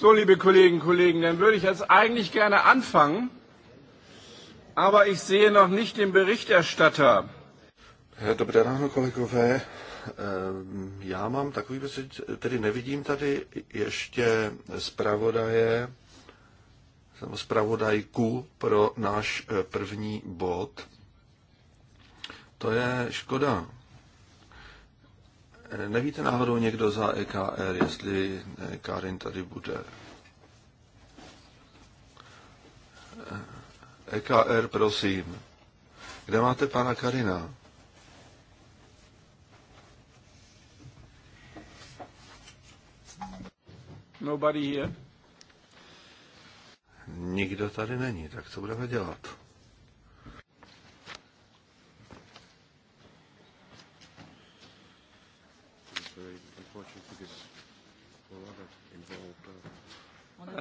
So, liebe Kolleginnen und Kollegen, dann würde ich jetzt eigentlich gerne anfangen, aber ich sehe noch nicht den Berichterstatter. Eh, dobré ráno, kolegové. Ehm, já mám takový pocit, tedy nevidím tady ještě zpravodaje, nebo zpravodajku pro náš eh, první bod. To je škoda, Nevíte náhodou někdo za EKR, jestli eh, Karin tady bude? EKR, eh, e prosím. Kde máte pana Karina? Nobody here. Nikdo tady není, tak co budeme dělat?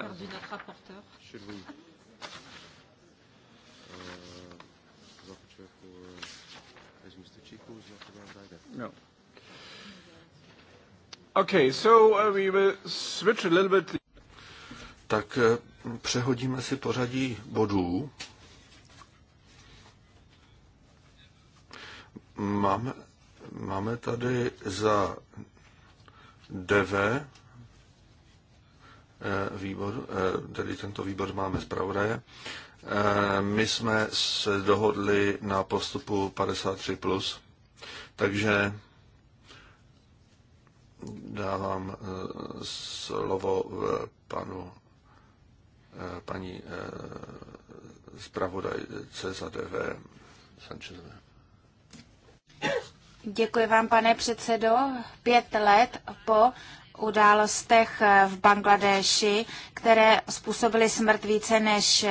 part de notre rapporteur. Euh, euh, no. Okay, so uh, we will switch a little bit. Tak eh, přehodíme si pořadí bodů. Máme, máme tady za DV Eh, výbor, eh, tedy tento výbor máme zpravodaje. Eh, my jsme se dohodli na postupu 53+, plus, takže dávám slovo panu paní zpravodajce za DV Děkuji vám, pane předsedo. Pět let po událostech eh, v Bangladeši, které způsobily smrt více než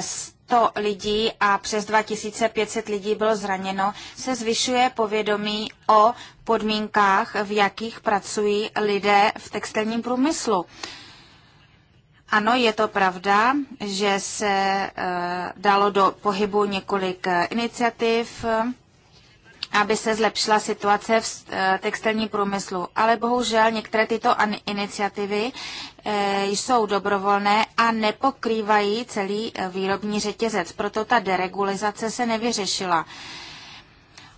100 eh, lidí a přes 2500 lidí bylo zraněno, se zvyšuje povědomí o podmínkách, v jakých pracují lidé v textilním průmyslu. Ano, je to pravda, že se eh, dalo do pohybu několik iniciativ, aby se zlepšila situace v eh, textilním průmyslu. Ale bohužel některé tyto iniciativy eh, jsou dobrovolné a nepokrývají celý eh, výrobní řetězec. Proto ta deregulizace se nevyřešila.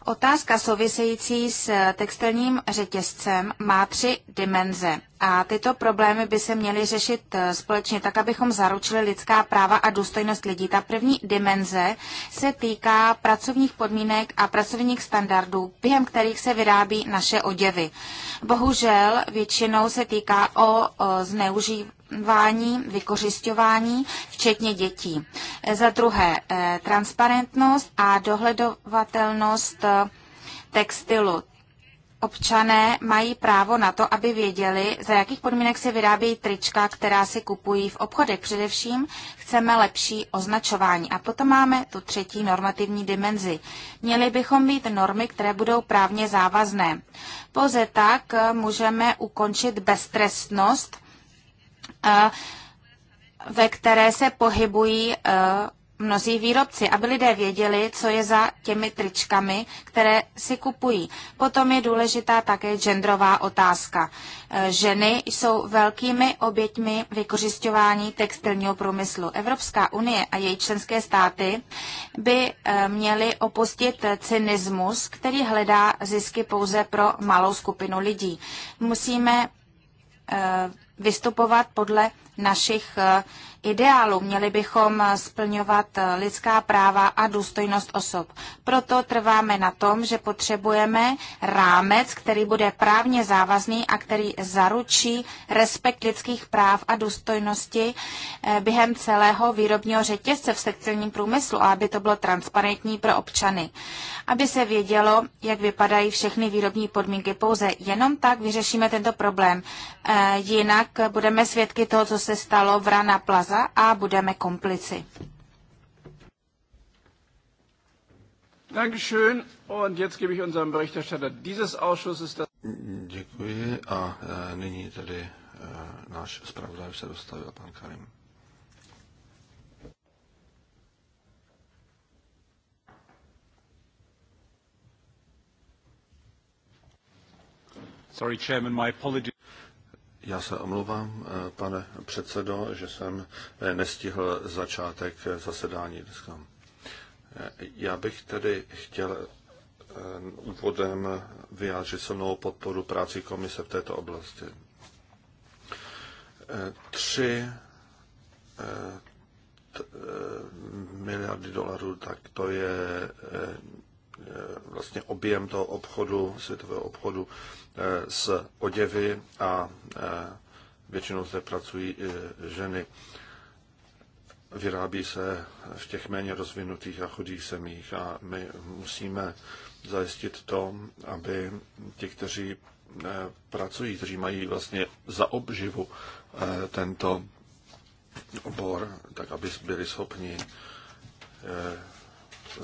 Otázka související s textilním řetězcem má tři dimenze. A tyto problémy by se měly řešit eh, společně tak, abychom zaručili lidská práva a důstojnost lidí. Ta první dimenze se týká pracovních podmínek a pracovních standardů, během kterých se vyrábí naše oděvy. Bohužel většinou se týká o, o zneužívání zneužívání, vykořišťování, včetně dětí. Eh, za druhé, eh, transparentnost a dohledovatelnost textilu občané mají právo na to, aby věděli, za jakých podmínek se vyrábějí trička, která si kupují v obchodech. Především chceme lepší označování. A potom máme tu třetí normativní dimenzi. Měli bychom mít normy, které budou právně závazné. Pouze tak eh, můžeme ukončit beztrestnost, eh, ve které se pohybují eh, mnozí výrobci, aby lidé věděli, co je za těmi tričkami, které si kupují. Potom je důležitá také genderová otázka. E, ženy jsou velkými oběťmi vykořišťování textilního průmyslu. Evropská unie a její členské státy by e, měly opustit cynismus, který hledá zisky pouze pro malou skupinu lidí. Musíme e, vystupovat podle našich ideálu. Měli bychom splňovat lidská práva a důstojnost osob. Proto trváme na tom, že potřebujeme rámec, který bude právně závazný a který zaručí respekt lidských práv a důstojnosti eh, během celého výrobního řetězce v textilním průmyslu a aby to bylo transparentní pro občany. Aby se vědělo, jak vypadají všechny výrobní podmínky. Pouze jenom tak vyřešíme tento problém. Eh, jinak budeme svědky toho, co se stalo v Rana Plaza Gaza a budeme komplici. Děkuji a e, nyní tedy e, náš zpravodaj se dostavil pan Karim. Sorry, Chairman, my apologies. Já se omlouvám, eh, pane předsedo, že jsem eh, nestihl začátek eh, zasedání dneska. Já bych tedy chtěl úvodem vyjádřit silnou podporu práci komise v této oblasti. Tři miliardy dolarů, tak to je vlastně objem toho obchodu, světového obchodu s eh, oděvy a eh, většinou zde pracují eh, ženy. Vyrábí se v těch méně rozvinutých a chudých zemích a my musíme zajistit to, aby ti, kteří pracují, kteří mají vlastně za obživu tento obor, tak aby byli schopni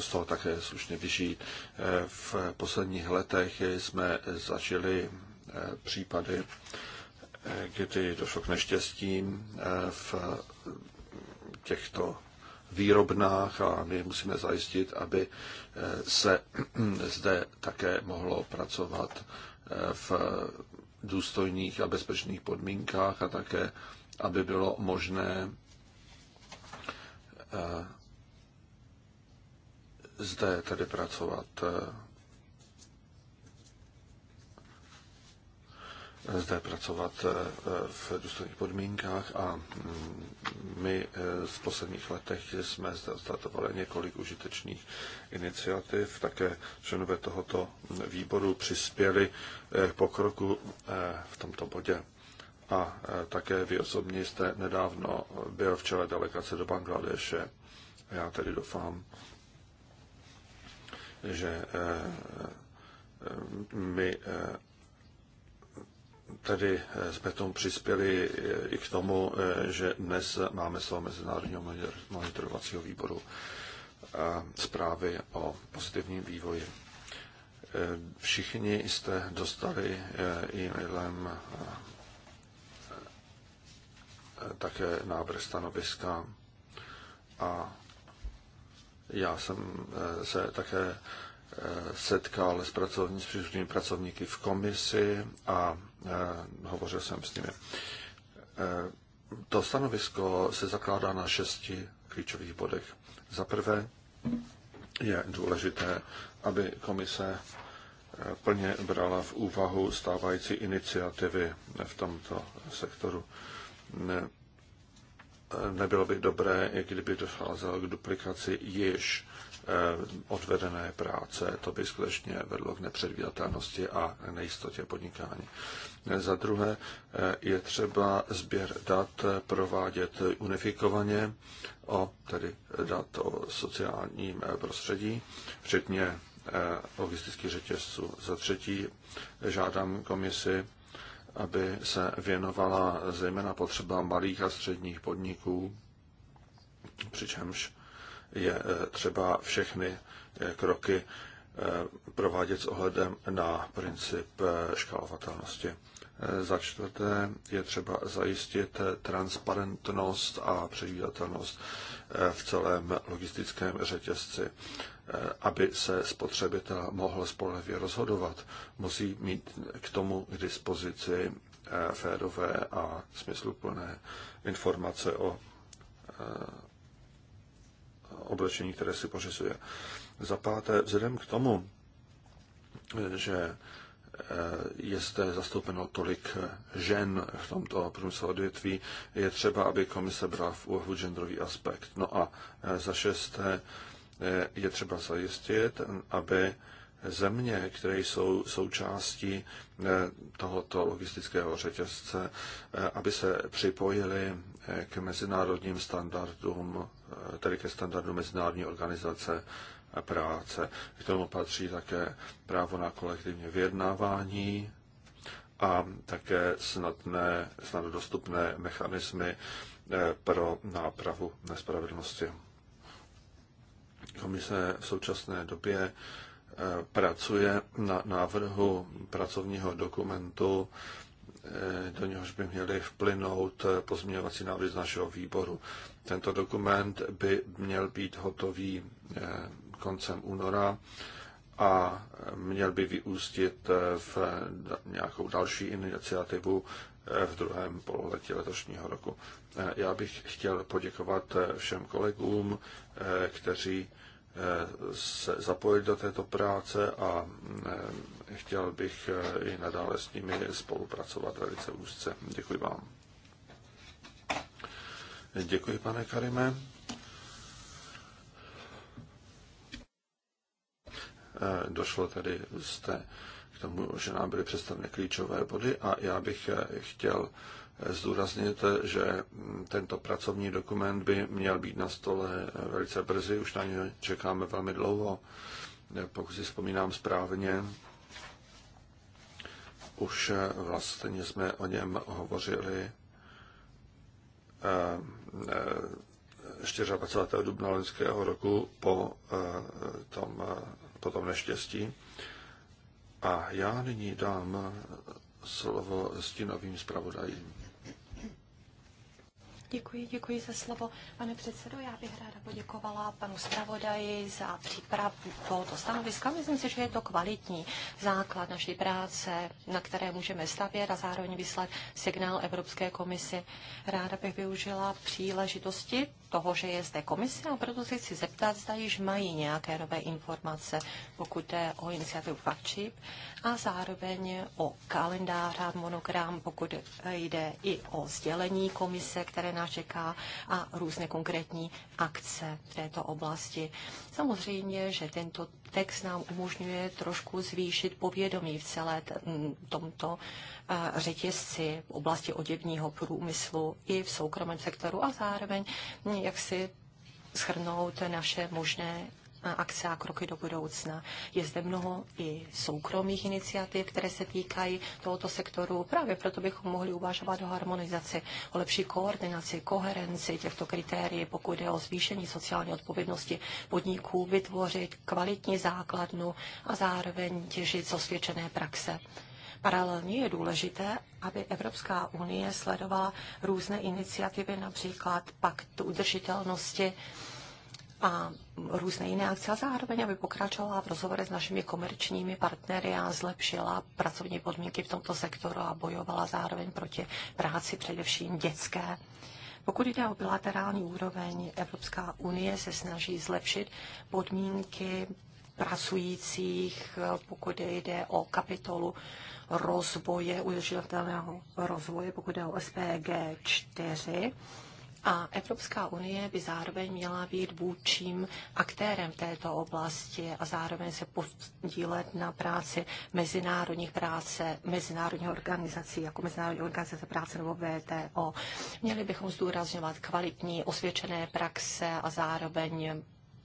z toho také slušně vyžít. Eh, v posledních letech jsme zažili eh, případy, eh, kdy došlo k neštěstím v těchto výrobnách a my musíme zajistit, aby se zde také mohlo pracovat v důstojných a bezpečných podmínkách a také, aby bylo možné zde tedy pracovat eh, zde pracovat eh, v důstojných podmínkách a mm, my z eh, posledních letech jsme zde ostatovali několik užitečných iniciativ. Také členové tohoto výboru přispěli k pokroku v tomto bodě. A také vy osobně jste nedávno byl v čele delegace do Bangladeše. Já tedy doufám, že eh, eh, my eh, tedy jsme tomu přispěli i k tomu, že dnes máme slovo Mezinárodního monitorovacího výboru zprávy o pozitivním vývoji. Všichni jste dostali e-mailem také návrh stanoviska a já jsem eh, se také eh, setkal s pracovní, s příslušnými pracovníky v komisi a eh, hovořil jsem s nimi. To stanovisko se zakládá na šesti klíčových bodech. Za prvé je důležité, aby komise plně brala v úvahu stávající iniciativy v tomto sektoru nebylo by dobré, kdyby docházelo k duplikaci již eh, odvedené práce. To by skutečně vedlo k nepředvídatelnosti a nejistotě podnikání. Za druhé eh, je třeba sběr dat provádět unifikovaně o tedy dat o sociálním eh, prostředí, včetně logistických řetězců. Za třetí žádám komisi, aby se věnovala zejména potřebám malých a středních podniků, přičemž je eh, třeba všechny eh, kroky eh, provádět s ohledem na princip škálovatelnosti. Za čtvrté je třeba zajistit transparentnost a předvídatelnost v celém logistickém řetězci. Eh, aby se spotřebitel mohl spolehlivě rozhodovat, musí mít k tomu k dispozici eh, férové a smysluplné informace o eh, oblečení, které si pořizuje. Za páté, vzhledem k tomu, že je zde zastoupeno tolik žen v tomto průmyslu odvětví, je třeba, aby komise brala v úvahu genderový aspekt. No a za šesté, je třeba zajistit, aby země, které jsou součástí eh, tohoto logistického řetězce, eh, aby se připojily eh, k mezinárodním standardům, tedy ke standardům Mezinárodní organizace práce. K tomu patří také právo na kolektivní vyjednávání a také snadné, snadno dostupné mechanismy pro nápravu nespravedlnosti. Komise v současné době eh, pracuje na návrhu pracovního dokumentu, eh, do něhož by měly vplynout eh, pozměňovací návrhy z našeho výboru. Tento dokument by měl být hotový koncem února a měl by vyústit v nějakou další iniciativu v druhém pololetí letošního roku. Já bych chtěl poděkovat všem kolegům, kteří Eh, se zapojit do této práce a eh, chtěl bych eh, i nadále s nimi spolupracovat velice úzce. Děkuji vám. Děkuji, pane Karime. Došlo tedy jste k tomu, že nám byly představeny klíčové body a já bych chtěl zdůrazněte, že tento pracovní dokument by měl být na stole velice brzy, už na ně čekáme velmi dlouho. Pokud si vzpomínám správně, už vlastně jsme o něm hovořili 24. Eh, eh, dubna loňského roku po eh, tom, po tom neštěstí. A já nyní dám slovo stínovým zpravodajím. Děkuji, děkuji za slovo. Pane předsedo, já bych ráda poděkovala panu zpravodaji za přípravu tohoto stanoviska. Myslím si, že je to kvalitní základ naší práce, na které můžeme stavět a zároveň vyslat signál Evropské komisi. Ráda bych využila příležitosti toho, že je zde komise a proto se chci zeptat, zda již mají nějaké nové informace, pokud jde o iniciativu FACCHIP a zároveň o kalendář a monogram, pokud jde i o sdělení komise, které nás čeká a různé konkrétní akce v této oblasti. Samozřejmě, že tento text nám umožňuje trošku zvýšit povědomí v celé tomto eh, řetězci v oblasti oděvního průmyslu i v soukromém sektoru a zároveň jak si schrnout naše možné akce a kroky do budoucna. Je zde mnoho i soukromých iniciativ, které se týkají tohoto sektoru. Právě proto bychom mohli uvažovat o harmonizaci, o lepší koordinaci, koherenci těchto kritérií, pokud je o zvýšení sociální odpovědnosti podniků, vytvořit kvalitní základnu a zároveň těžit z osvědčené praxe. Paralelně je důležité, aby Evropská unie sledovala různé iniciativy, například pakt udržitelnosti a různé jiné akce a zároveň, aby pokračovala v rozhovore s našimi komerčními partnery a zlepšila pracovní podmínky v tomto sektoru a bojovala zároveň proti práci především dětské. Pokud jde o bilaterální úroveň, Evropská unie se snaží zlepšit podmínky pracujících, pokud jde o kapitolu rozvoje, udržitelného rozvoje, pokud jde o SPG 4 a Evropská unie by zároveň měla být vůdčím aktérem této oblasti a zároveň se podílet na práci mezinárodních práce, mezinárodních organizací, jako Mezinárodní organizace práce nebo VTO. Měli bychom zdůrazňovat kvalitní osvědčené praxe a zároveň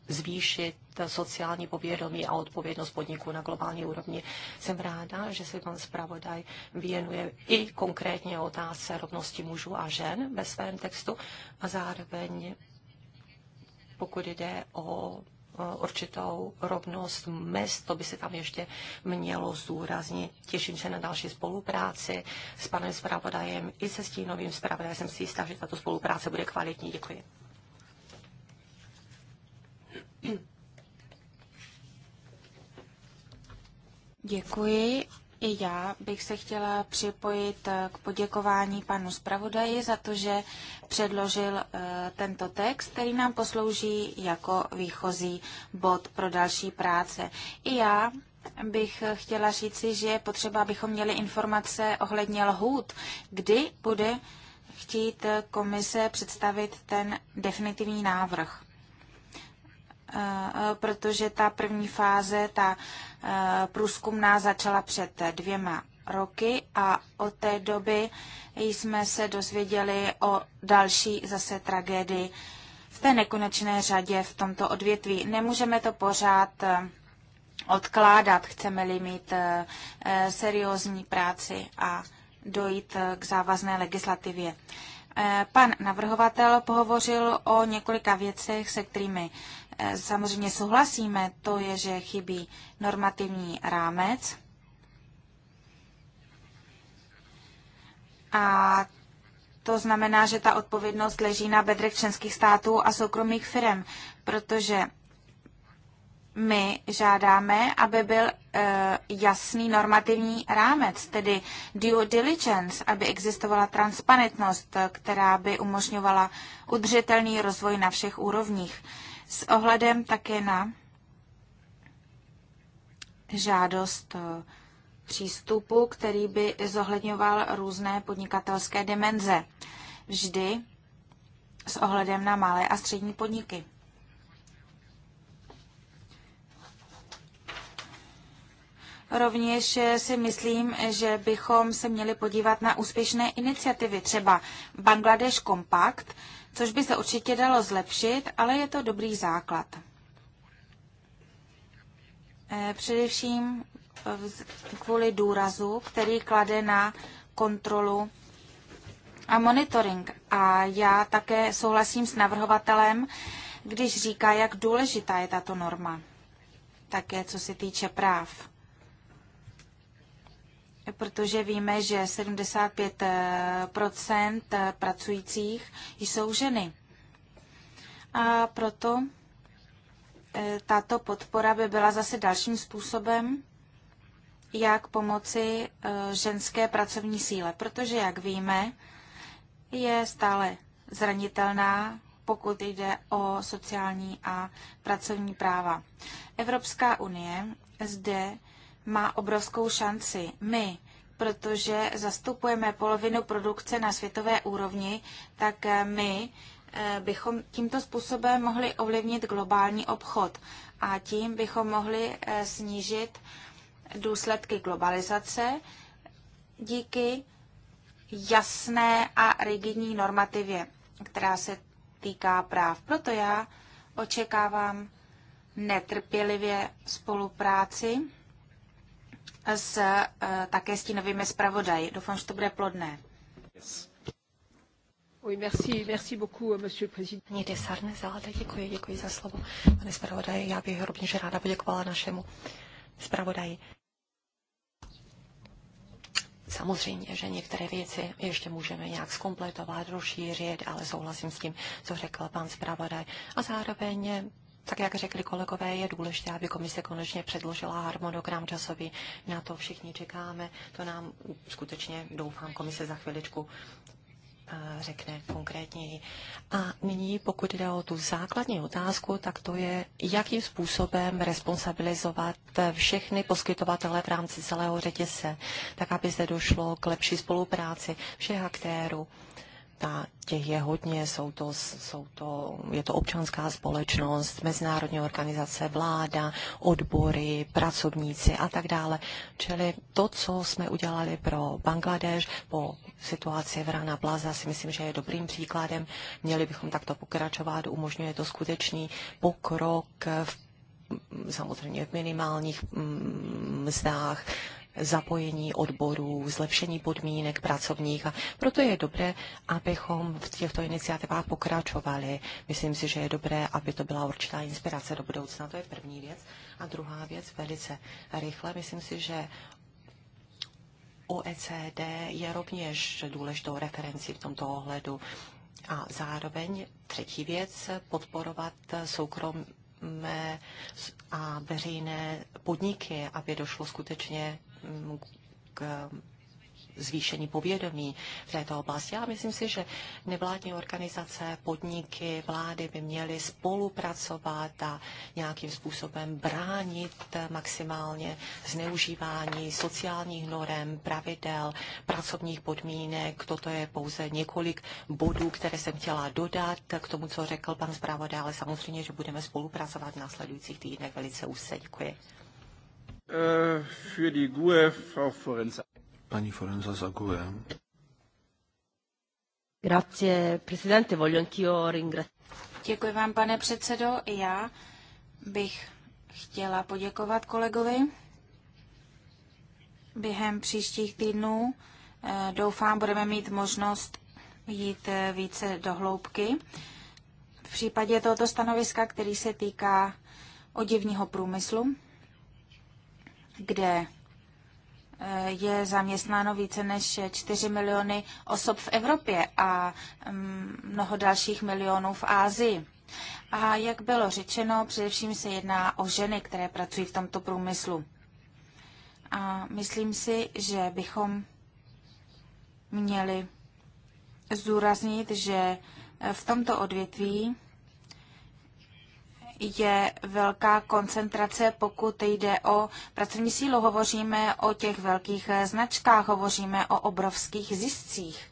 zvýšit sociální povědomí a odpovědnost podniků na globální úrovni. Jsem ráda, že se pan zpravodaj věnuje i konkrétně otázce rovnosti mužů a žen ve svém textu a zároveň pokud jde o určitou rovnost mest, to by se tam ještě mělo zdůraznit. Těším se na další spolupráci s panem zpravodajem i se stínovým zpravodajem. Jsem si jistá, že tato spolupráce bude kvalitní. Děkuji. Děkuji. I já bych se chtěla připojit eh, k poděkování panu zpravodaji za to, že předložil eh, tento text, který nám poslouží jako výchozí bod pro další práce. I já bych chtěla říci, že je potřeba, abychom měli informace ohledně lhůt, kdy bude chtít eh, komise představit ten definitivní návrh. Eh, eh, protože ta první fáze, ta eh, průzkumná, začala před dvěma roky a od té doby jsme se dozvěděli o další zase tragédii v té nekonečné řadě v tomto odvětví. Nemůžeme to pořád odkládat, chceme-li mít seriózní práci a dojít k závazné legislativě. Pan navrhovatel pohovořil o několika věcech, se kterými Eh, samozřejmě souhlasíme, to je, že chybí normativní rámec. A to znamená, že ta odpovědnost leží na bedrech členských států a soukromých firm, protože my žádáme, aby byl eh, jasný normativní rámec, tedy due diligence, aby existovala transparentnost, která by umožňovala udržitelný rozvoj na všech úrovních s ohledem také na žádost eh, přístupu, který by zohledňoval různé podnikatelské dimenze. Vždy s ohledem na malé a střední podniky. Rovněž eh, si myslím, že bychom se měli podívat na úspěšné iniciativy, třeba Bangladesh Compact, což by se určitě dalo zlepšit, ale je to dobrý základ. Eh, především eh, kvůli důrazu, který klade na kontrolu a monitoring. A já také souhlasím s navrhovatelem, když říká, jak důležitá je tato norma, také co se týče práv protože víme, že 75 eh, eh, pracujících jsou ženy. A proto eh, tato podpora by byla zase dalším způsobem, jak pomoci ženské pracovní síle, protože, jak víme, je stále zranitelná, pokud jde o sociální a pracovní práva. Evropská unie zde má obrovskou šanci. My, protože zastupujeme polovinu produkce na světové úrovni, tak eh, my eh, bychom tímto způsobem mohli ovlivnit globální obchod a tím bychom mohli eh, snížit důsledky globalizace díky jasné a rigidní normativě, která se týká práv. Proto já očekávám netrpělivě spolupráci s, eh, také s tím novými zpravodaji. Doufám, že to bude plodné. Yes. Oui, merci, merci beaucoup, euh, monsieur le Sarne, zále, děkuji, děkuji za slovo. Pane zpravodaji, já bych rovněž ráda poděkovala našemu zpravodaji. Samozřejmě, že některé věci ještě můžeme nějak zkompletovat, rozšířit, ale souhlasím s tím, co řekl pan zpravodaj. A zároveň tak jak řekli kolegové, je důležité, aby komise konečně předložila harmonogram časový. Na to všichni čekáme. To nám skutečně, doufám, komise za chviličku eh, řekne konkrétněji. A nyní, pokud jde o tu základní otázku, tak to je, jakým způsobem responsabilizovat všechny poskytovatele v rámci celého řetězce, tak aby zde došlo k lepší spolupráci všech aktérů ta, těch je hodně, jsou to, jsou to, je to občanská společnost, mezinárodní organizace, vláda, odbory, pracovníci a tak dále. Čili to, co jsme udělali pro Bangladeš po situaci v Rana Plaza, si myslím, že je dobrým příkladem. Měli bychom takto pokračovat, umožňuje to skutečný pokrok v samozřejmě v minimálních mm, mzdách, zapojení odborů, zlepšení podmínek pracovních a proto je dobré, abychom v těchto iniciativách pokračovali. Myslím si, že je dobré, aby to byla určitá inspirace do budoucna. To je první věc. A druhá věc, velice rychle, myslím si, že OECD je rovněž důležitou referenci v tomto ohledu. A zároveň třetí věc, podporovat soukromé a veřejné podniky, aby došlo skutečně k zvýšení povědomí v této oblasti. Já myslím si, že nevládní organizace, podniky, vlády by měly spolupracovat a nějakým způsobem bránit maximálně zneužívání sociálních norem, pravidel, pracovních podmínek. Toto je pouze několik bodů, které jsem chtěla dodat k tomu, co řekl pan zpravodaj, ale samozřejmě, že budeme spolupracovat v následujících týdnech velice úzce. Děkuji. Äh, für die GUE, Frau Forenza. Forenza za GUE. Grazie, presidente, voglio anch'io ringraziare. Děkuji vám, pane předsedo. I já bych chtěla poděkovat kolegovi. Během příštích týdnů eh, doufám, budeme mít možnost jít eh, více do hloubky. V případě tohoto stanoviska, který se týká odivního průmyslu, kde eh, je zaměstnáno více než 4 miliony osob v Evropě a mm, mnoho dalších milionů v Ázii. A jak bylo řečeno, především se jedná o ženy, které pracují v tomto průmyslu. A myslím si, že bychom měli zdůraznit, že v tomto odvětví je velká koncentrace, pokud jde o pracovní sílu. Hovoříme o těch velkých značkách, hovoříme o obrovských ziscích.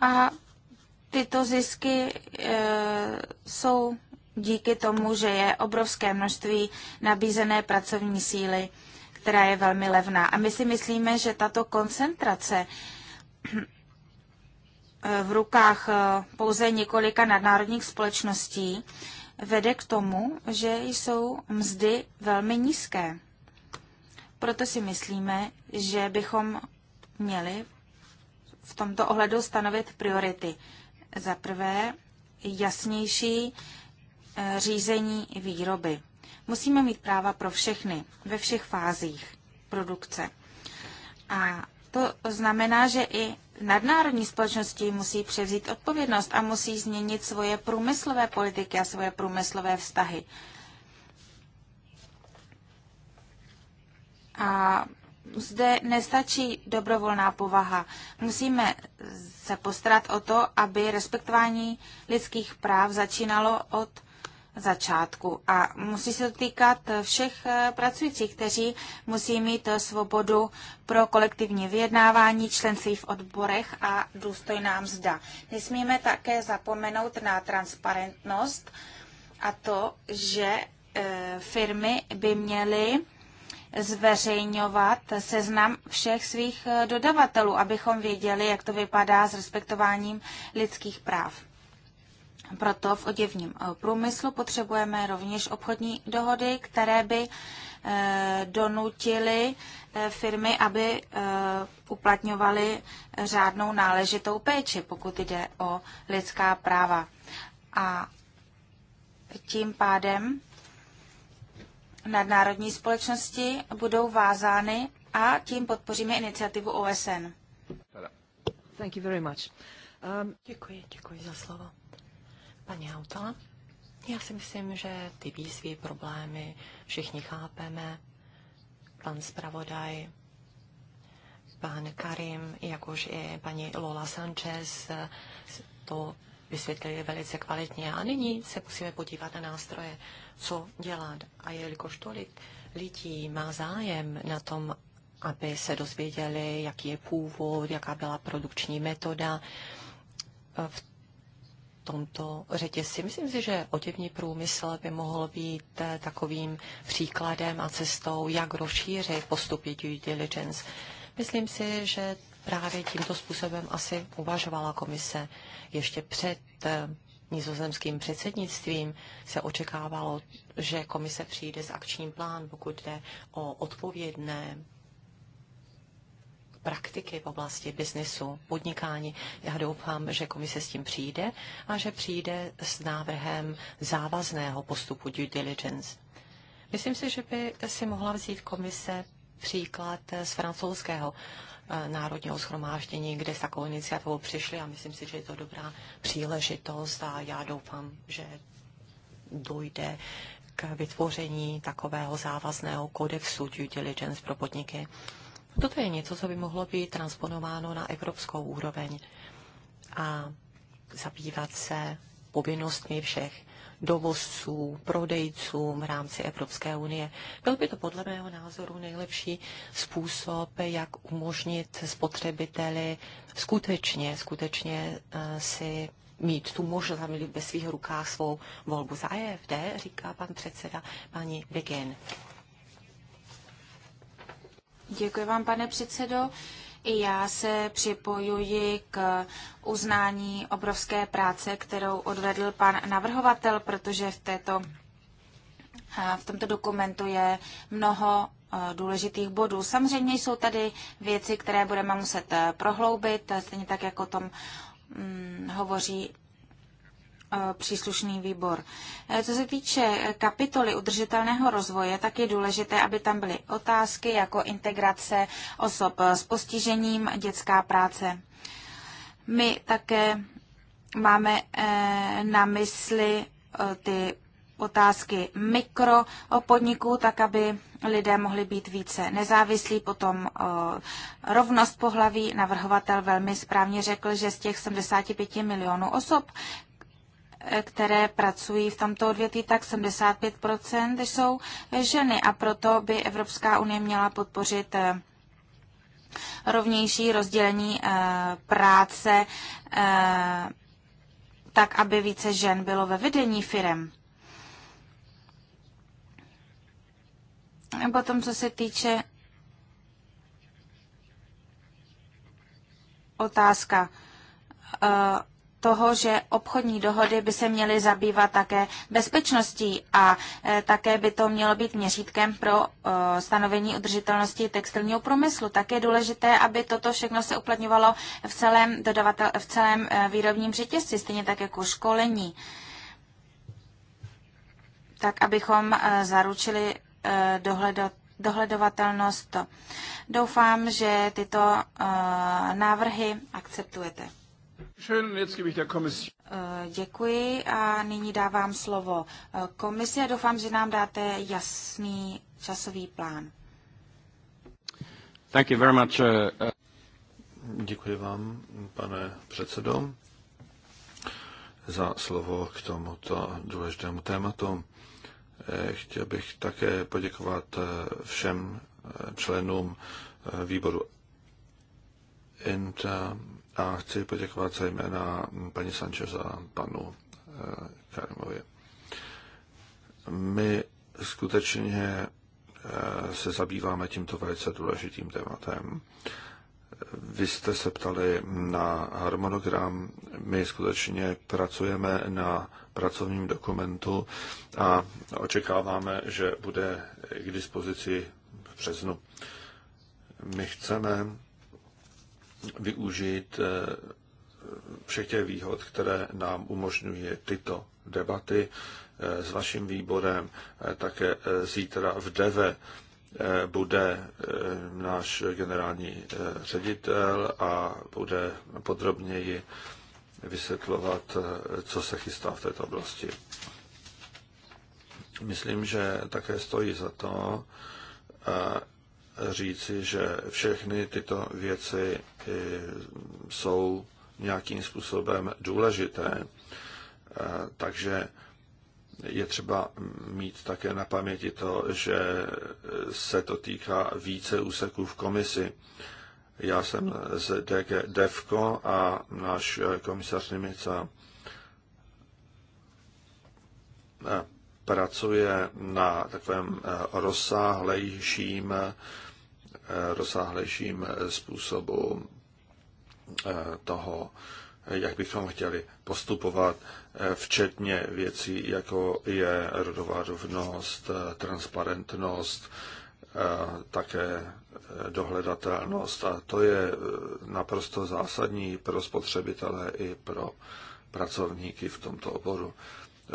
A tyto zisky e, jsou díky tomu, že je obrovské množství nabízené pracovní síly, která je velmi levná. A my si myslíme, že tato koncentrace v rukách eh, pouze několika nadnárodních společností, vede k tomu, že jsou mzdy velmi nízké. Proto si myslíme, že bychom měli v tomto ohledu stanovit priority. Za prvé, jasnější eh, řízení výroby. Musíme mít práva pro všechny, ve všech fázích produkce. A to znamená, že i nadnárodní společnosti musí převzít odpovědnost a musí změnit svoje průmyslové politiky a svoje průmyslové vztahy. A zde nestačí dobrovolná povaha. Musíme se postarat o to, aby respektování lidských práv začínalo od začátku. A musí se to týkat všech eh, pracujících, kteří musí mít eh, svobodu pro kolektivní vyjednávání, členství v odborech a důstojná mzda. Nesmíme také zapomenout na transparentnost a to, že eh, firmy by měly zveřejňovat seznam všech svých dodavatelů, abychom věděli, jak to vypadá s respektováním lidských práv. Proto v oděvním eh, průmyslu potřebujeme rovněž obchodní dohody, které by eh, donutily eh, firmy, aby uplatňovaly řádnou náležitou péči, pokud jde o lidská práva. A tím pádem nadnárodní společnosti budou vázány a tím podpoříme iniciativu OSN. Um, děkuji, děkuji za slovo. Paní Hautala, já si myslím, že ty výzvy, problémy všichni chápeme. Pan zpravodaj, pan Karim, jakož i paní Lola Sanchez to vysvětlili velice kvalitně. A nyní se musíme podívat na nástroje, co dělat. A jelikož tolik lidí má zájem na tom, aby se dozvěděli, jaký je původ, jaká byla produkční metoda, v tomto řetězci. Myslím si, že oděvní průmysl by mohl být eh, takovým příkladem a cestou, jak rozšířit postupy due diligence. Myslím si, že právě tímto způsobem asi uvažovala komise. Ještě před eh, nizozemským předsednictvím se očekávalo, že komise přijde s akčním plán, pokud jde o odpovědné praktiky v oblasti biznesu, podnikání. Já doufám, že komise s tím přijde a že přijde s návrhem závazného postupu due diligence. Myslím si, že by si mohla vzít komise příklad z francouzského eh, národního schromáždění, kde s takovou iniciativou přišli a myslím si, že je to dobrá příležitost a já doufám, že dojde k vytvoření takového závazného kodexu due diligence pro podniky. Toto je něco, co by mohlo být transponováno na evropskou úroveň a zabývat se povinnostmi všech dovozců, prodejců v rámci Evropské unie. Byl by to podle mého názoru nejlepší způsob, jak umožnit spotřebiteli skutečně, skutečně eh, si mít tu možnost mít ve svých rukách svou volbu. Za EFD, říká pan předseda paní Begin. Děkuji vám, pane předsedo. I já se připojuji k uznání obrovské práce, kterou odvedl pan navrhovatel, protože v, této, v tomto dokumentu je mnoho důležitých bodů. Samozřejmě jsou tady věci, které budeme muset prohloubit, stejně tak, jako o tom mm, hovoří Eh, příslušný výbor. Eh, co se týče eh, kapitoly udržitelného rozvoje, tak je důležité, aby tam byly otázky jako integrace osob s postižením, dětská práce. My také máme na mysli ty otázky mikropodniků, tak aby lidé mohli být více nezávislí. Potom rovnost pohlaví. Navrhovatel velmi správně řekl, že z těch 75 milionů osob, které pracují v tomto odvětví, tak 75 jsou ženy a proto by Evropská unie měla podpořit eh, rovnější rozdělení eh, práce eh, tak, aby více žen bylo ve vedení firem. A potom, co se týče otázka toho, že obchodní dohody by se měly zabývat také bezpečností a e, také by to mělo být měřítkem pro e, stanovení udržitelnosti textilního průmyslu. Tak je důležité, aby toto všechno se uplatňovalo v celém, dodavatel, v celém e, výrobním řetězci, stejně tak jako školení. Tak, abychom zaručili dohledat dohledovatelnost. Doufám, že tyto uh, návrhy akceptujete. Eh, děkuji a nyní dávám slovo eh, komisi a doufám, že nám dáte jasný časový plán. Thank you very much. Eh, děkuji vám, pane předsedo, za slovo k tomuto důležitému tématu. Chtěl bych také poděkovat všem členům výboru INTA a chci poděkovat zejména paní Sanchez a panu eh, Karimovi. My skutečně eh, se zabýváme tímto velice důležitým tématem. Vy jste se ptali na harmonogram. My skutečně pracujeme na pracovním dokumentu a očekáváme, že bude k dispozici v březnu. My chceme využít eh, všech těch výhod, které nám umožňuje tyto debaty eh, s vaším výborem. Eh, také zítra v DEVE bude náš generální ředitel a bude podrobněji vysvětlovat, co se chystá v této oblasti. Myslím, že také stojí za to říci, že všechny tyto věci eh, jsou nějakým způsobem důležité. Eh, takže je třeba mít také na paměti to, že se to týká více úseků v komisi. Já jsem z DG DEVKO a náš komisař Nimica eh, pracuje na takovém rozsáhlejším rozsáhlejším eh, způsobu eh, toho, jak bychom chtěli postupovat, eh, včetně věcí, jako je rodová rovnost, transparentnost, také dohledatelnost. A to je naprosto zásadní pro spotřebitele i pro pracovníky v tomto oboru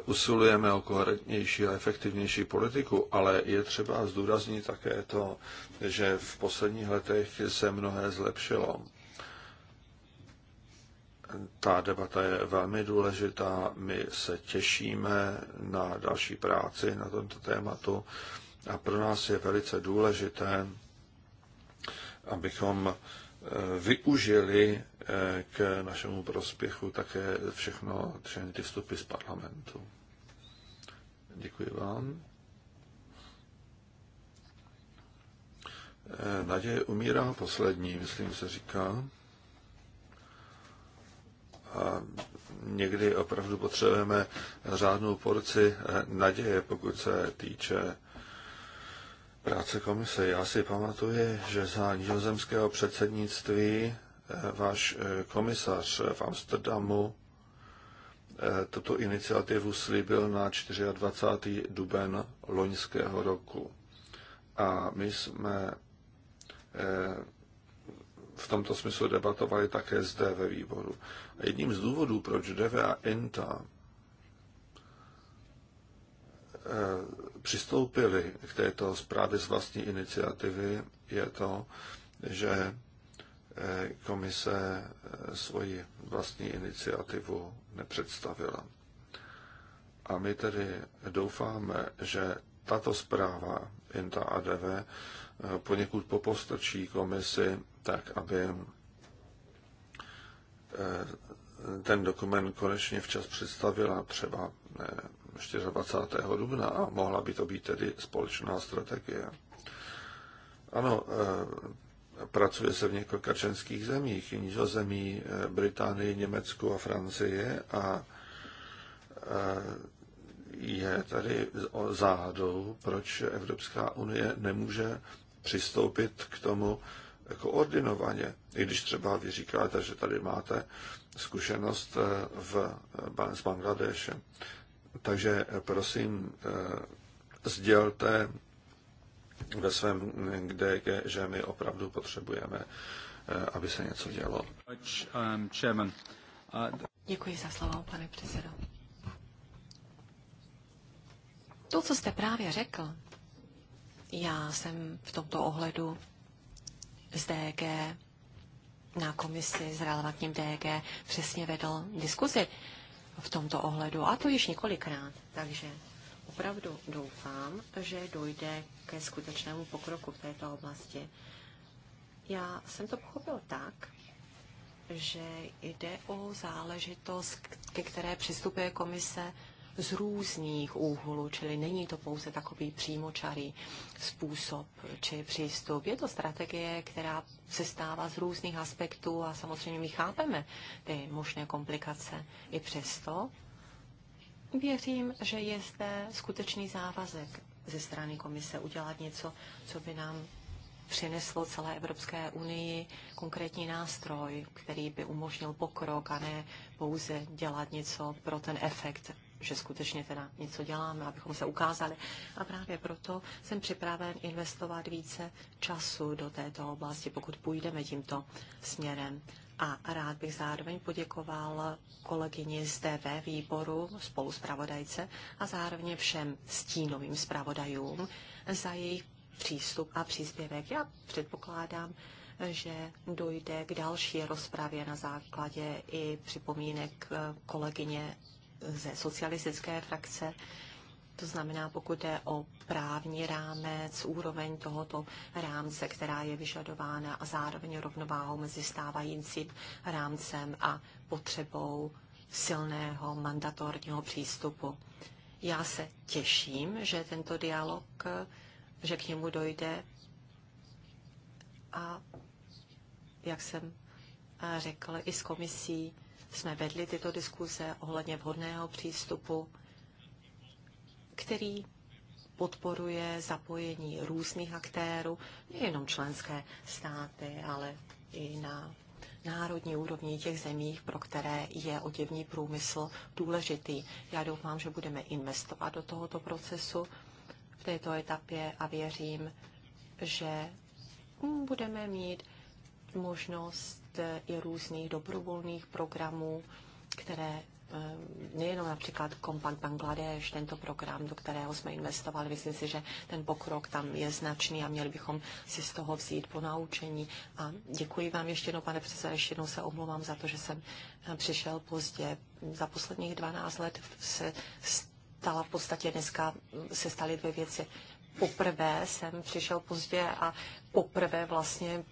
usilujeme o koherentnější a efektivnější politiku, ale je třeba zdůraznit také to, že v posledních letech se mnohé zlepšilo. Ta debata je velmi důležitá, my se těšíme na další práci na tomto tématu a pro nás je velice důležité, abychom Eh, využili eh, k našemu prospěchu také všechno, všechny ty vstupy z parlamentu. Děkuji vám. Eh, naděje umírá poslední, myslím se říká. A někdy opravdu potřebujeme řádnou porci naděje, pokud se týče práce komise. Já si pamatuju, že za nizozemského předsednictví eh, váš eh, komisař eh, v Amsterdamu tuto iniciativu slíbil na 24. duben loňského roku. A my jsme v tomto smyslu debatovali také zde ve výboru. A jedním z důvodů, proč DVA a INTA přistoupili k této zprávě z vlastní iniciativy, je to, že eh, komise eh, svoji vlastní iniciativu nepředstavila. A my tedy doufáme, že tato zpráva INTA ADV eh, poněkud popostrčí komisi tak, aby ten dokument konečně včas představila třeba 24. dubna a mohla by to být tedy společná strategie. Ano, eh, pracuje se v několika členských zemích, Nizozemí, eh, Británii, Německu a Francii a eh, je tady záhadou, proč Evropská unie nemůže přistoupit k tomu koordinovaně. I když třeba vy říkáte, že tady máte zkušenost v, s Bangladešem. Takže eh, prosím, eh, sdělte ve svém kde, že my opravdu potřebujeme, eh, aby se něco dělo. Um, uh, Děkuji za slovo, pane předsedo. To, co jste právě řekl, já jsem v tomto ohledu z DG na komisi s relevantním DG přesně vedl diskuzi v tomto ohledu, a to již několikrát. Takže opravdu doufám, že dojde ke skutečnému pokroku v této oblasti. Já jsem to pochopil tak, že jde o záležitost, ke které přistupuje komise z různých úhlů, čili není to pouze takový přímočarý způsob či přístup. Je to strategie, která se stává z různých aspektů a samozřejmě my chápeme ty možné komplikace. I přesto věřím, že je zde skutečný závazek ze strany komise udělat něco, co by nám přineslo celé Evropské unii konkrétní nástroj, který by umožnil pokrok a ne pouze dělat něco pro ten efekt že skutečně teda něco děláme, abychom se ukázali. A právě proto jsem připraven investovat více času do této oblasti, pokud půjdeme tímto směrem. A rád bych zároveň poděkoval kolegyni z DV výboru, spolu zpravodajce a zároveň všem stínovým zpravodajům za jejich přístup a příspěvek. Já předpokládám, že dojde k další rozpravě na základě i připomínek kolegyně ze socialistické frakce. To znamená, pokud je o právní rámec, úroveň tohoto rámce, která je vyžadována a zároveň rovnováhou mezi stávajícím rámcem a potřebou silného mandatorního přístupu. Já se těším, že tento dialog, že k němu dojde a jak jsem eh, řekl, i s komisí jsme vedli tyto diskuze ohledně vhodného přístupu, který podporuje zapojení různých aktérů, nejenom členské státy, ale i na národní úrovni těch zemích, pro které je oděvní průmysl důležitý. Já doufám, že budeme investovat do tohoto procesu v této etapě a věřím, že budeme mít možnost eh, i různých dobrovolných programů, které eh, nejenom například Kompan Bangladeš, tento program, do kterého jsme investovali, myslím si, že ten pokrok tam je značný a měli bychom si z toho vzít po naučení. A děkuji vám ještě jednou, pane předsedo, ještě jednou se omlouvám za to, že jsem eh, přišel pozdě. Za posledních 12 let se stala v podstatě dneska, hm, se staly dvě věci. Poprvé jsem přišel pozdě a poprvé vlastně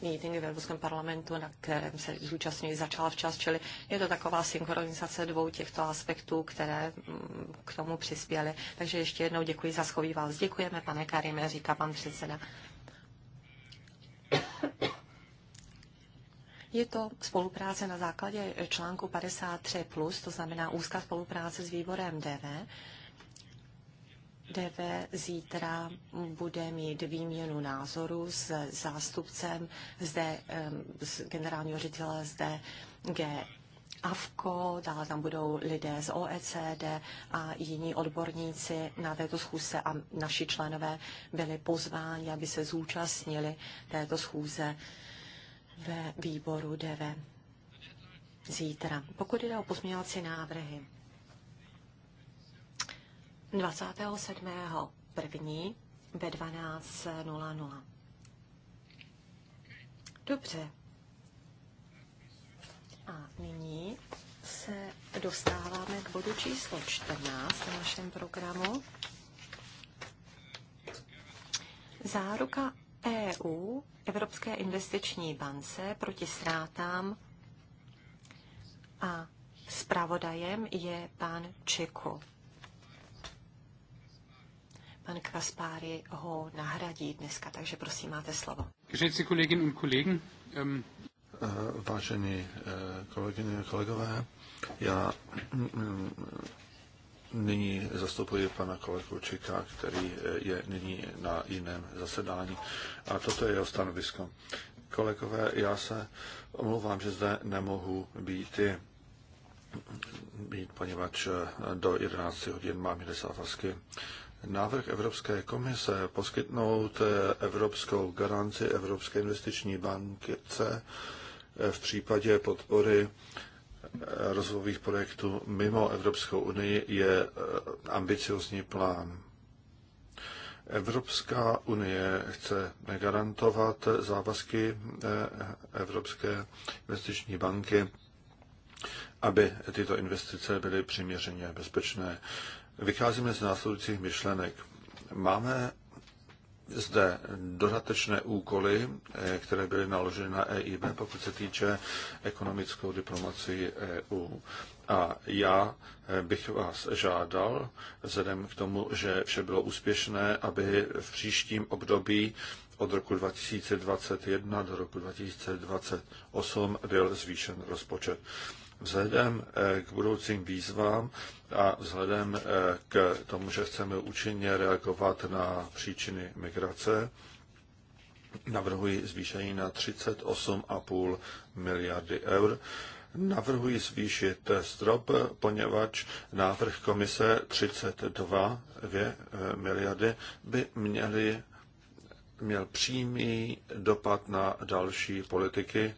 meeting v Evropském parlamentu, na kterém se zúčastňuji, začala včas, čili je to taková synchronizace dvou těchto aspektů, které mm, k tomu přispěly. Takže ještě jednou děkuji za schový vás. Děkujeme, pane Karime, říká pan předseda. Je to spolupráce na základě článku 53+, plus, to znamená úzká spolupráce s výborem DV, DV zítra bude mít výměnu názoru s zástupcem zde, z generálního ředitele zde G. AFKO, dále tam budou lidé z OECD a jiní odborníci na této schůze a naši členové byli pozváni, aby se zúčastnili této schůze ve výboru DV zítra. Pokud jde o pozměňovací návrhy, 27.1. první ve 12.00. Dobře. A nyní se dostáváme k bodu číslo 14 na našem programu. Záruka EU, Evropské investiční bance proti ztrátám a zpravodajem je pan Čeku. Pan Kaspáry ho nahradí dneska, takže prosím, máte slovo. Geschätzte kolegyně und kolegy, um... Ähm, eh, vážení eh, kolegyně a kolegové, já mm, nyní zastupuji pana kolegu Čeka, který eh, je nyní na jiném zasedání. A toto je jeho stanovisko. Kolegové, já se omlouvám, že zde nemohu být, být poněvadž do 11 hodin mám jde závazky návrh Evropské komise poskytnout eh, evropskou garanci Evropské investiční c v případě podpory eh, rozvojových projektů mimo Evropskou unii je eh, ambiciozní plán. Evropská unie chce garantovat závazky Evropské investiční banky, aby tyto investice byly přiměřeně bezpečné vycházíme z následujících myšlenek. Máme zde dodatečné úkoly, eh, které byly naloženy na EIB, pokud se týče ekonomickou diplomaci EU. A já eh, bych vás žádal, vzhledem k tomu, že vše bylo úspěšné, aby v příštím období od roku 2021 do roku 2028 byl zvýšen rozpočet. Vzhledem eh, k budoucím výzvám a vzhledem eh, k tomu, že chceme účinně reagovat na příčiny migrace, navrhuji zvýšení na 38,5 miliardy eur. Navrhuji zvýšit strop, poněvadž návrh komise 32 eh, miliardy by měly, měl přímý dopad na další politiky,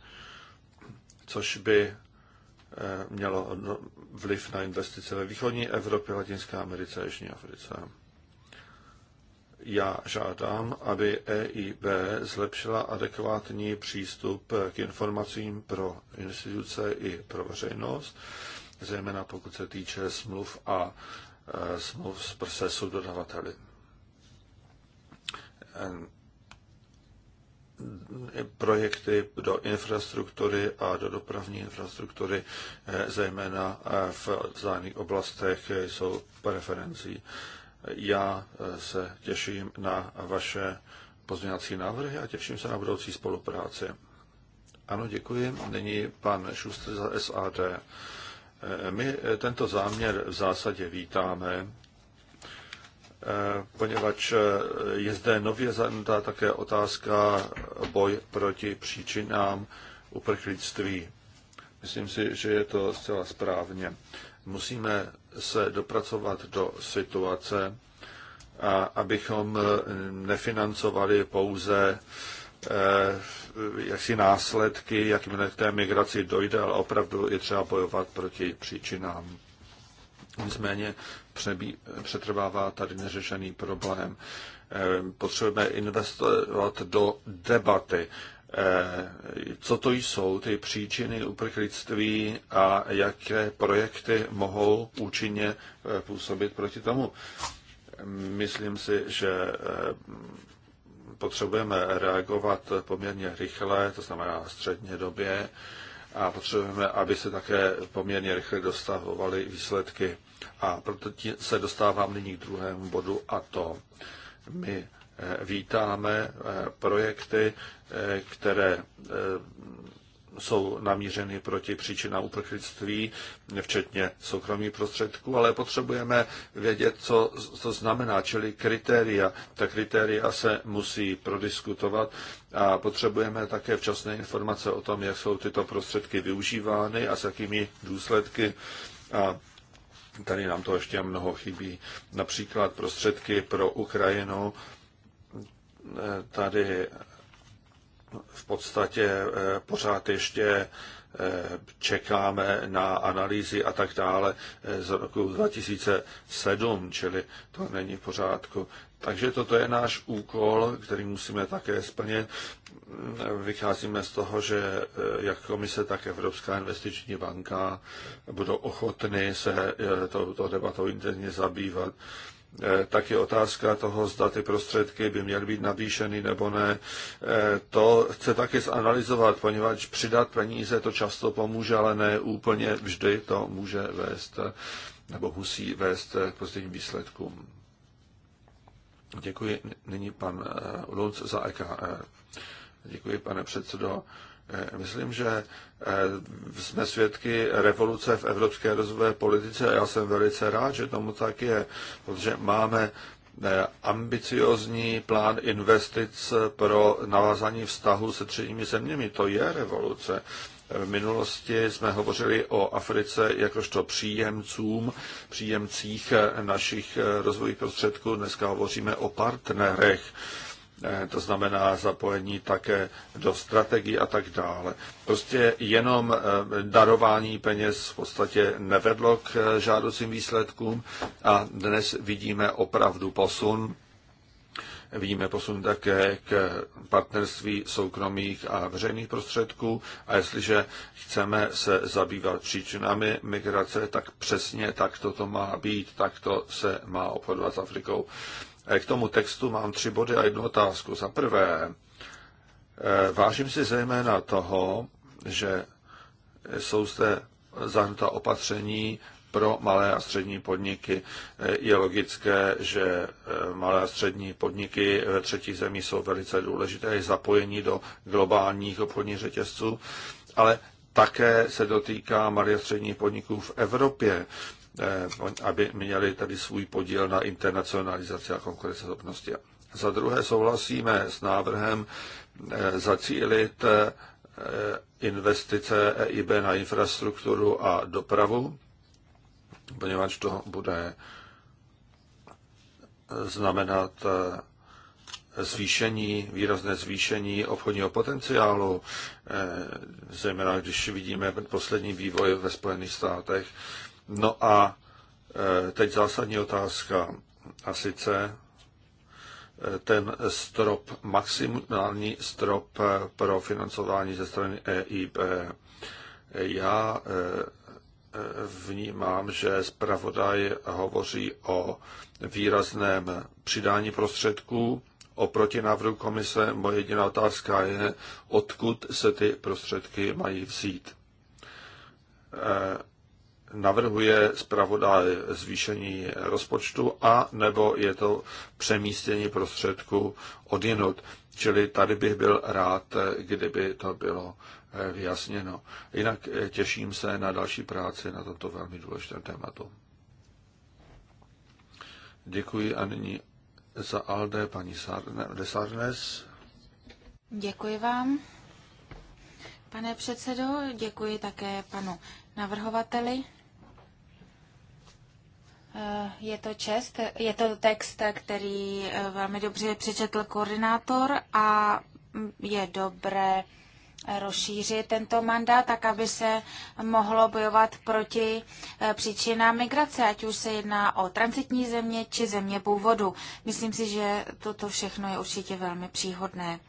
což by Eh, mělo no, vliv na investice ve východní Evropě, Latinské Americe a Jižní Africe. Já žádám, aby EIB zlepšila adekvátní přístup k informacím pro instituce i pro veřejnost, zejména pokud se týče smluv a eh, smluv s procesu dodavateli projekty do infrastruktury a do dopravní infrastruktury, eh, zejména eh, v zájemných oblastech, eh, jsou preferencí. Já se těším na vaše pozměňovací návrhy a těším se na budoucí spolupráci. Ano, děkuji. Nyní pan Šustr za SAD. My tento záměr v zásadě vítáme Eh, poněvadž eh, je zde nově zanutá také otázka boj proti příčinám uprchlictví. Myslím si, že je to zcela správně. Musíme se dopracovat do situace, a abychom eh, nefinancovali pouze jaksi následky, jakmile k té migraci dojde, ale opravdu je třeba bojovat proti příčinám. Nicméně přebí, přetrvává tady neřešený problém. Eh, potřebujeme investovat do debaty, eh, co to jsou ty příčiny uprchlictví a jaké projekty mohou účinně eh, působit proti tomu. Myslím si, že potřebujeme reagovat poměrně rychle, to znamená středně době, a potřebujeme, aby se také poměrně rychle dostavovaly výsledky. A proto se dostávám nyní k druhému bodu a to my eh, vítáme eh, projekty, eh, které jsou namířeny proti příčinám uprchlictví, včetně soukromých prostředků, ale potřebujeme vědět, co to znamená, čili kritéria. Ta kritéria se musí prodiskutovat a potřebujeme také včasné informace o tom, jak jsou tyto prostředky využívány a s jakými důsledky. A tady nám to ještě mnoho chybí. Například prostředky pro Ukrajinu. Tady v podstatě eh, pořád ještě eh, čekáme na analýzy a tak dále eh, z roku 2007, čili to není v pořádku. Takže toto je náš úkol, který musíme také splnit. Vycházíme z toho, že jak komise, tak Evropská investiční banka budou ochotny se touto debatou interně zabývat. Eh, tak je otázka toho, zda ty prostředky by měly být navýšeny nebo ne. Eh, to chce taky zanalizovat, poněvadž přidat peníze to často pomůže, ale ne úplně vždy to může vést nebo musí vést k pozitivním výsledkům. Děkuji nyní pan eh, Lunc za EKR. E. Děkuji, pane předsedo. Eh, myslím, že eh, jsme svědky revoluce v evropské rozvojové politice a já jsem velice rád, že tomu tak je, protože máme eh, ambiciozní plán investic pro navázání vztahu se třetími zeměmi. To je revoluce. V minulosti jsme hovořili o Africe jakožto příjemcům, příjemcích našich rozvojových prostředků. Dneska hovoříme o partnerech. Eh, to znamená zapojení také do strategií a tak dále. Prostě jenom eh, darování peněz v podstatě nevedlo k eh, žádoucím výsledkům a dnes vidíme opravdu posun. Vidíme posun také k partnerství soukromých a veřejných prostředků a jestliže chceme se zabývat příčinami migrace, tak přesně tak to má být, tak to se má obchodovat s Afrikou. K tomu textu mám tři body a jednu otázku. Za prvé, eh, vážím si zejména toho, že jsou zde zahrnuta opatření pro malé a střední podniky. Eh, je logické, že eh, malé a střední podniky ve třetí zemí jsou velice důležité i zapojení do globálních obchodních řetězců, ale také se dotýká malých a středních podniků v Evropě. Eh, aby měli tady svůj podíl na internacionalizaci a konkurenceschopnosti. Za druhé souhlasíme s návrhem eh, zacílit eh, investice EIB na infrastrukturu a dopravu, poněvadž to bude znamenat zvýšení, výrazné zvýšení obchodního potenciálu, zejména když vidíme poslední vývoj ve Spojených státech, No a e, teď zásadní otázka. A sice e, ten strop, maximální strop e, pro financování ze strany EIB. Já vnímám, že zpravodaj hovoří o výrazném přidání prostředků oproti návrhu komise. Moje jediná otázka je, odkud se ty prostředky mají vzít navrhuje zpravodaj zvýšení rozpočtu a nebo je to přemístění od jinot, Čili tady bych byl rád, kdyby to bylo eh, vyjasněno. Jinak eh, těším se na další práci na tomto velmi důležitém tématu. Děkuji a nyní za Alde paní Desarnes. Děkuji vám. Pane předsedo, děkuji také panu navrhovateli Eh, je to, čest, je to text, který eh, velmi dobře přečetl koordinátor a mm, je dobré rozšířit tento mandát, tak aby se mohlo bojovat proti eh, příčinám migrace, ať už se jedná o transitní země či země původu. Myslím si, že toto všechno je určitě velmi příhodné.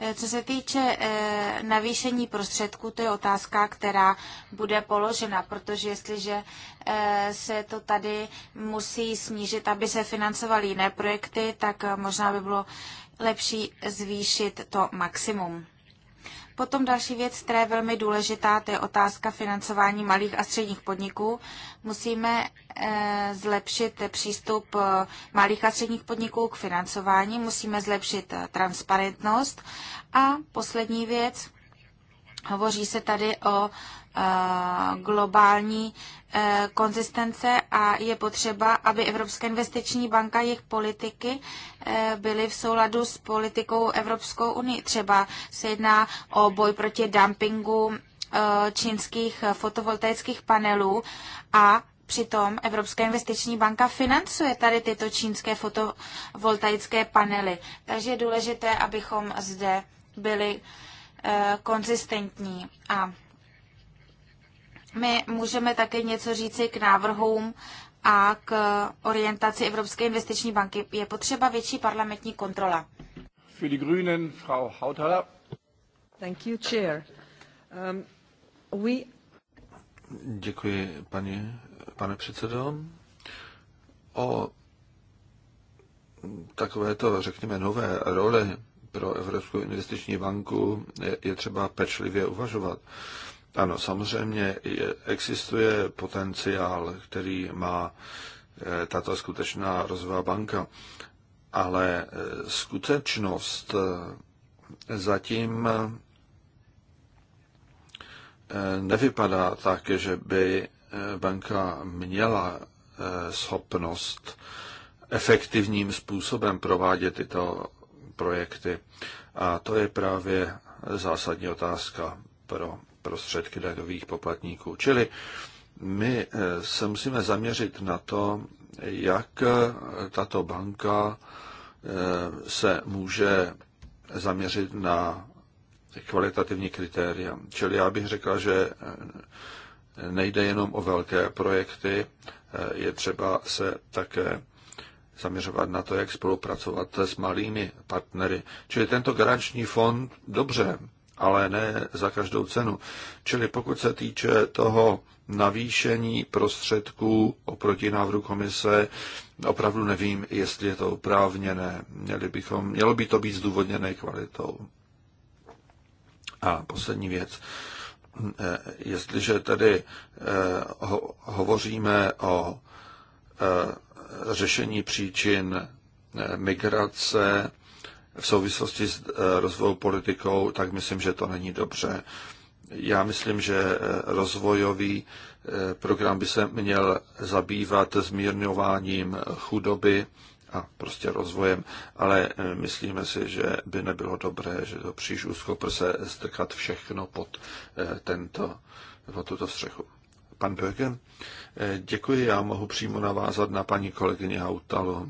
Eh, co se týče eh, navýšení prostředků, to je otázka, která bude položena, protože jestliže eh, se to tady musí snížit, aby se financovaly jiné projekty, tak možná by bylo lepší zvýšit to maximum. Potom další věc, která je velmi důležitá, to je otázka financování malých a středních podniků. Musíme eh, zlepšit přístup eh, malých a středních podniků k financování, musíme zlepšit eh, transparentnost. A poslední věc, Hovoří se tady o eh, globální eh, konzistence a je potřeba, aby Evropská investiční banka jejich politiky eh, byly v souladu s politikou Evropskou unii. Třeba se jedná o boj proti dumpingu čínských fotovoltaických panelů a Přitom Evropská investiční banka financuje tady tyto čínské fotovoltaické panely. Takže je důležité, abychom zde byli uh, Eh, konzistentní. A my můžeme také něco říci k návrhům a k orientaci Evropské investiční banky. Je potřeba větší parlamentní kontrola. Für die Grünen, Frau Hautala. Thank you, Chair. Um, we... Děkuji, paní, pane předsedo. O takovéto, řekněme, nové roli pro Evropskou investiční banku je třeba pečlivě uvažovat. Ano, samozřejmě existuje potenciál, který má eh, tato skutečná rozvojová banka, ale eh, skutečnost eh, zatím nevypadá tak, že by banka měla schopnost efektivním způsobem provádět tyto projekty. A to je právě zásadní otázka pro prostředky daňových poplatníků. Čili my eh, se musíme zaměřit na to, jak eh, tato banka eh, se může zaměřit na kvalitativní kritéria. Čili já bych řekl, že nejde jenom o velké projekty, je třeba se také zaměřovat na to, jak spolupracovat s malými partnery. Čili tento garanční fond dobře, ale ne za každou cenu. Čili pokud se týče toho navýšení prostředků oproti návrhu komise, opravdu nevím, jestli je to oprávněné. Měli bychom, mělo by to být zdůvodněné kvalitou. A poslední věc. Eh, jestliže tedy eh, hovoříme o eh, řešení příčin eh, migrace v souvislosti s eh, rozvojovou politikou, tak myslím, že to není dobře. Já myslím, že eh, rozvojový program by se měl zabývat zmírňováním chudoby a prostě rozvojem, ale myslíme si, že by nebylo dobré, že to příliš úzko se strkat všechno pod, tento, pod tuto střechu. Pan Böge. Děkuji, já mohu přímo navázat na paní kolegyni Hautalo.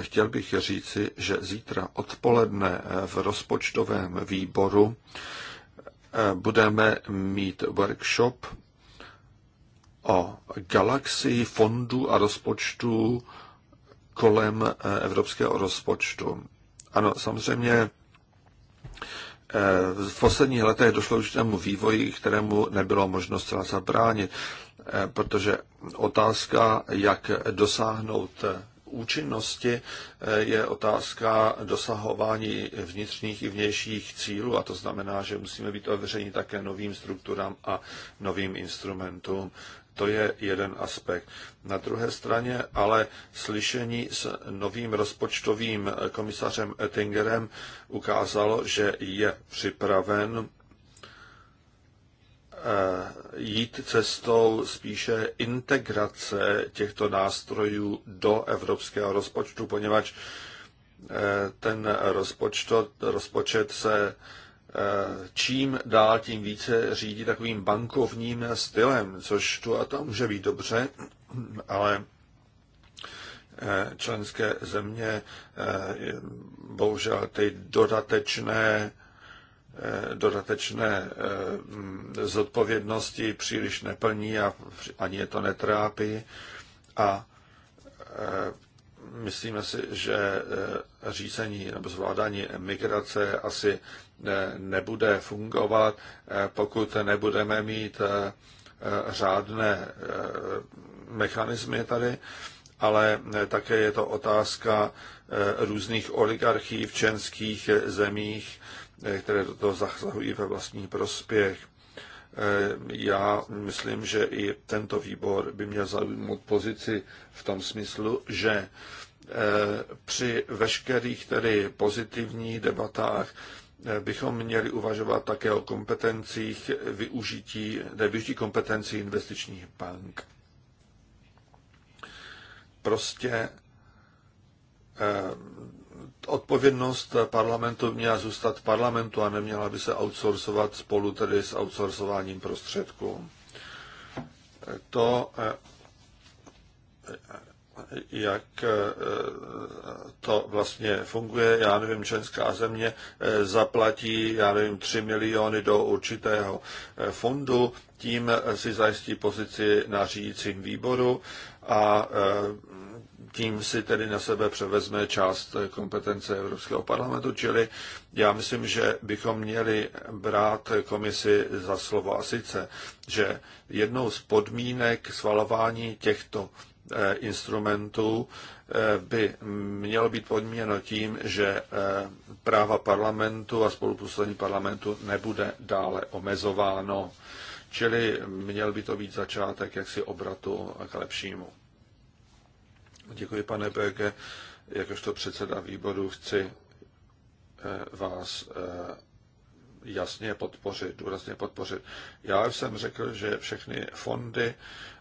Chtěl bych říci, že zítra odpoledne v rozpočtovém výboru eh, budeme mít workshop o galaxii fondů a rozpočtů kolem eh, evropského rozpočtu. Ano, samozřejmě eh, v posledních letech došlo k určitému vývoji, kterému nebylo možnost zabránit. Eh, protože otázka, jak dosáhnout eh, účinnosti, eh, je otázka dosahování vnitřních i vnějších cílů a to znamená, že musíme být otevřeni také novým strukturám a novým instrumentům. To je jeden aspekt. Na druhé straně ale slyšení s novým rozpočtovým komisařem Ettingerem ukázalo, že je připraven Eh, jít cestou spíše integrace těchto nástrojů do evropského rozpočtu, poněvadž eh, ten rozpočto, rozpočet se eh, čím dál tím více řídí takovým bankovním stylem, což tu a tam může být dobře, ale členské země bohužel ty dodatečné Eh, dodatečné eh, zodpovědnosti příliš neplní a ani je to netrápí. A eh, myslíme si, že řízení nebo zvládání migrace asi nebude fungovat, pokud nebudeme mít řádné mechanismy tady, ale také je to otázka různých oligarchií v členských zemích, Eh, které do toho zasahují ve vlastní prospěch. Eh, já myslím, že i tento výbor by měl zaujmout pozici v tom smyslu, že eh, při veškerých tedy pozitivních debatách bychom měli uvažovat také o kompetencích využití, ne, využití kompetencí investičních bank. Prostě odpovědnost parlamentu měla zůstat v parlamentu a neměla by se outsourcovat spolu tedy s outsourcováním prostředků. To, jak to vlastně funguje, já nevím, členská země zaplatí, já nevím, 3 miliony do určitého fondu, tím si zajistí pozici na řídícím výboru a tím si tedy na sebe převezme část kompetence Evropského parlamentu, čili já myslím, že bychom měli brát komisi za slovo a sice, že jednou z podmínek svalování těchto eh, instrumentů eh, by mělo být podmíněno tím, že eh, práva parlamentu a spolupůsobení parlamentu nebude dále omezováno. Čili měl by to být začátek jaksi obratu k lepšímu. Děkuji, pane Berge. Jakožto předseda výboru chci eh, vás eh, jasně podpořit, důrazně podpořit. Já jsem řekl, že všechny fondy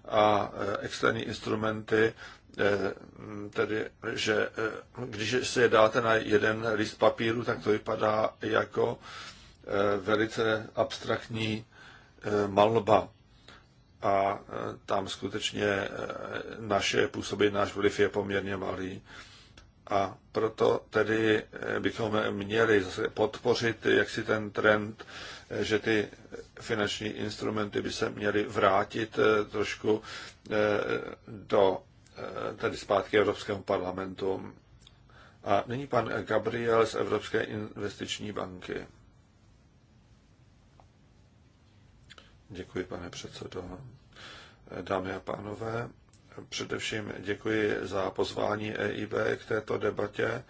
a eh, externí instrumenty, tedy, že když se je dáte na jeden list papíru, tak to vypadá jako velice abstraktní malba a e, tam skutečně e, naše působení, náš vliv je poměrně malý. A proto tedy e, bychom měli zase podpořit jak si ten trend, že ty finanční instrumenty by se měly vrátit trošku do tedy zpátky Evropskému parlamentu. A nyní pan Gabriel z Evropské investiční banky. Děkuji, pane předsedo. Dámy a pánové, především děkuji za pozvání EIB k této debatě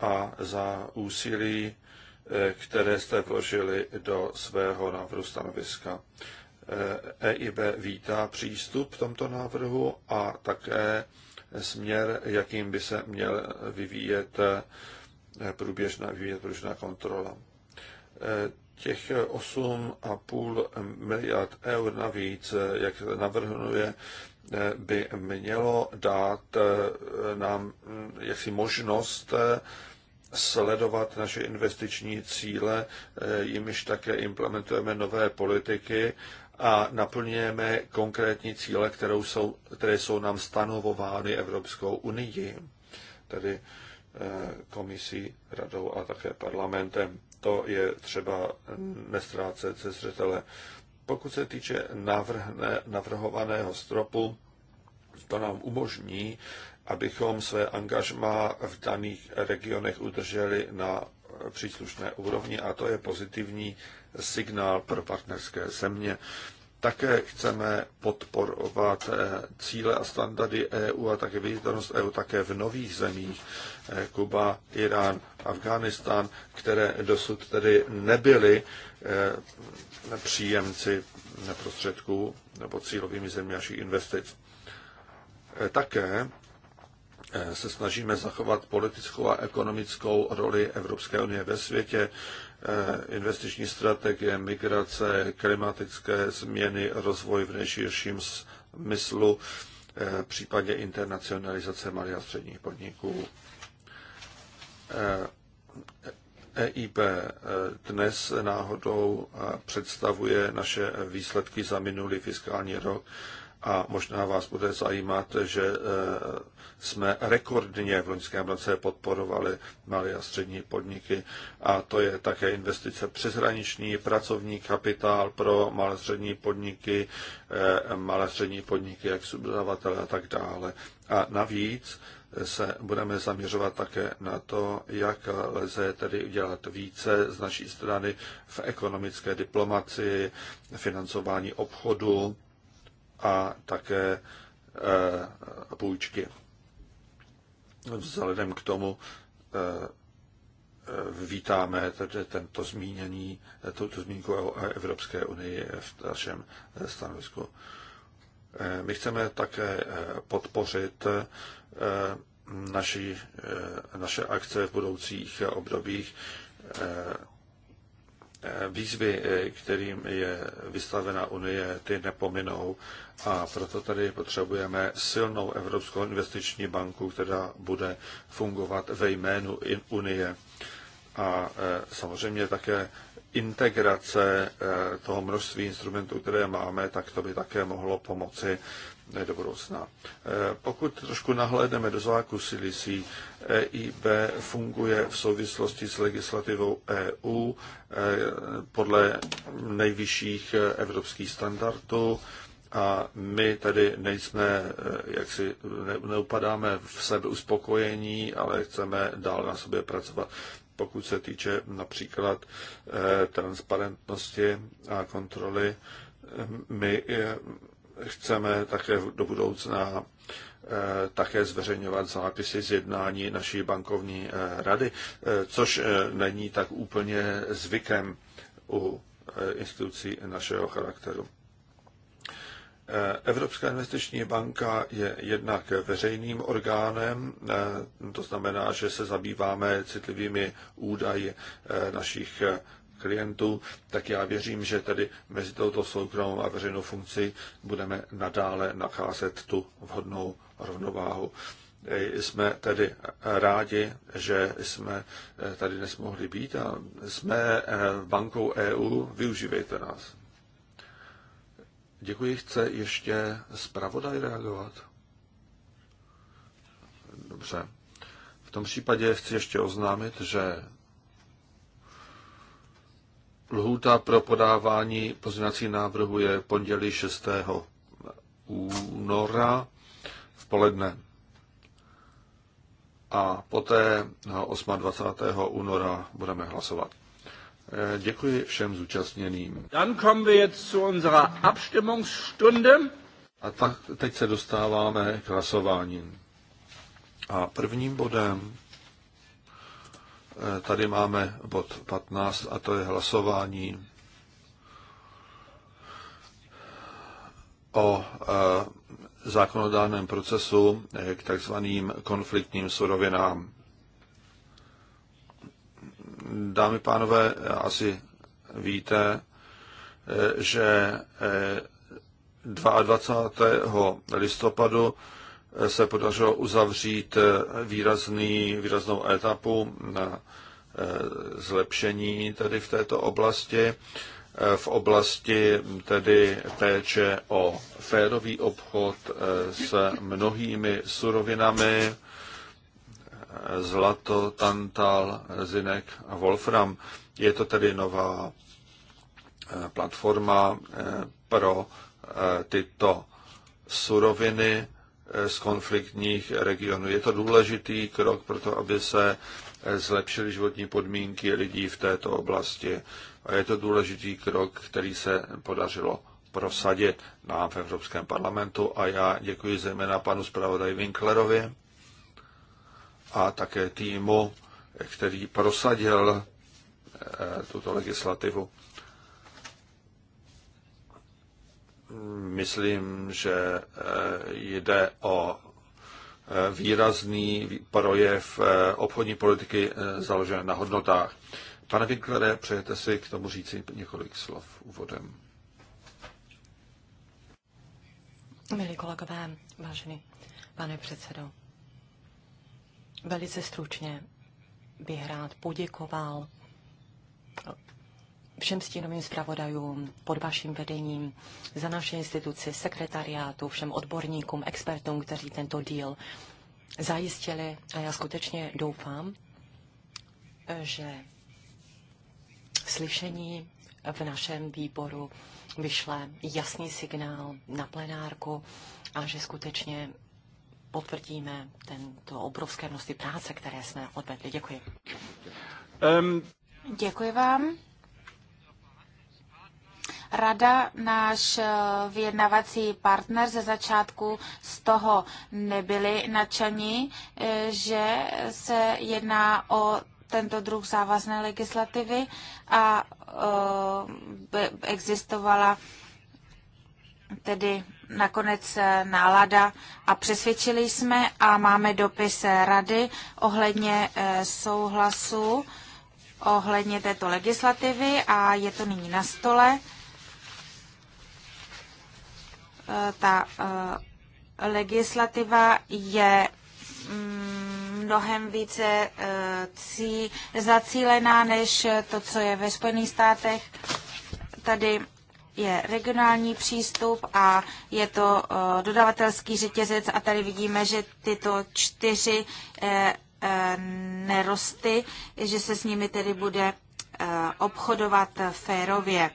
a za úsilí, které jste vložili do svého návrhu stanoviska. EIB vítá přístup v tomto návrhu a také směr, jakým by se měl vyvíjet průběžná, vyvíjet průběžná kontrola těch 8,5 eh, miliard eur navíc, eh, jak se navrhnuje, eh, by mělo dát nám mm, jaksi možnost sledovat naše investiční cíle, jimiž také implementujeme nové politiky a naplňujeme konkrétní cíle, kterou jsou, které jsou nám stanovovány Evropskou unii, tedy komisí, radou a také parlamentem to je třeba nestrácet se zřetele. Pokud se týče navrhne, navrhovaného stropu, to nám umožní, abychom své angažma v daných regionech udrželi na příslušné úrovni a to je pozitivní signál pro partnerské země. Také chceme podporovat cíle a standardy EU a také viditelnost EU také v nových zemích. Kuba, Irán, Afghánistán, které dosud tedy nebyly eh, příjemci prostředků nebo cílovými zemí našich investic. Eh, také eh, se snažíme zachovat politickou a ekonomickou roli Evropské unie ve světě, investiční strategie, migrace, klimatické změny, rozvoj v nejširším smyslu, případně internacionalizace malých a středních podniků. EIB e, e dnes náhodou e, představuje naše výsledky za minulý fiskální rok a možná vás bude zajímat, že jsme rekordně v loňském roce podporovali malé a střední podniky a to je také investice přeshraniční, pracovní kapitál pro malé a střední podniky, malé a střední podniky jak subdodavatele a tak dále. A navíc se budeme zaměřovat také na to, jak lze tedy udělat více z naší strany v ekonomické diplomaci, financování obchodu a také eh, půjčky. Vzhledem k tomu eh, vítáme tedy tento zmínění, tuto zmínku o Evropské unii v našem stanovisku. Eh, my chceme také podpořit Eh, naši, eh, naše akce v budoucích obdobích. Eh, výzvy, kterým je vystavena Unie, ty nepominou a proto tady potřebujeme silnou Evropskou investiční banku, která bude fungovat ve jménu Unie. A samozřejmě také integrace toho množství instrumentů, které máme, tak to by také mohlo pomoci ne do budoucna. Eh, pokud trošku nahlédneme do zákulisí, EIB funguje v souvislosti s legislativou EU eh, podle nejvyšších eh, evropských standardů a my tady nejsme, jak si neupadáme v sebe uspokojení, ale chceme dál na sobě pracovat. Pokud se týče například transparentnosti a kontroly, my chceme také do budoucna eh, také zveřejňovat zápisy z jednání naší bankovní eh, rady, eh, což není tak úplně zvykem u institucí našeho charakteru. Evropská investiční banka je jednak veřejným orgánem, to znamená, že se zabýváme citlivými údaji našich klientů, tak já věřím, že tedy mezi touto soukromou a veřejnou funkcí budeme nadále nacházet tu vhodnou rovnováhu. Eh, jsme tedy rádi, že jsme eh, tady dnes mohli být a jsme eh, bankou EU, využívejte nás. Děkuji, chce ještě zpravodaj reagovat? Dobře. V tom případě chci ještě oznámit, že Lhůta pro podávání pozměňovacích návrhu je pondělí 6. února v poledne. A poté 28. února budeme hlasovat. Eh, děkuji všem zúčastněným. Dann kommen wir jetzt zu unserer Abstimmungsstunde. A tak teď se dostáváme k hlasování. A prvním bodem Tady máme bod 15 a to je hlasování o e, zákonodárném procesu k takzvaným konfliktním surovinám. Dámy pánové, asi víte, e, že 22. E, listopadu se podařilo uzavřít eh, výrazný, výraznou etapu na eh, zlepšení tedy v této oblasti, eh, v oblasti tedy péče o férový obchod s mnohými surovinami, zlato, tantal, zinek a wolfram. Je to tedy nová platforma pro tyto suroviny z konfliktních regionů. Je to důležitý krok pro to, aby se zlepšily životní podmínky lidí v této oblasti. A je to důležitý krok, který se podařilo prosadit nám v Evropském parlamentu a já děkuji zejména panu zpravodaji Winklerovi a také týmu, který prosadil eh, tuto legislativu. Myslím, že eh, jde o eh, výrazný projev eh, obchodní politiky založené na hodnotách. Pane Winklere, přejete si k tomu říci několik slov úvodem. Milí kolegové, vážený pane předsedo, velice stručně bych rád poděkoval všem stínovým zpravodajům pod vaším vedením, za naše instituci, sekretariátu, všem odborníkům, expertům, kteří tento díl zajistili. A já skutečně doufám, že slyšení v našem výboru vyšle jasný signál na plenárku a že skutečně potvrdíme tento obrovské množství práce, které jsme odvedli. Děkuji. Um. Děkuji vám. Rada, náš eh, vyjednavací partner ze začátku z toho nebyli nadšení, eh, že se jedná o tento druh závazné legislativy a eh, existovala tedy nakonec nálada a přesvědčili jsme a máme dopis rady ohledně souhlasu ohledně této legislativy a je to nyní na stole Eh, ta eh, legislativa je mm, mnohem více eh, cí, zacílená než to, co je ve Spojených státech. Tady je regionální přístup a je to dodavatelský řetězec a tady vidíme, že tyto čtyři nerosty, že se s nimi tedy bude obchodovat férově.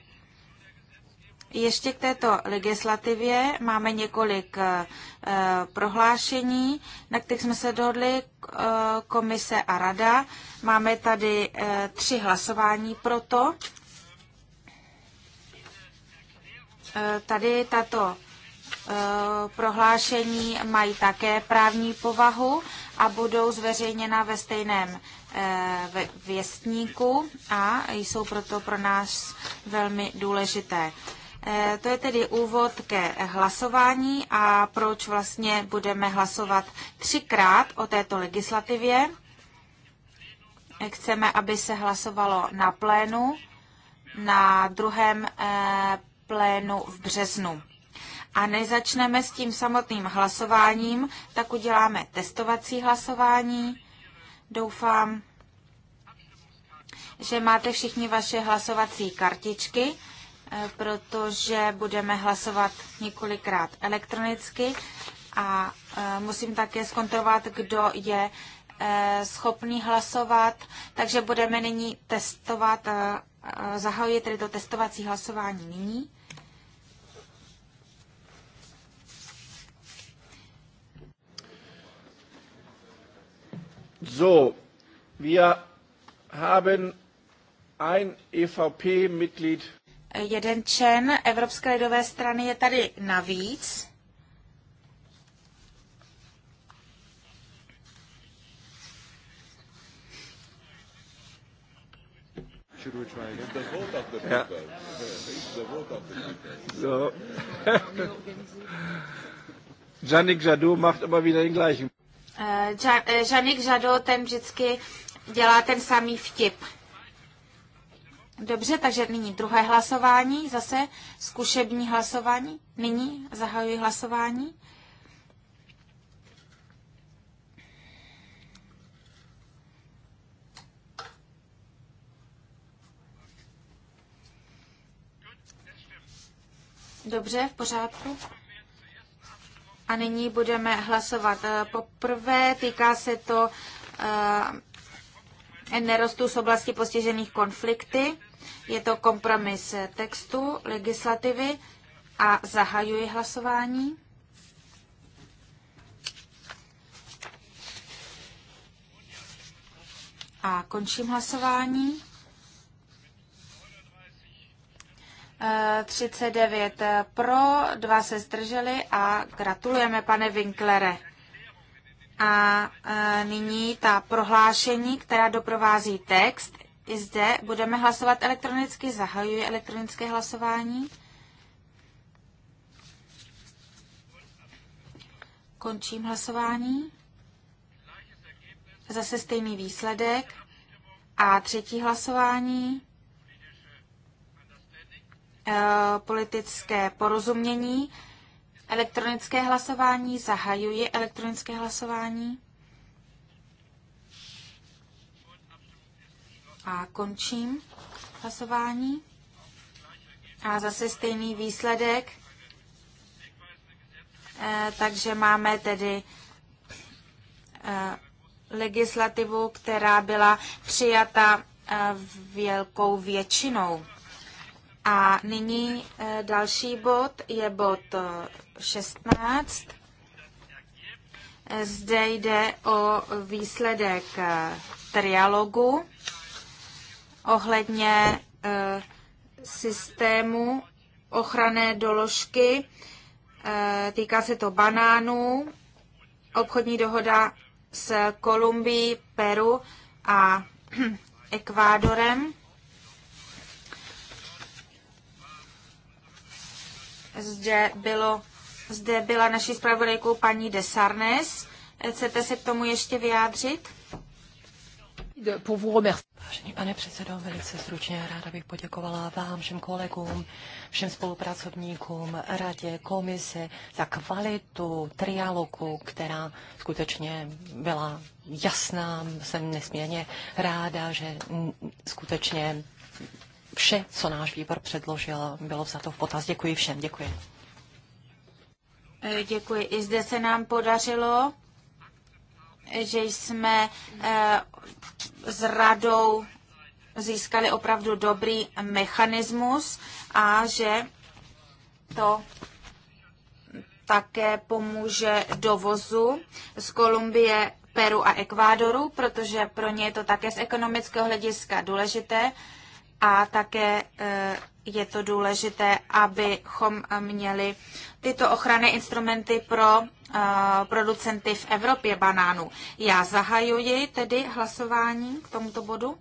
Ještě k této legislativě máme několik eh, prohlášení, na kterých jsme se dohodli eh, komise a rada. Máme tady eh, tři hlasování pro to. Tady tato prohlášení mají také právní povahu a budou zveřejněna ve stejném věstníku a jsou proto pro nás velmi důležité. Eh, to je tedy úvod ke hlasování a proč vlastně budeme hlasovat třikrát o této legislativě. Eh, chceme, aby se hlasovalo na plénu, na druhém eh, plénu v březnu. A než začneme s tím samotným hlasováním, tak uděláme testovací hlasování. Doufám, že máte všichni vaše hlasovací kartičky. Eh, protože budeme hlasovat několikrát elektronicky a eh, musím také zkontrolovat, kdo je eh, schopný hlasovat, takže budeme nyní testovat, zahajuji tedy to testovací hlasování nyní. So, wir haben ein EVP-Mitglied jeden člen Evropské lidové strany je tady navíc. Janik Žadu macht immer wieder den gleichen. Eh, eh, Janik Žadu, ten vždycky dělá ten samý vtip. Dobře, takže nyní druhé hlasování, zase zkušební hlasování. Nyní zahajuji hlasování. Dobře, v pořádku. A nyní budeme hlasovat eh, poprvé. Týká se to uh, nerostu z oblasti postižených konflikty. Je to kompromis textu legislativy a zahajuji hlasování. A končím hlasování. 39 eh, pro, dva se zdrželi a gratulujeme, pane Winklere. A eh, nyní ta prohlášení, která doprovází text. I zde budeme hlasovat elektronicky. Zahajuji elektronické hlasování. Končím hlasování. Zase stejný výsledek. A třetí hlasování. E, politické porozumění. Elektronické hlasování. Zahajuji elektronické hlasování. A končím hlasování. A zase stejný výsledek. E, takže máme tedy e, legislativu, která byla přijata e, velkou většinou. A nyní e, další bod je bod 16. Zde jde o výsledek trialogu ohledně eh, systému ochranné doložky. Eh, týká se to banánů, obchodní dohoda s Kolumbií, Peru a Ekvádorem. Zde, bylo, zde byla naší zpravodajkou paní Desarnes. Chcete se k tomu ještě vyjádřit? Pour vous Vážený pane předsedo, velice stručně ráda bych poděkovala vám, všem kolegům, všem spolupracovníkům, radě, komisi za kvalitu trialogu, která skutečně byla jasná. Jsem nesmírně ráda, že skutečně vše, co náš výbor předložil, bylo za to v potaz. Děkuji všem, děkuji. E, děkuji. I zde se nám podařilo že jsme eh, s radou získali opravdu dobrý mechanismus a že to také pomůže dovozu z Kolumbie, Peru a Ekvádoru, protože pro ně je to také z ekonomického hlediska důležité a také eh, je to důležité, abychom měli tyto ochranné instrumenty pro producenty v Evropě banánů. Já zahajuji tedy hlasování k tomuto bodu.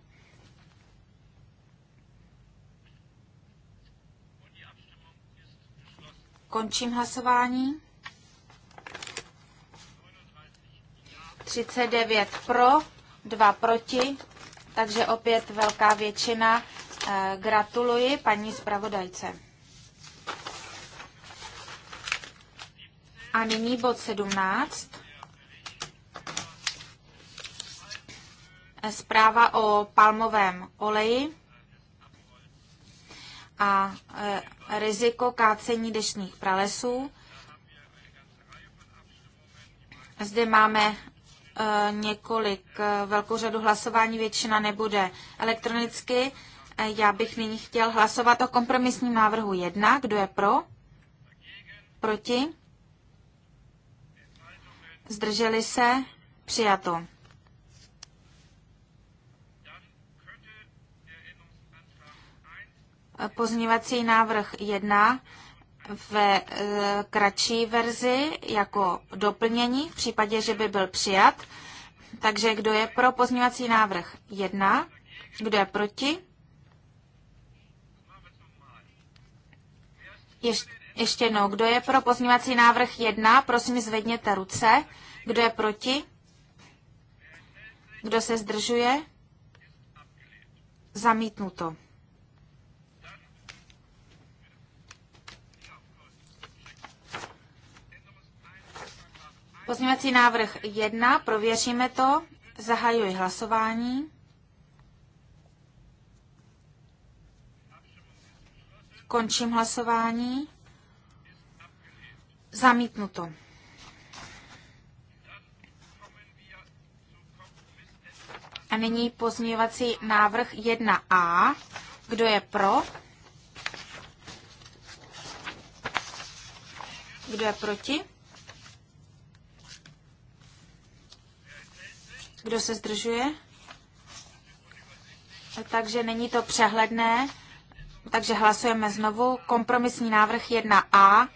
Končím hlasování. 39 pro, 2 proti, takže opět velká většina. E, gratuluji paní zpravodajce. A nyní bod 17. Zpráva o palmovém oleji a e, riziko kácení dešních pralesů. Zde máme e, několik e, velkou řadu hlasování, většina nebude elektronicky. Já bych nyní chtěl hlasovat o kompromisním návrhu 1. Kdo je pro? Proti? Zdrželi se? Přijato. Pozměňovací návrh 1 ve e, kratší verzi jako doplnění v případě, že by byl přijat. Takže kdo je pro pozměňovací návrh 1? Kdo je proti? Ještě ještě jednou, kdo je pro pozměňovací návrh 1, prosím zvedněte ruce. Kdo je proti? Kdo se zdržuje? Zamítnuto. Pozměňovací návrh 1, prověříme to. Zahajuji hlasování. Končím hlasování. Zamítnuto. A nyní pozměňovací návrh 1a. Kdo je pro? Kdo je proti? Kdo se zdržuje? Takže není to přehledné. Takže hlasujeme znovu. Kompromisní návrh 1a.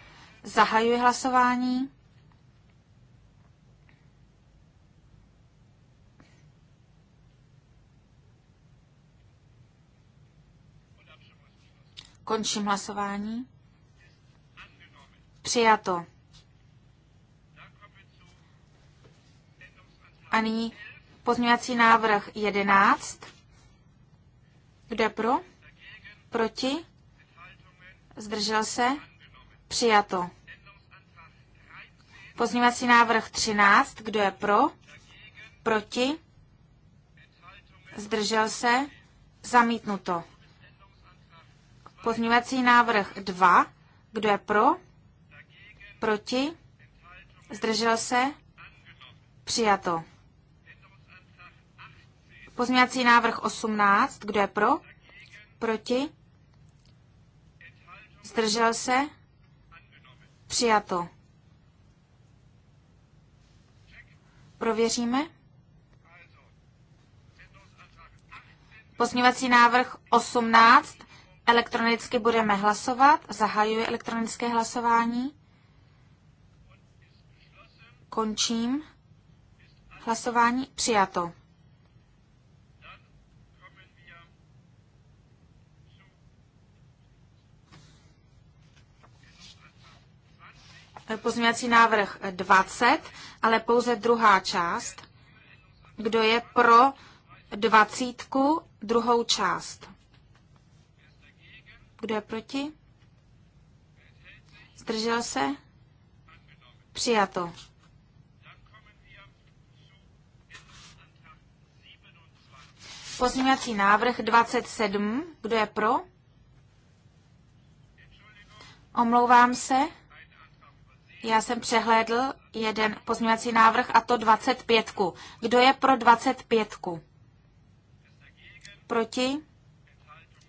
Zahajuji hlasování. Končím hlasování. Přijato. A nyní pozměňovací návrh 11. Kdo je pro? Proti? Zdržel se? Přijato. Pozněvací návrh 13. Kdo je pro? Proti? Zdržel se? Zamítnuto. Pozměňovací návrh 2. Kdo je pro? Proti? Zdržel se? Přijato. Pozměňovací návrh 18. Kdo je pro? Proti? Zdržel se? Přijato. Prověříme. Pozměňovací návrh 18. Elektronicky budeme hlasovat. Zahajuji elektronické hlasování. Končím. Hlasování přijato. pozměňovací návrh 20, ale pouze druhá část. Kdo je pro dvacítku, druhou část? Kdo je proti? Zdržel se? Přijato. Pozměňovací návrh 27. Kdo je pro? Omlouvám se. Já jsem přehlédl jeden pozměňovací návrh a to 25. Kdo je pro 25? Proti?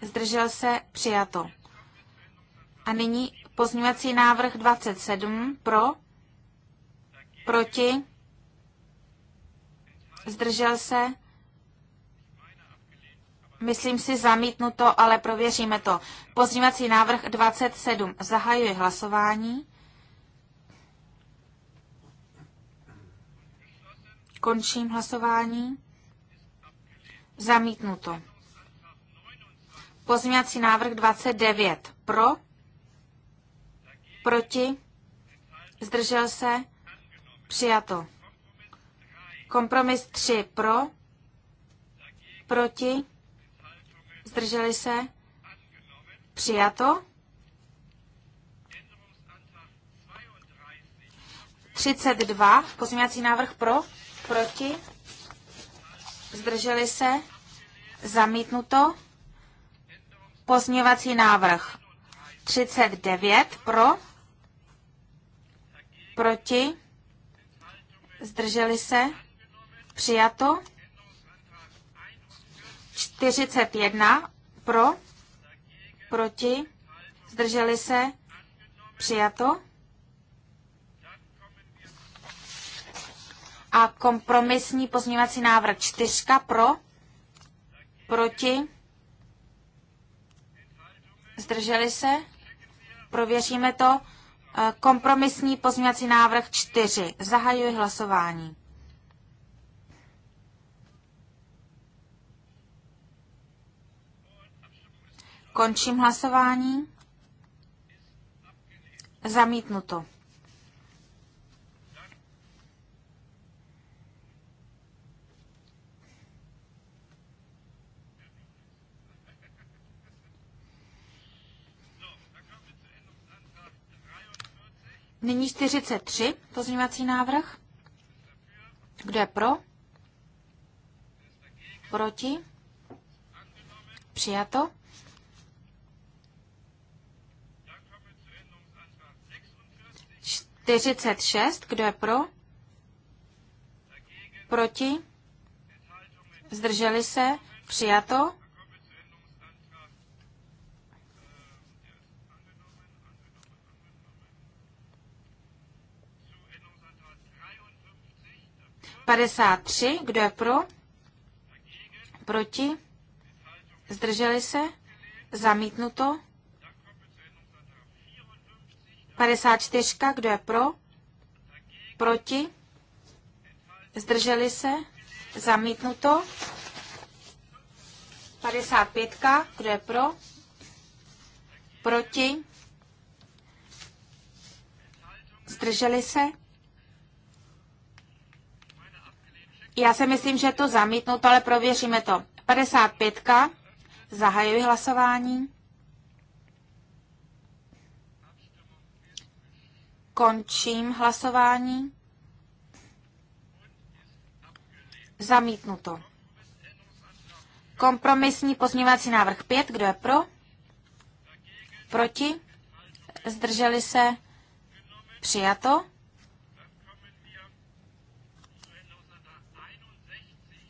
Zdržel se? Přijato. A nyní pozměňovací návrh 27. Pro? Proti? Zdržel se? Myslím si zamítnuto, ale prověříme to. Pozměňovací návrh 27. Zahajuji hlasování. Končím hlasování. Zamítnuto. Pozměňovací návrh 29. Pro? Proti? Zdržel se? Přijato. Kompromis 3. Pro? Proti? Zdrželi se? Přijato. 32. Pozměňovací návrh pro? proti, zdrželi se, zamítnuto, pozměvací návrh 39 pro, proti, zdrželi se, přijato, 41 pro, proti, zdrželi se, přijato. A kompromisní pozměňovací návrh čtyřka pro, proti, zdrželi se, prověříme to. Eh, kompromisní pozměňovací návrh čtyři. Zahajuji hlasování. Končím hlasování. Zamítnuto. Nyní 43 pozměňovací návrh. Kdo je pro? Proti? Přijato. Čtyřicet šest. Kdo je pro? Proti? Zdrželi se? Přijato. 53, kdo je pro? Proti? Zdrželi se? Zamítnuto? 54, kdo je pro? Proti? Zdrželi se? Zamítnuto? 55, kdo je pro? Proti? Zdrželi se? Já si myslím, že je to zamítnout, ale prověříme to. 55. Zahajuji hlasování. Končím hlasování. Zamítnuto. Kompromisní pozměňovací návrh 5. Kdo je pro? Proti? Zdrželi se? Přijato.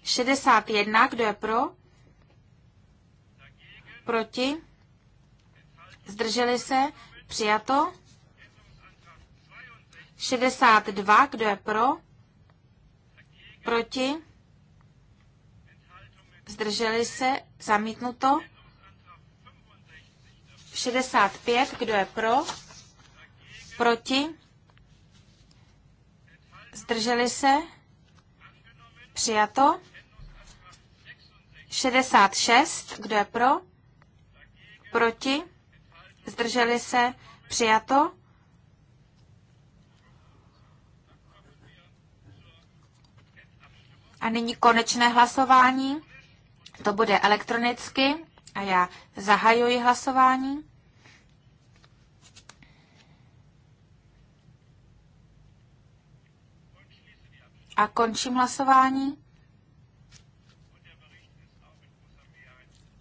61, kdo je pro? Proti? Zdrželi se? Přijato? 62, kdo je pro? Proti? Zdrželi se? Zamítnuto? 65, kdo je pro? Proti? Zdrželi se? Přijato? 66, kdo je pro? Proti? Zdrželi se? Přijato? A nyní konečné hlasování. To bude elektronicky a já zahajuji hlasování. A končím hlasování.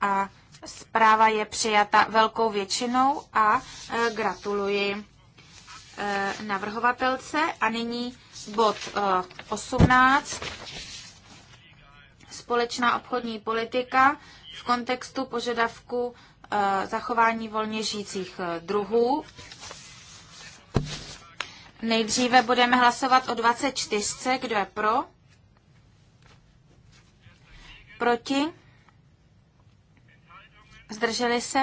a zpráva je přijata velkou většinou a e, gratuluji e, navrhovatelce. A nyní bod 18. E, Společná obchodní politika v kontextu požadavku zachování volně žijících druhů. Nejdříve budeme hlasovat o 24. Kdo je pro? Proti? Zdrželi se?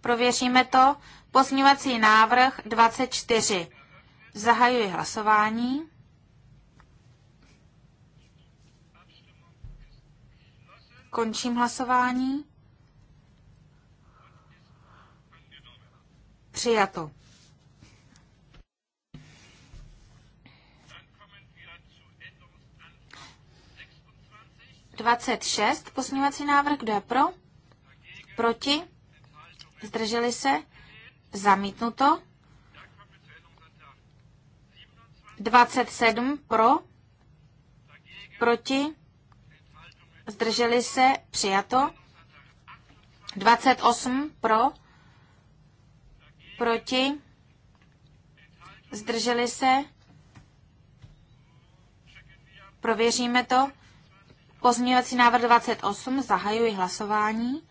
Prověříme to. Pozměňovací návrh 24. Zahajuji hlasování. Končím hlasování. Přijato. Dvacet šest. návrh. Kdo je pro? proti, zdrželi se, zamítnuto. 27 pro, proti, zdrželi se, přijato. 28 pro, proti, zdrželi se, prověříme to. Pozměňovací návrh 28, zahajuji hlasování.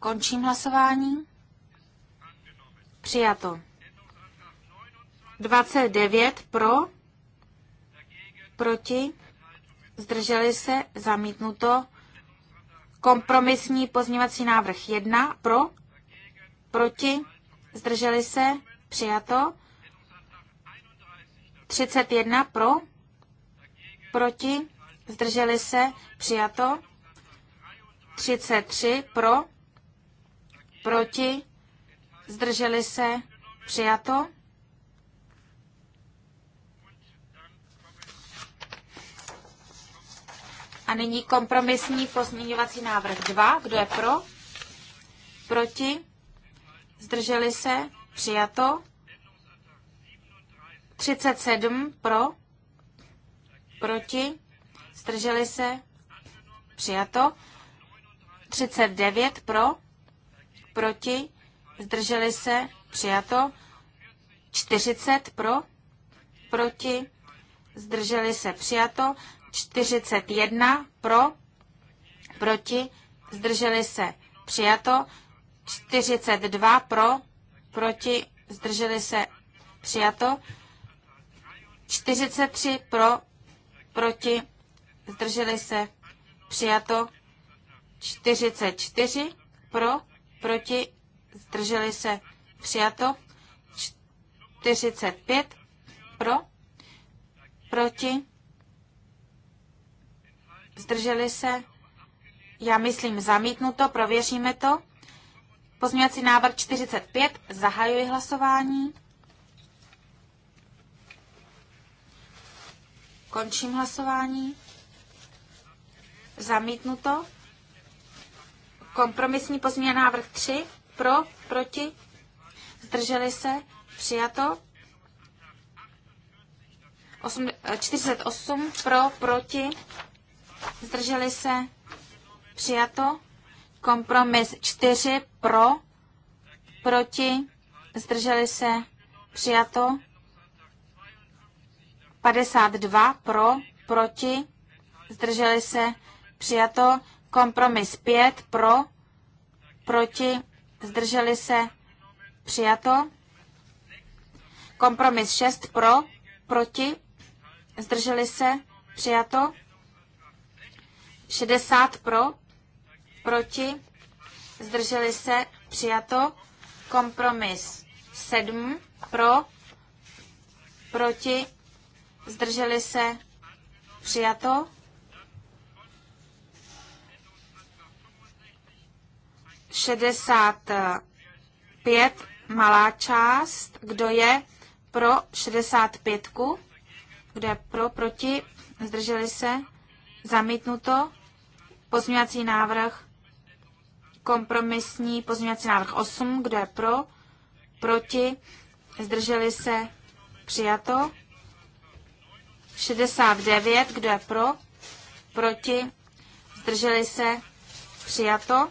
Končím hlasování. Přijato. 29 pro, proti, zdrželi se, zamítnuto. Kompromisní pozměňovací návrh 1 pro, proti, zdrželi se, přijato. 31 pro, proti, zdrželi se, přijato. 33 pro, proti, zdrželi se, přijato. A nyní kompromisní pozměňovací návrh 2. Kdo je pro? Proti? Zdrželi se? Přijato? 37 pro? Proti? Zdrželi se? Přijato? 39 pro? proti, zdrželi se, přijato. 40 pro, proti, zdrželi se, přijato. 41 pro, proti, zdrželi se, přijato. 42 pro, proti, zdrželi se, přijato. 43 pro, proti, zdrželi se, přijato. 44 pro, proti, zdrželi se, přijato. 45 pro, proti, zdrželi se, já myslím zamítnuto, prověříme to. Pozměňovací návrh 45, zahajuji hlasování. Končím hlasování. Zamítnuto. Kompromisní pozměňovací návrh 3 pro, proti, zdrželi se, přijato. 48 eh, pro, proti, zdrželi se, přijato. Kompromis 4 pro, proti, zdrželi se, přijato. 52 pro, proti, zdrželi se, přijato. Kompromis 5 pro, proti, zdrželi se, přijato. Kompromis 6 pro, proti, zdrželi se, přijato. 60 pro, proti, zdrželi se, přijato. Kompromis 7 pro, proti, zdrželi se, přijato. 65 malá část, kdo je pro 65, kdo je pro, proti, zdrželi se, zamítnuto, pozměňovací návrh, kompromisní pozměňovací návrh 8, kdo je pro, proti, zdrželi se, přijato, 69, kdo je pro, proti, zdrželi se, přijato,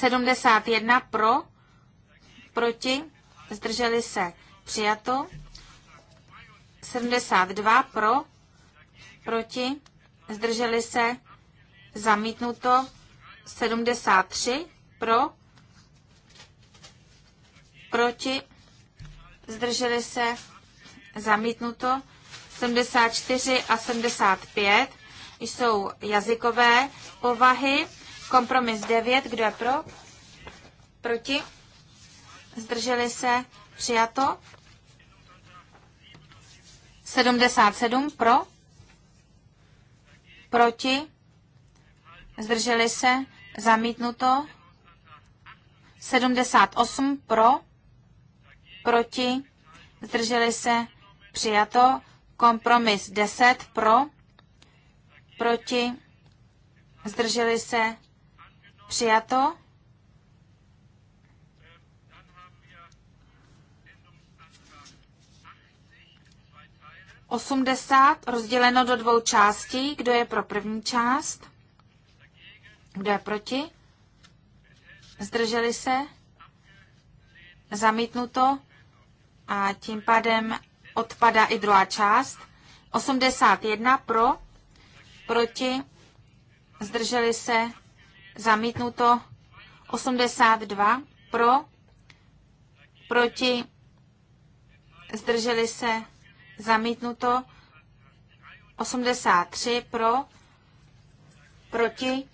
71 pro, proti, zdrželi se přijato. 72 pro, proti, zdrželi se zamítnuto. 73 pro, proti, zdrželi se zamítnuto. 74 a 75 jsou jazykové povahy Kompromis 9, kdo je pro? Proti? Zdrželi se? Přijato? 77 pro? Proti? Zdrželi se? Zamítnuto? 78 pro? Proti? Zdrželi se? Přijato? Kompromis 10 pro? Proti? Zdrželi se? Přijato. Osmdesát rozděleno do dvou částí. Kdo je pro první část? Kdo je proti? Zdrželi se? Zamítnuto? A tím pádem odpadá i druhá část. 81 pro, proti, zdrželi se, zamítnuto 82 pro, proti, zdrželi se, zamítnuto 83 pro, proti,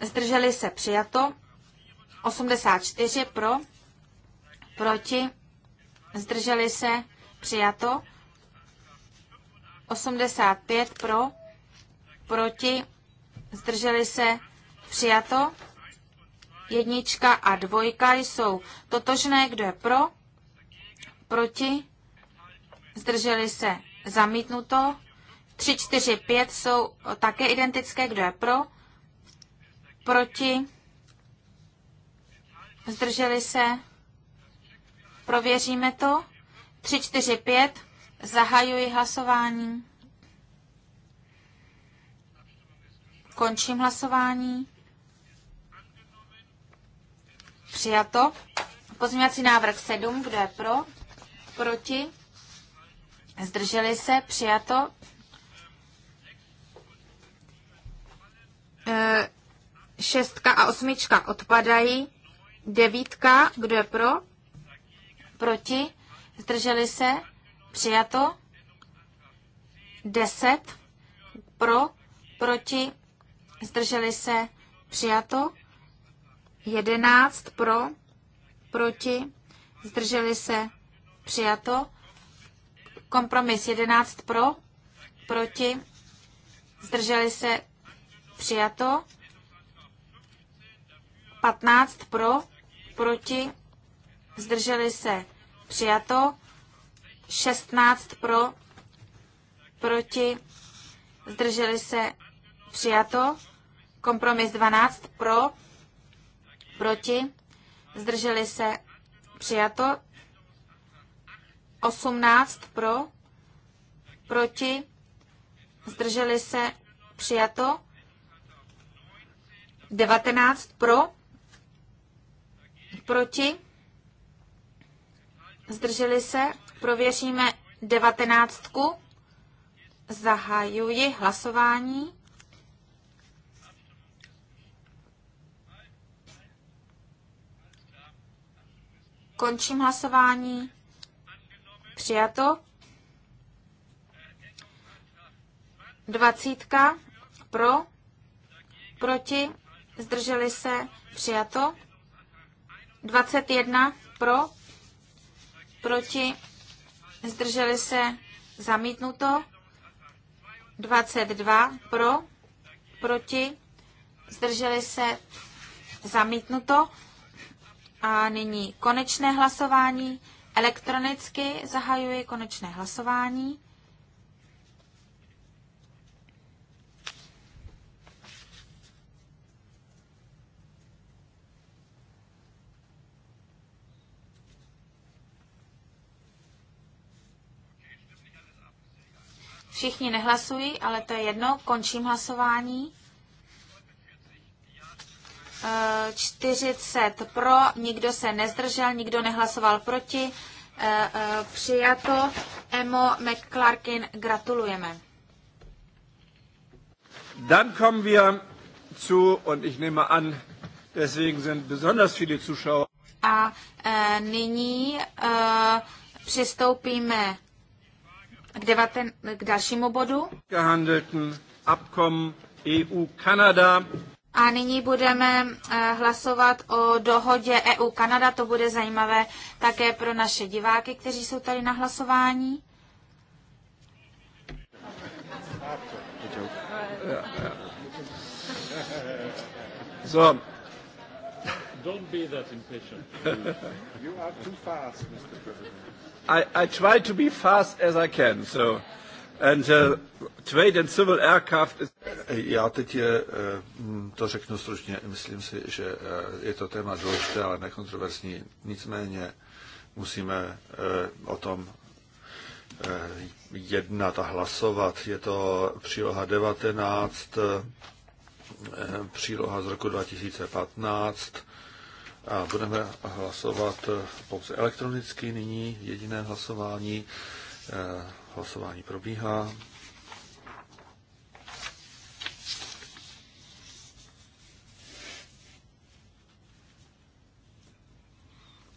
zdrželi se, přijato 84 pro, proti, zdrželi se, přijato 85 pro, proti, zdrželi se, přijato. Jednička a dvojka jsou totožné, kdo je pro, proti, zdrželi se, zamítnuto. 3, 4, 5 jsou také identické, kdo je pro, proti, zdrželi se, prověříme to. 3, 4, 5, zahajuji hlasování. Končím hlasování. Přijato. Pozměňovací návrh 7, kdo je pro? Proti? Zdrželi se? Přijato. E, šestka a osmička odpadají. Devítka, kdo je pro? Proti? Zdrželi se? Přijato. Deset. Pro? Proti? zdrželi se, přijato. 11 pro, proti, zdrželi se, přijato. Kompromis 11 pro, proti, zdrželi se, přijato. 15 pro, proti, zdrželi se, přijato. 16 pro, proti, zdrželi se, Přijato. Kompromis 12 pro, proti, zdrželi se, přijato. 18 pro, proti, zdrželi se, přijato. 19 pro, proti, zdrželi se, prověříme 19. Zahajuji hlasování. Končím hlasování. Přijato. Dvacítka pro, proti, zdrželi se, přijato. 21 pro, proti, zdrželi se, zamítnuto. 22 pro, proti, zdrželi se, zamítnuto. A nyní konečné hlasování. Elektronicky zahajuji konečné hlasování. Všichni nehlasují, ale to je jedno. Končím hlasování. 40 pro, nikdo se nezdržel, nikdo nehlasoval proti. Eh, eh, přijato. Emo McClarkin, gratulujeme. Dann kommen wir zu, und ich nehme an, deswegen sind besonders viele Zuschauer. A e, nyní e, přistoupíme k, devaten, k dalšímu bodu. Gehandelten Abkommen EU-Kanada. A nyní budeme eh, hlasovat o dohodě EU-Kanada. To bude zajímavé také pro naše diváky, kteří jsou tady na hlasování. So. Don't be that impatient. you are too fast, Mr. President. I, I try to be fast as I can, so. And uh, trade and civil aircraft is... Já teď je, eh, mm, to řeknu stručně, myslím si, že eh, je to téma důležité, ale nekontroverzní. Nicméně musíme eh, o tom jednat a hlasovat. Je to příloha 19, příloha z roku 2015 a budeme hlasovat pouze elektronicky nyní, jediné hlasování Hlasování probíhá.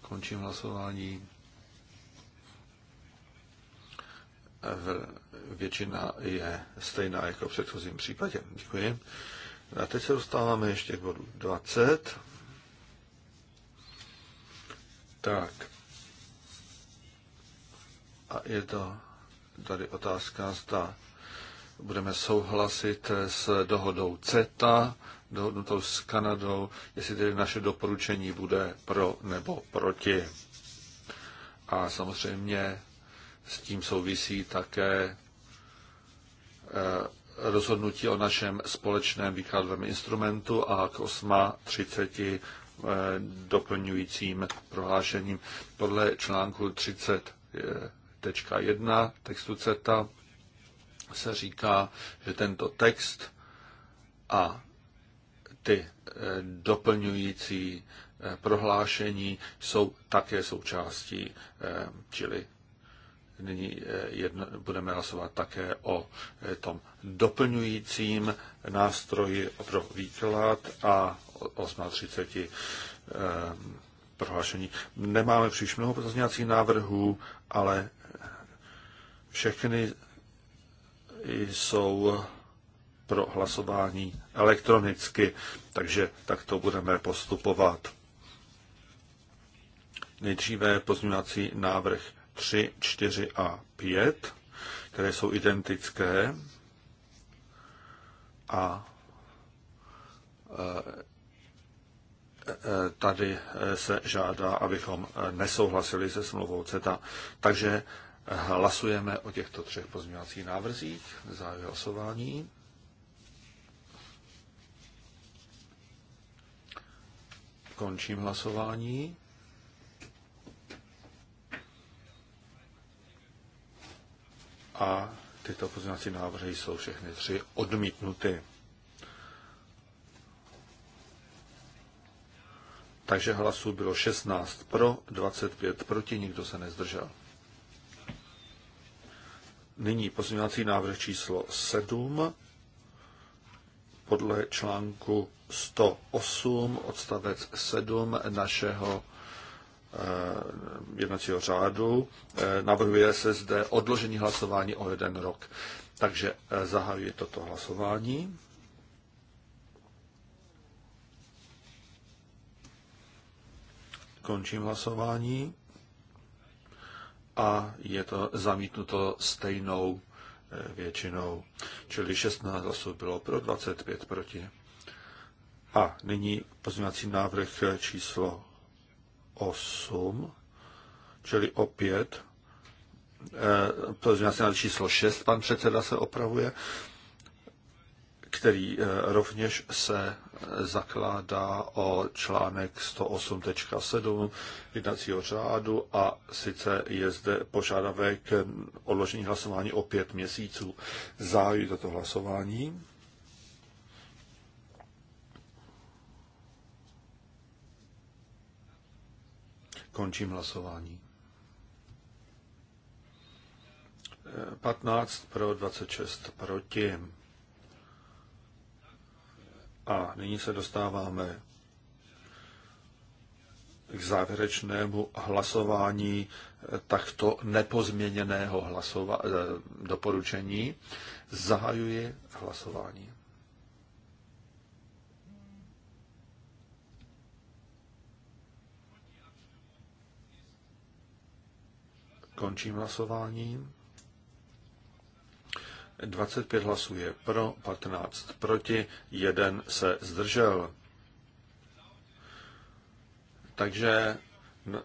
Končím hlasování. Většina je stejná jako v předchozím případě. Děkuji. A teď se dostáváme ještě k bodu 20. Tak. A je to tady otázka, zda budeme souhlasit s dohodou CETA, dohodnutou s Kanadou, jestli tedy naše doporučení bude pro nebo proti. A samozřejmě s tím souvisí také eh, rozhodnutí o našem společném výkladovém instrumentu a k 8.30 eh, doplňujícím prohlášením. Podle článku 30 1.1 textu CETA se říká, že tento text a ty eh, doplňující eh, prohlášení jsou také součástí, eh, čili nyní jedno, budeme hlasovat také o tom doplňujícím nástroji pro výklad a 8.30 prohlášení. Nemáme příliš mnoho pozměňovacích návrhů, ale všechny jsou pro hlasování elektronicky, takže takto budeme postupovat. Nejdříve pozměňovací návrh 3, 4 a 5, které jsou identické a e, e, tady se žádá, abychom nesouhlasili se smlouvou CETA. Takže Hlasujeme o těchto třech pozměňovacích návrzích. za hlasování. Končím hlasování. A tyto pozměňovací návrhy jsou všechny tři odmítnuty. Takže hlasů bylo 16 pro, 25 proti, nikdo se nezdržel. Nyní pozměňovací návrh číslo 7 podle článku 108 odstavec 7 našeho eh, jednacího řádu. Eh, navrhuje se zde odložení hlasování o jeden rok. Takže eh, zahajuji toto hlasování. Končím hlasování a je to zamítnuto stejnou e, většinou, čili 16 hlasů bylo pro, 25 proti. A nyní pozměňovací návrh číslo 8, čili opět e, pozměňovací návrh číslo 6, pan předseda se opravuje, který e, rovněž se zakládá o článek 108.7 jednacího řádu a sice je zde požadavek odložení hlasování o pět měsíců. Zájí toto hlasování. Končím hlasování. 15 pro 26 proti. A nyní se dostáváme k závěrečnému hlasování takto nepozměněného hlasova- eh, doporučení. Zahajuji hlasování. Končím hlasování. 25 hlasů je pro, 15 proti, jeden se zdržel. Takže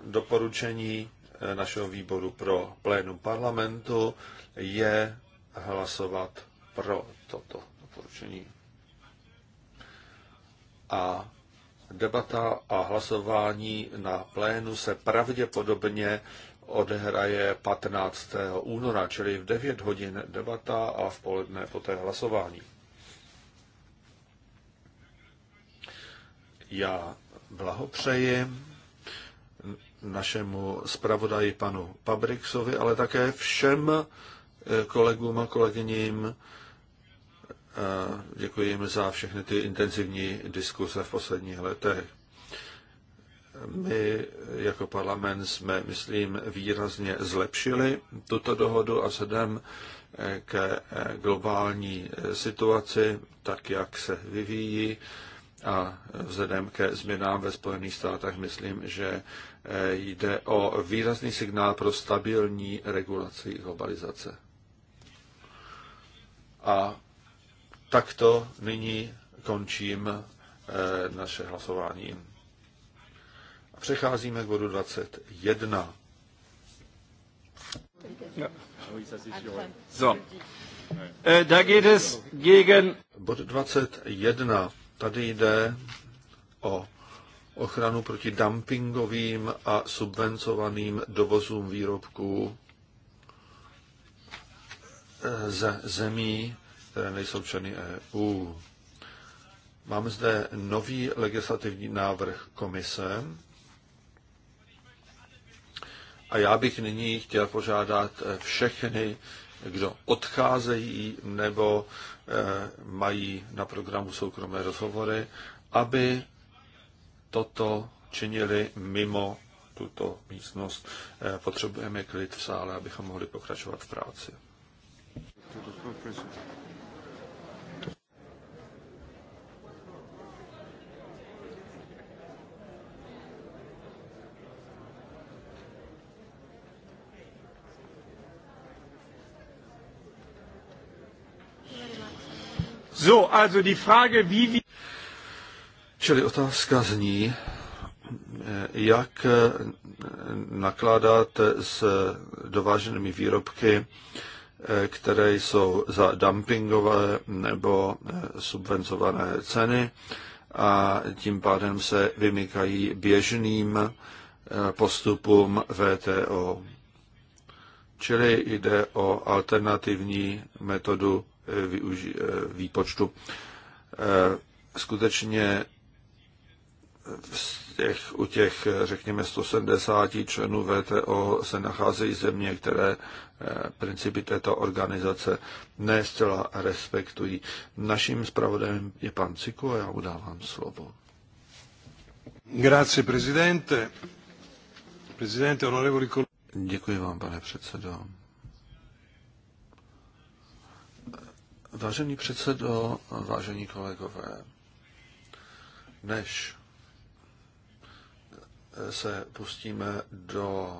doporučení eh, našeho výboru pro plénu parlamentu je hlasovat pro toto doporučení. A debata a hlasování na plénu se pravděpodobně odehraje 15. února, čili v 9 hodin debata a v poledne poté hlasování. Já blahopřeji našemu zpravodaji panu Pabriksovi, ale také všem eh, kolegům a kolegyním. Eh, děkuji jim za všechny ty intenzivní diskuse v posledních letech. My jako parlament jsme, myslím, výrazně zlepšili tuto dohodu a vzhledem eh, k eh, globální eh, situaci, tak jak se vyvíjí a vzhledem ke změnám ve Spojených státech, myslím, že jde o výrazný signál pro stabilní regulaci globalizace. A takto nyní končím naše hlasování. A přecházíme k bodu 21. So. Äh, da geht es gegen... Bod 21. Tady jde o ochranu proti dumpingovým a subvencovaným dovozům výrobků eh, ze zemí, které nejsou členy EU. Mám zde nový legislativní návrh komise a já bych nyní chtěl požádat eh, všechny, kdo odcházejí nebo eh, mají na programu soukromé rozhovory, aby toto činili mimo tuto místnost. Eh, potřebujeme klid v sále, abychom mohli pokračovat v práci. So, also die Frage, wie wir... Čili otázka zní, jak eh, nakládat s dováženými výrobky, eh, které jsou za dumpingové nebo eh, subvencované ceny a tím pádem se vymykají běžným postupům VTO. Čili jde o alternativní metodu Eh, výpočtu. Eh, skutečně v těch, u těch, eh, řekněme, 170 členů VTO se nacházejí země, které principy této organizace ne zcela respektují. Naším zpravodajem je pan Ciko a já mu dávám slovo. Grazie, prezidente. Prezidente, onorevoli Děkuji vám, pane předsedo. Vážený předsedo, vážení kolegové, než se pustíme do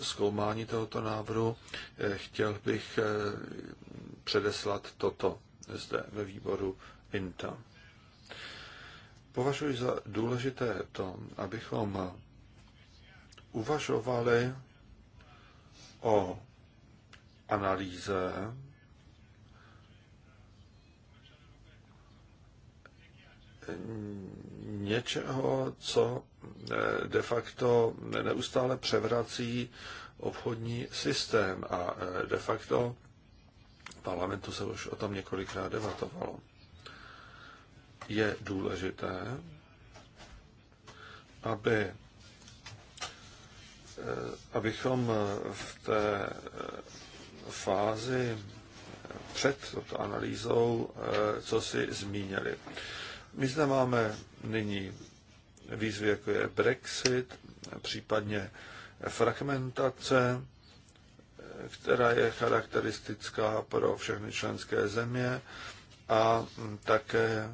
zkoumání tohoto návrhu, chtěl bych předeslat toto zde ve výboru INTA. Považuji za důležité to, abychom uvažovali o analýze něčeho, co eh, de facto neustále převrací obchodní systém a eh, de facto parlamentu se už o tom několikrát debatovalo. Je důležité, aby eh, abychom v té fázi před touto analýzou co si zmínili. My zde máme nyní výzvy, jako je Brexit, případně fragmentace, která je charakteristická pro všechny členské země a také eh,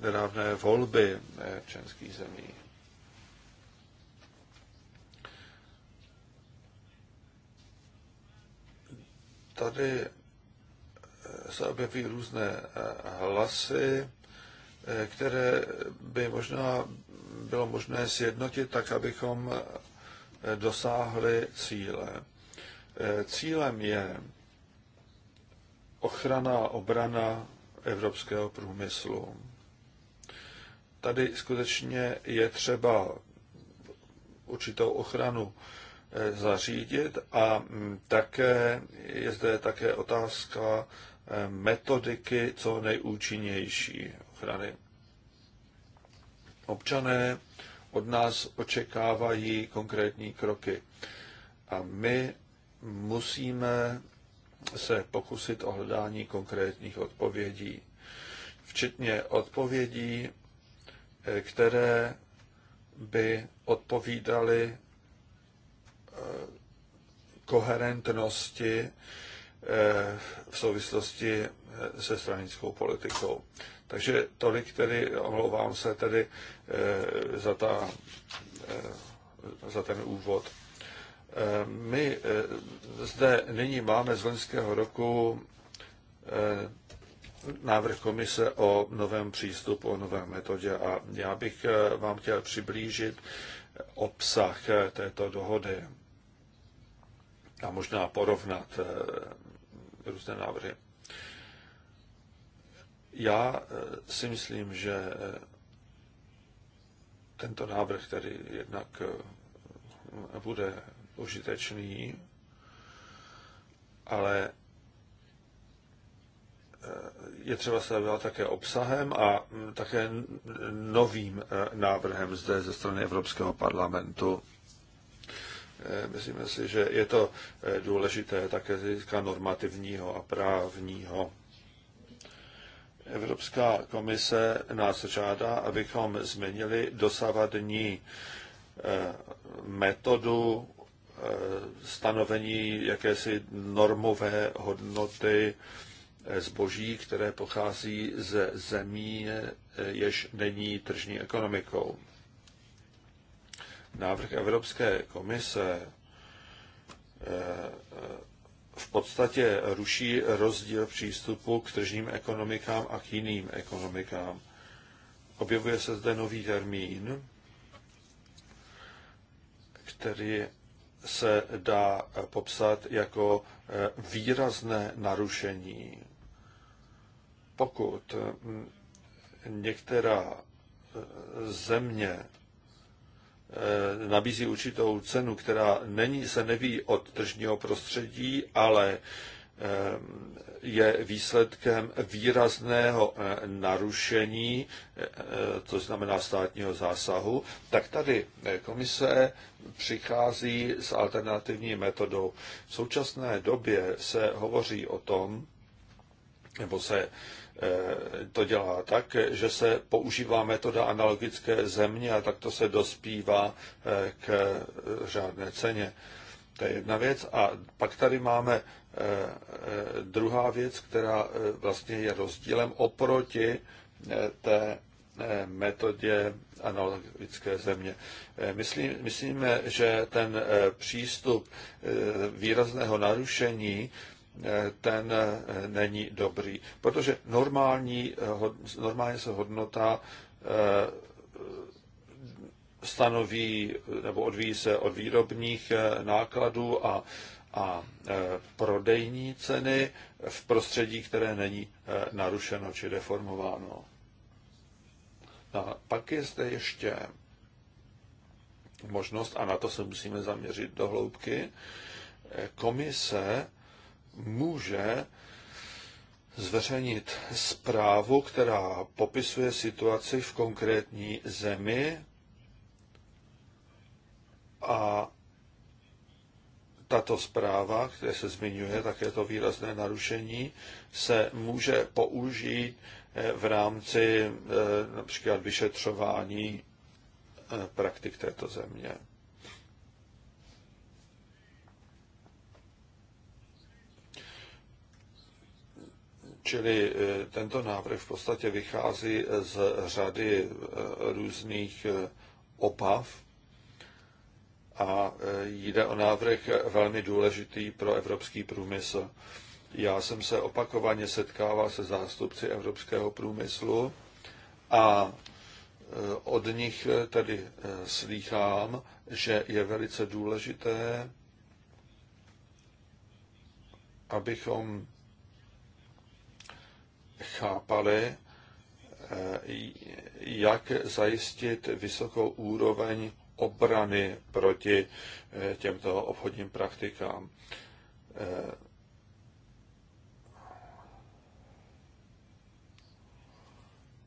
nedávné volby eh, členských zemí. Tady eh, se objeví různé hlasy, Eh, které by možná bylo možné sjednotit tak, abychom eh, dosáhli cíle. Eh, cílem je ochrana a obrana evropského průmyslu. Tady skutečně je třeba určitou ochranu zařídit a mm, také je zde také otázka metodiky co nejúčinnější ochrany. Občané od nás očekávají konkrétní kroky a my musíme se pokusit o hledání konkrétních odpovědí, včetně odpovědí, eh, které by odpovídaly eh, koherentnosti eh, v souvislosti se stranickou politikou. Takže tolik tedy, omlouvám se tedy eh, za, ta, eh, za ten úvod. Eh, my zde nyní máme z loňského roku návrh komise o novém přístupu, o nové metodě a já bych vám chtěl přiblížit obsah této dohody a možná porovnat různé návrhy. Já eh, si myslím, že eh, tento návrh tedy jednak eh, bude užitečný, ale je třeba se zabývat také obsahem a mm, také novým návrhem zde ze strany Evropského parlamentu. myslím si, že je to důležité také z hlediska normativního a právního. Evropská komise nás žádá, abychom změnili dosavadní eh, metodu eh, stanovení jakési normové hodnoty eh, zboží, které pochází ze zemí, jež není tržní ekonomikou. Návrh Evropské komise v podstatě ruší rozdíl přístupu k tržním ekonomikám a k jiným ekonomikám. Objevuje se zde nový termín, který se dá popsat jako eh, výrazné narušení. Pokud hm, některá eh, země Eh, nabízí určitou cenu, která není, se neví od tržního prostředí, ale eh, je výsledkem výrazného eh, narušení, to znamená státního zásahu, tak tady komise přichází s alternativní metodou. V současné době se hovoří o tom, nebo se to dělá tak, že se používá metoda analogické země a takto se dospívá eh, k řádné ceně. To je jedna věc. A pak tady máme eh, eh, druhá věc, která vlastně je rozdílem oproti té metodě analogické země. Myslím, myslíme, že ten přístup výrazného narušení ten eh, není dobrý, protože normální, eh, normálně se hodnota eh, stanoví nebo odvíjí se od výrobních nákladů a, a prodejní ceny v prostředí, které není narušeno či deformováno. No a pak je zde ještě možnost, a na to se musíme zaměřit do hloubky, komise může zveřejnit zprávu, která popisuje situaci v konkrétní zemi a tato zpráva, které se zmiňuje, je to výrazné narušení, se může použít eh, v rámci eh, například vyšetřování eh, praktik této země. Čili eh, tento návrh v podstatě vychází eh, z řady eh, různých obav a jde o návrh velmi důležitý pro evropský průmysl. Já jsem se opakovaně setkával se zástupci evropského průmyslu a od nich tedy slýchám, že je velice důležité, abychom chápali, eh, jak zajistit vysokou úroveň obrany proti eh, těmto obchodním praktikám. Eh,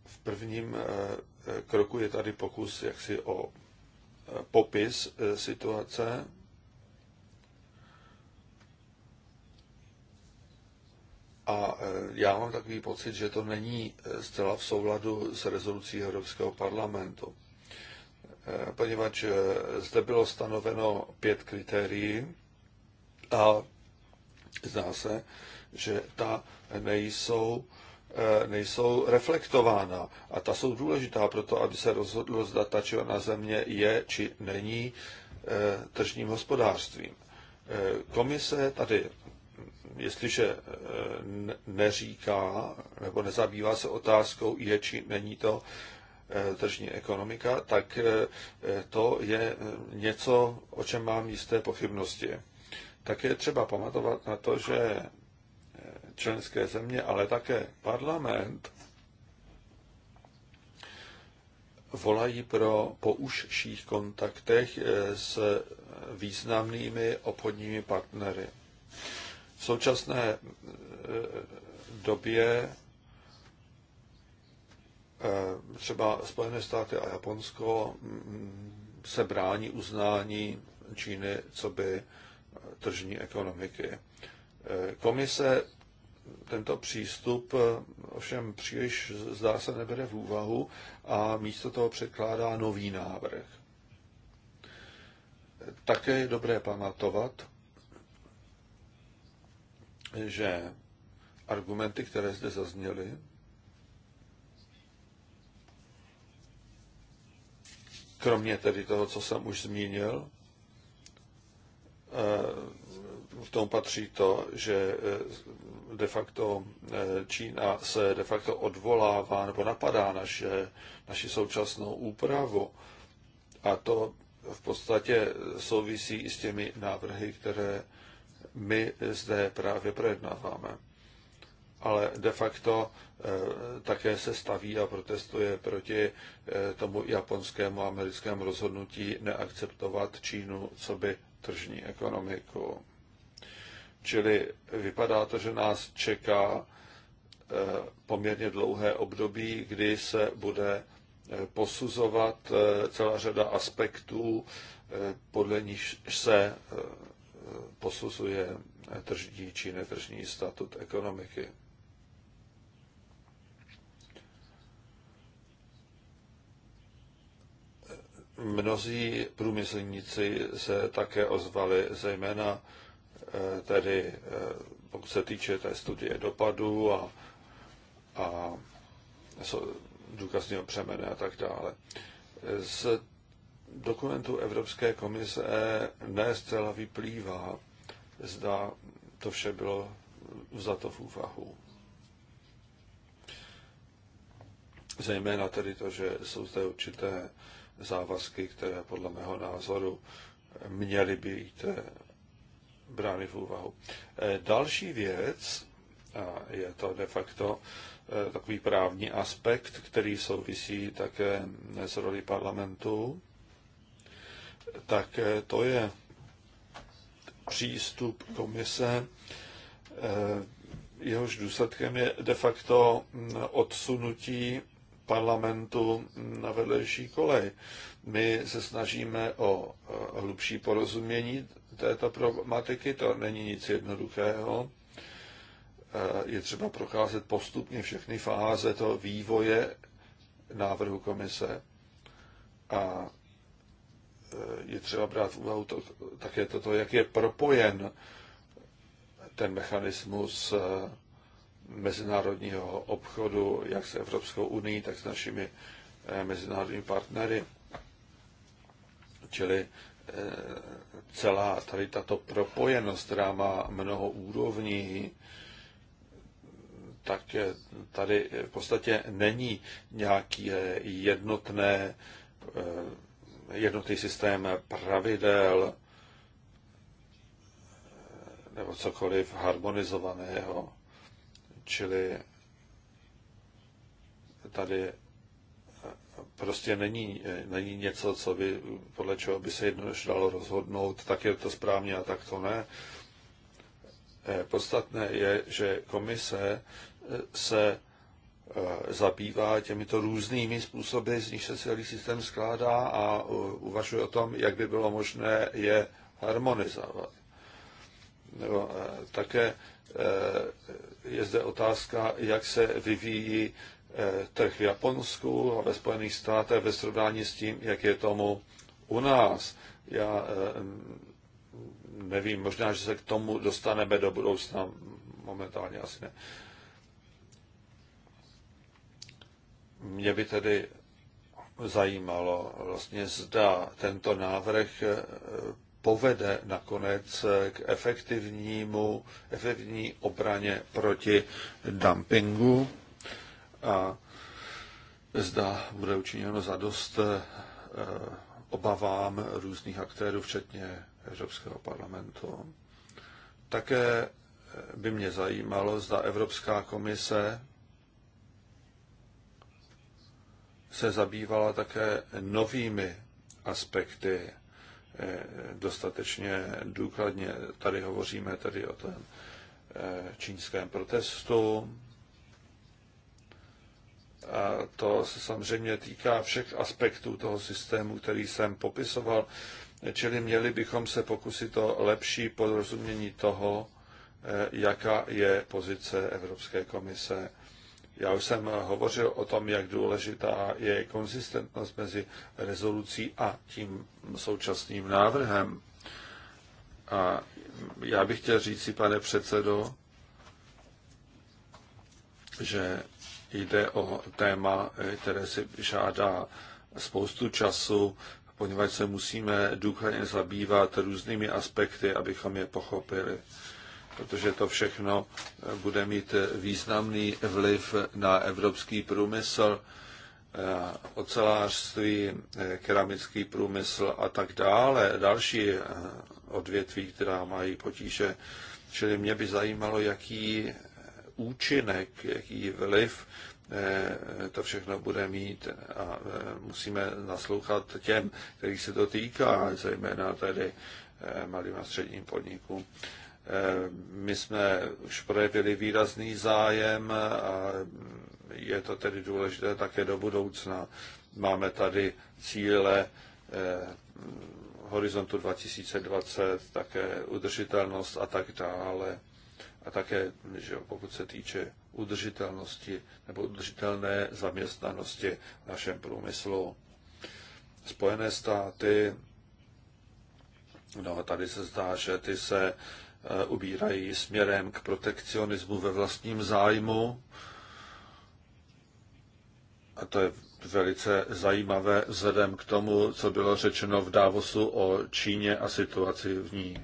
v prvním kroku je tady pokus jaksi o popis situace A e, já mám takový pocit, že to není e, zcela v souladu s rezolucí Evropského parlamentu, e, poněvadž zde bylo stanoveno pět kritérií a zdá se, že ta nejsou, nejsou reflektována. A ta jsou důležitá pro to, aby se rozhodlo, zda ta či ona země je či není tržním hospodářstvím. Komise tady jestliže e, neříká nebo nezabývá se otázkou, je či není to e, tržní ekonomika, tak e, to je něco, o čem mám jisté pochybnosti. Tak je třeba pamatovat na to, že členské země, ale také parlament volají pro, po užších kontaktech s významnými obchodními partnery současné eh, době eh, třeba Spojené státy a Japonsko mm, se brání uznání Číny co by eh, tržní ekonomiky. Komise tento přístup ovšem příliš zdá se nebere v úvahu a místo toho překládá nový návrh. Také je dobré pamatovat, že argumenty, které zde zazněly, kromě tedy toho, co jsem už zmínil, eh, v tom patří to, že eh, de facto eh, Čína se de facto odvolává nebo napadá naše, naši současnou úpravu. A to v podstatě souvisí i s těmi návrhy, které my zde právě projednáváme. Ale de facto eh, také se staví a protestuje proti eh, tomu japonskému a americkému rozhodnutí neakceptovat Čínu co by tržní ekonomiku. Čili vypadá to, že nás čeká eh, poměrně dlouhé období, kdy se bude posuzovat celá řada aspektů, podle níž se posuzuje tržní či netržní statut ekonomiky. Mnozí průmyslníci se také ozvali, zejména eh, tedy eh, pokud se týče té studie dopadu a, a důkazního přemene a tak dále. Z dokumentu Evropské komise ne zcela vyplývá, zda to vše bylo vzato v úvahu. Zejména tedy to, že jsou zde určité závazky, které podle mého názoru měly být brány v úvahu. Další věc, a je to de facto eh, takový právní aspekt, který souvisí také s roli parlamentu, tak to je přístup komise, eh, jehož důsledkem je de facto odsunutí parlamentu na vedlejší kolej. My se snažíme o eh, hlubší porozumění této problematiky, to není nic jednoduchého. Eh, je třeba procházet postupně všechny fáze toho vývoje návrhu komise. A Eh, je třeba brát v úvahu to, také toto, jak je propojen ten mechanismus eh, mezinárodního obchodu, jak s Evropskou unii, tak s našimi eh, mezinárodními partnery. Čili celá tady tato propojenost, která má mnoho úrovní, tak tady v podstatě není nějaké jednotné jednotný systém pravidel nebo cokoliv harmonizovaného. Čili tady eh, prostě není, eh, není něco, co by, podle čeho by se jednoduše dalo rozhodnout, tak je to správně a tak to ne. Eh, podstatné je, že komise se Eh, zabývá těmito různými způsoby, z nich se celý systém skládá a eh, uvažuje o tom, jak by bylo možné je harmonizovat. Nebo eh, také je zde otázka, jak se vyvíjí trh v Japonsku a ve Spojených státech ve srovnání s tím, jak je tomu u nás. Já nevím, možná, že se k tomu dostaneme do budoucna, momentálně asi ne. Mě by tedy zajímalo, vlastně zda tento návrh eh, povede nakonec eh, k efektivnímu, efektivní obraně proti dumpingu a zda bude učiněno zadost eh, obavám různých aktérů, včetně Evropského parlamentu. Také by mě zajímalo, zda Evropská komise se zabývala také novými aspekty eh, dostatečně důkladně. Tady hovoříme tedy o tom eh, čínském protestu. A to se samozřejmě týká všech aspektů toho systému, který jsem popisoval. Čili měli bychom se pokusit o lepší porozumění toho, eh, jaká je pozice Evropské komise já už jsem eh, hovořil o tom, jak důležitá je konzistentnost mezi rezolucí a tím současným návrhem. A já bych chtěl říct si, pane předsedo, že jde o téma, eh, které si žádá spoustu času, poněvadž se musíme důkladně zabývat různými aspekty, abychom je pochopili protože to všechno eh, bude mít eh, významný vliv na evropský průmysl, eh, ocelářství, keramický průmysl a tak dále, další odvětví, která mají potíže. Čili mě by zajímalo, jaký účinek, jaký vliv to všechno bude mít a musíme naslouchat těm, kterých se to týká, zejména tedy malým a středním podnikům. Eh, my jsme už projevili výrazný zájem a je to tedy důležité také do budoucna. Máme tady cíle eh, horizontu 2020, také udržitelnost a tak dále. A také, že pokud se týče udržitelnosti nebo udržitelné zaměstnanosti v našem průmyslu. Spojené státy, no a tady se zdá, že ty se Eh, ubírají směrem k protekcionismu ve vlastním zájmu. A to je velice zajímavé vzhledem k tomu, co bylo řečeno v Davosu o Číně a situaci v ní.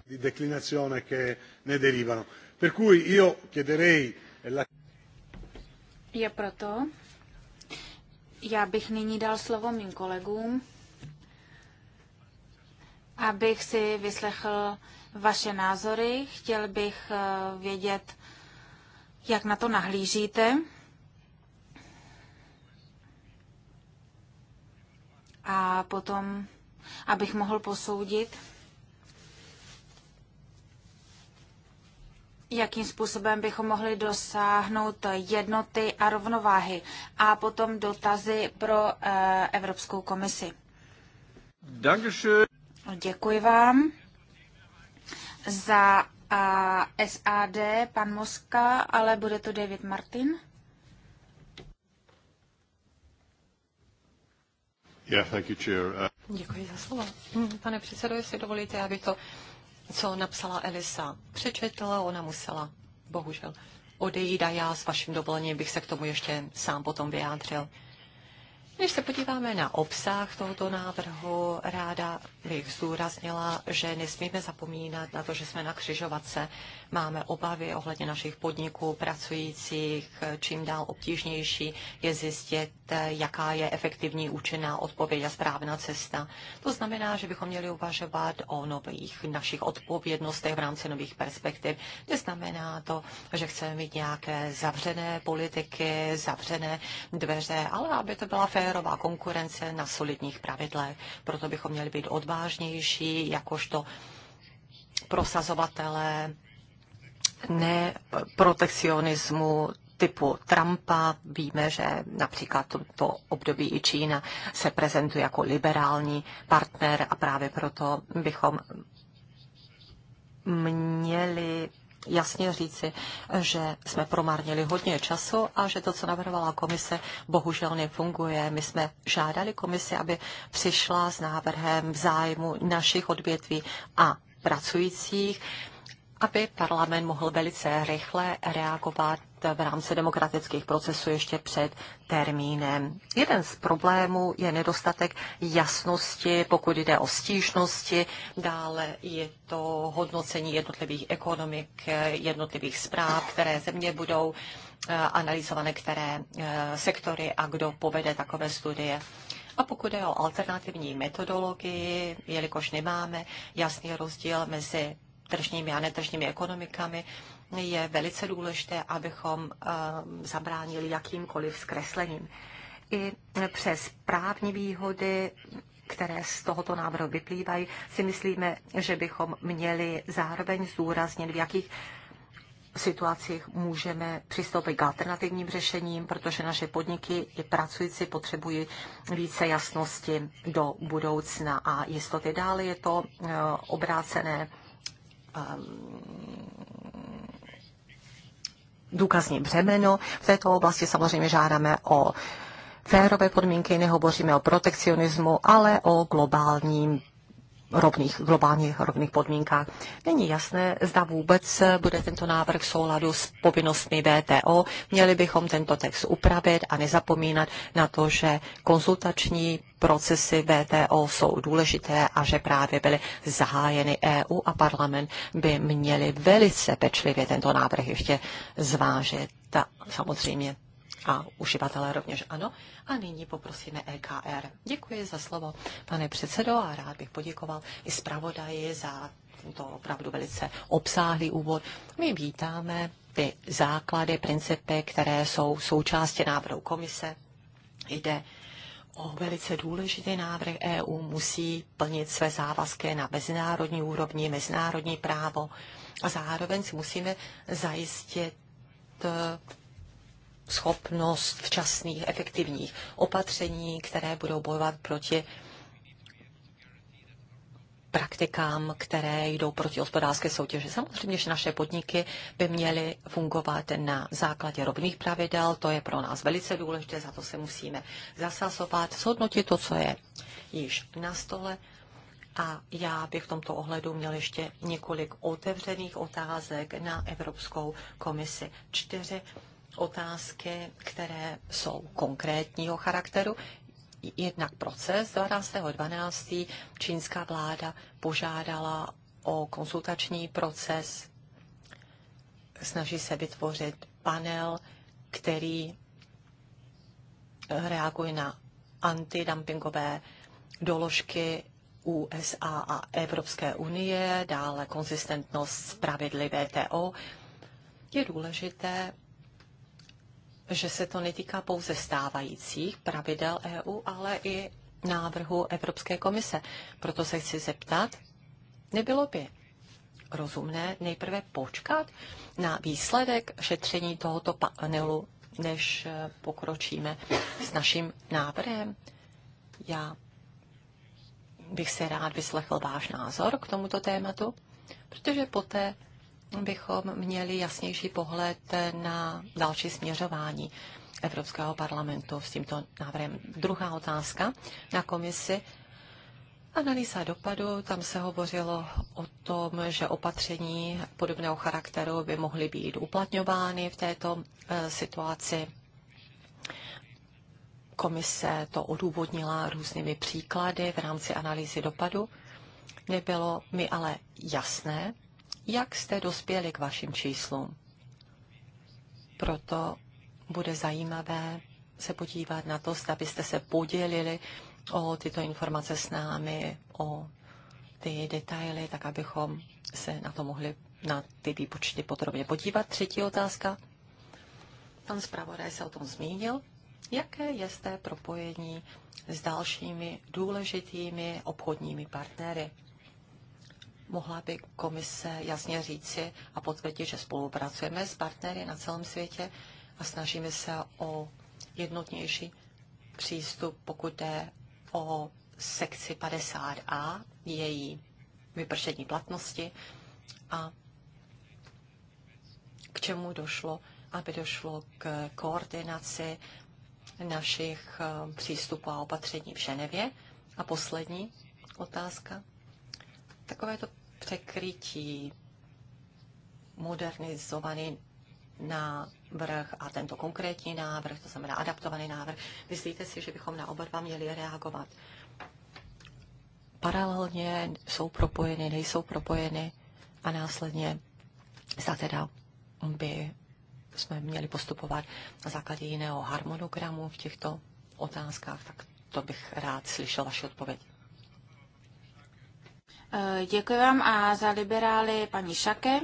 Per cui io chiederei la... Je proto, já bych nyní dal slovo mým kolegům, abych si vyslechl vaše názory. Chtěl bych eh, vědět, jak na to nahlížíte. A potom, abych mohl posoudit, jakým způsobem bychom mohli dosáhnout jednoty a rovnováhy. A potom dotazy pro eh, Evropskou komisi. Dankeschön. Děkuji vám za a SAD, pan Moska, ale bude to David Martin. Yeah, thank you, chair. Uh... Děkuji za slovo. Mm, pane předsedo, jestli dovolíte, aby to, co napsala Elisa, přečetla, ona musela, bohužel, odejít a já s vaším dovolením bych se k tomu ještě sám potom vyjádřil. Když se podíváme na obsah tohoto návrhu, ráda bych zdůraznila, že nesmíme zapomínat na to, že jsme na křižovatce Máme obavy ohledně našich podniků, pracujících, čím dál obtížnější je zjistit, jaká je efektivní účinná odpověď a správná cesta. To znamená, že bychom měli uvažovat o nových našich odpovědnostech v rámci nových perspektiv. To znamená to, že chceme mít nějaké zavřené politiky, zavřené dveře, ale aby to byla férová konkurence na solidních pravidlech. Proto bychom měli být odvážnější, jakožto prosazovatelé ne protekcionismu typu Trumpa. Víme, že například to, to období i Čína se prezentuje jako liberální partner a právě proto bychom měli jasně říci, že jsme promarnili hodně času a že to, co navrhovala komise, bohužel nefunguje. My jsme žádali komisi, aby přišla s návrhem v zájmu našich odvětví a pracujících aby parlament mohl velice rychle reagovat v rámci demokratických procesů ještě před termínem. Jeden z problémů je nedostatek jasnosti, pokud jde o stížnosti, dále je to hodnocení jednotlivých ekonomik, jednotlivých zpráv, které země budou eh, analyzované, které eh, sektory a kdo povede takové studie. A pokud je o alternativní metodologii, jelikož nemáme jasný rozdíl mezi tržními a netržními ekonomikami, je velice důležité, abychom eh, zabránili jakýmkoliv zkreslením. I přes právní výhody které z tohoto návrhu vyplývají, si myslíme, že bychom měli zároveň zdůraznit, v jakých situacích můžeme přistoupit k alternativním řešením, protože naše podniky i pracující potřebují více jasnosti do budoucna a jistoty. Dále je to eh, obrácené Um, důkazní břemeno. V této oblasti samozřejmě žádáme o férové podmínky, nehovoříme o protekcionismu, ale o globálním rovných, globálních rovných podmínkách. Není jasné, zda vůbec bude tento návrh v souladu s povinnostmi VTO. Měli bychom tento text upravit a nezapomínat na to, že konzultační procesy VTO jsou důležité a že právě byly zahájeny EU a parlament by měli velice pečlivě tento návrh ještě zvážit. A samozřejmě a uživatelé rovněž ano. A nyní poprosíme EKR. Děkuji za slovo, pane předsedo, a rád bych poděkoval i zpravodaji za to opravdu velice obsáhlý úvod. My vítáme ty základy, principy, které jsou součástí návrhu komise. Jde o velice důležitý návrh EU, musí plnit své závazky na mezinárodní úrovni, mezinárodní právo a zároveň si musíme zajistit eh, schopnost včasných, efektivních opatření, které budou bojovat proti uh, praktikám, které jdou proti hospodářské soutěži. Samozřejmě, že naše podniky by měly fungovat na základě rovných pravidel, to je pro nás velice důležité, za to se musíme zasazovat, shodnotit to, co je již na stole. A já bych v tomto ohledu měl ještě několik otevřených otázek na Evropskou komisi. Čtyři otázky, které jsou konkrétního charakteru jednak proces. 12.12. čínská vláda požádala o konsultační proces. Snaží se vytvořit panel, který reaguje na antidumpingové doložky USA a Evropské unie, dále konzistentnost spravedlivé TO Je důležité že se to netýká pouze stávajících pravidel EU, ale i návrhu Evropské komise. Proto se chci zeptat, nebylo by rozumné nejprve počkat na výsledek šetření tohoto panelu, než eh, pokročíme s naším návrhem. Já bych se rád vyslechl váš názor k tomuto tématu, protože poté bychom měli jasnější pohled na další směřování Evropského parlamentu s tímto návrhem. Druhá otázka na komisi. Analýza dopadu, tam se hovořilo o tom, že opatření podobného charakteru by mohly být uplatňovány v této eh, situaci. Komise to odůvodnila různými příklady v rámci analýzy dopadu. Nebylo mi ale jasné, jak jste dospěli k vašim číslům? Proto bude zajímavé se podívat na to, zda byste se podělili o tyto informace s námi, o ty detaily, tak abychom se na to mohli na ty výpočty podrobně podívat. Třetí otázka. Pan zpravodaj se o tom zmínil. Jaké je zde propojení s dalšími důležitými obchodními partnery? mohla by komise jasně říci a potvrdit, že spolupracujeme s partnery na celém světě a snažíme se o jednotnější přístup, pokud jde o sekci 50a, její vypršení platnosti a k čemu došlo, aby došlo k koordinaci našich eh, přístupů a opatření v Ženevě. A poslední otázka. Takovéto překrytí, modernizovaný návrh a tento konkrétní návrh, to znamená adaptovaný návrh. Myslíte si, že bychom na oba dva měli reagovat? Paralelně jsou propojeny, nejsou propojeny a následně za teda by jsme měli postupovat na základě jiného harmonogramu v těchto otázkách, tak to bych rád slyšel vaši odpověď. Eh, děkuji vám a za liberály paní Šake.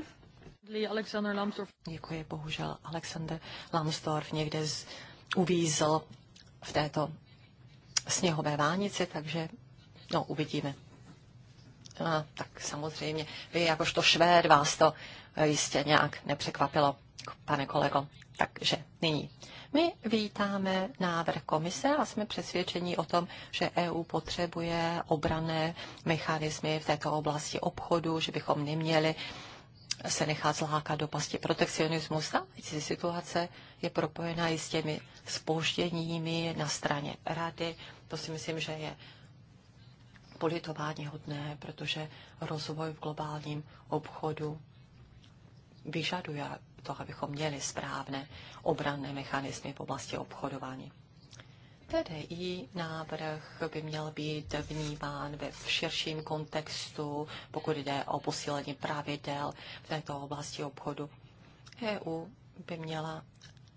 Alexander Lambsdorff. Děkuji, bohužel Alexander Lambsdorff někde z, uvízl v této sněhové vánici, takže no, uvidíme. A, tak samozřejmě, vy jakožto švéd vás to eh, jistě nějak nepřekvapilo, pane kolego. Takže nyní my vítáme návrh komise a jsme přesvědčeni o tom, že EU potřebuje obrané mechanismy v této oblasti obchodu, že bychom neměli se nechat zlákat do pasti protekcionismu. Stávající situace je propojená i s těmi spožděními na straně rady. To si myslím, že je politování hodné, protože rozvoj v globálním obchodu vyžaduje to, abychom měli správné obranné mechanismy v oblasti obchodování. TDI návrh by měl být vnímán ve širším kontextu, pokud jde o posílení pravidel v této oblasti obchodu. EU by měla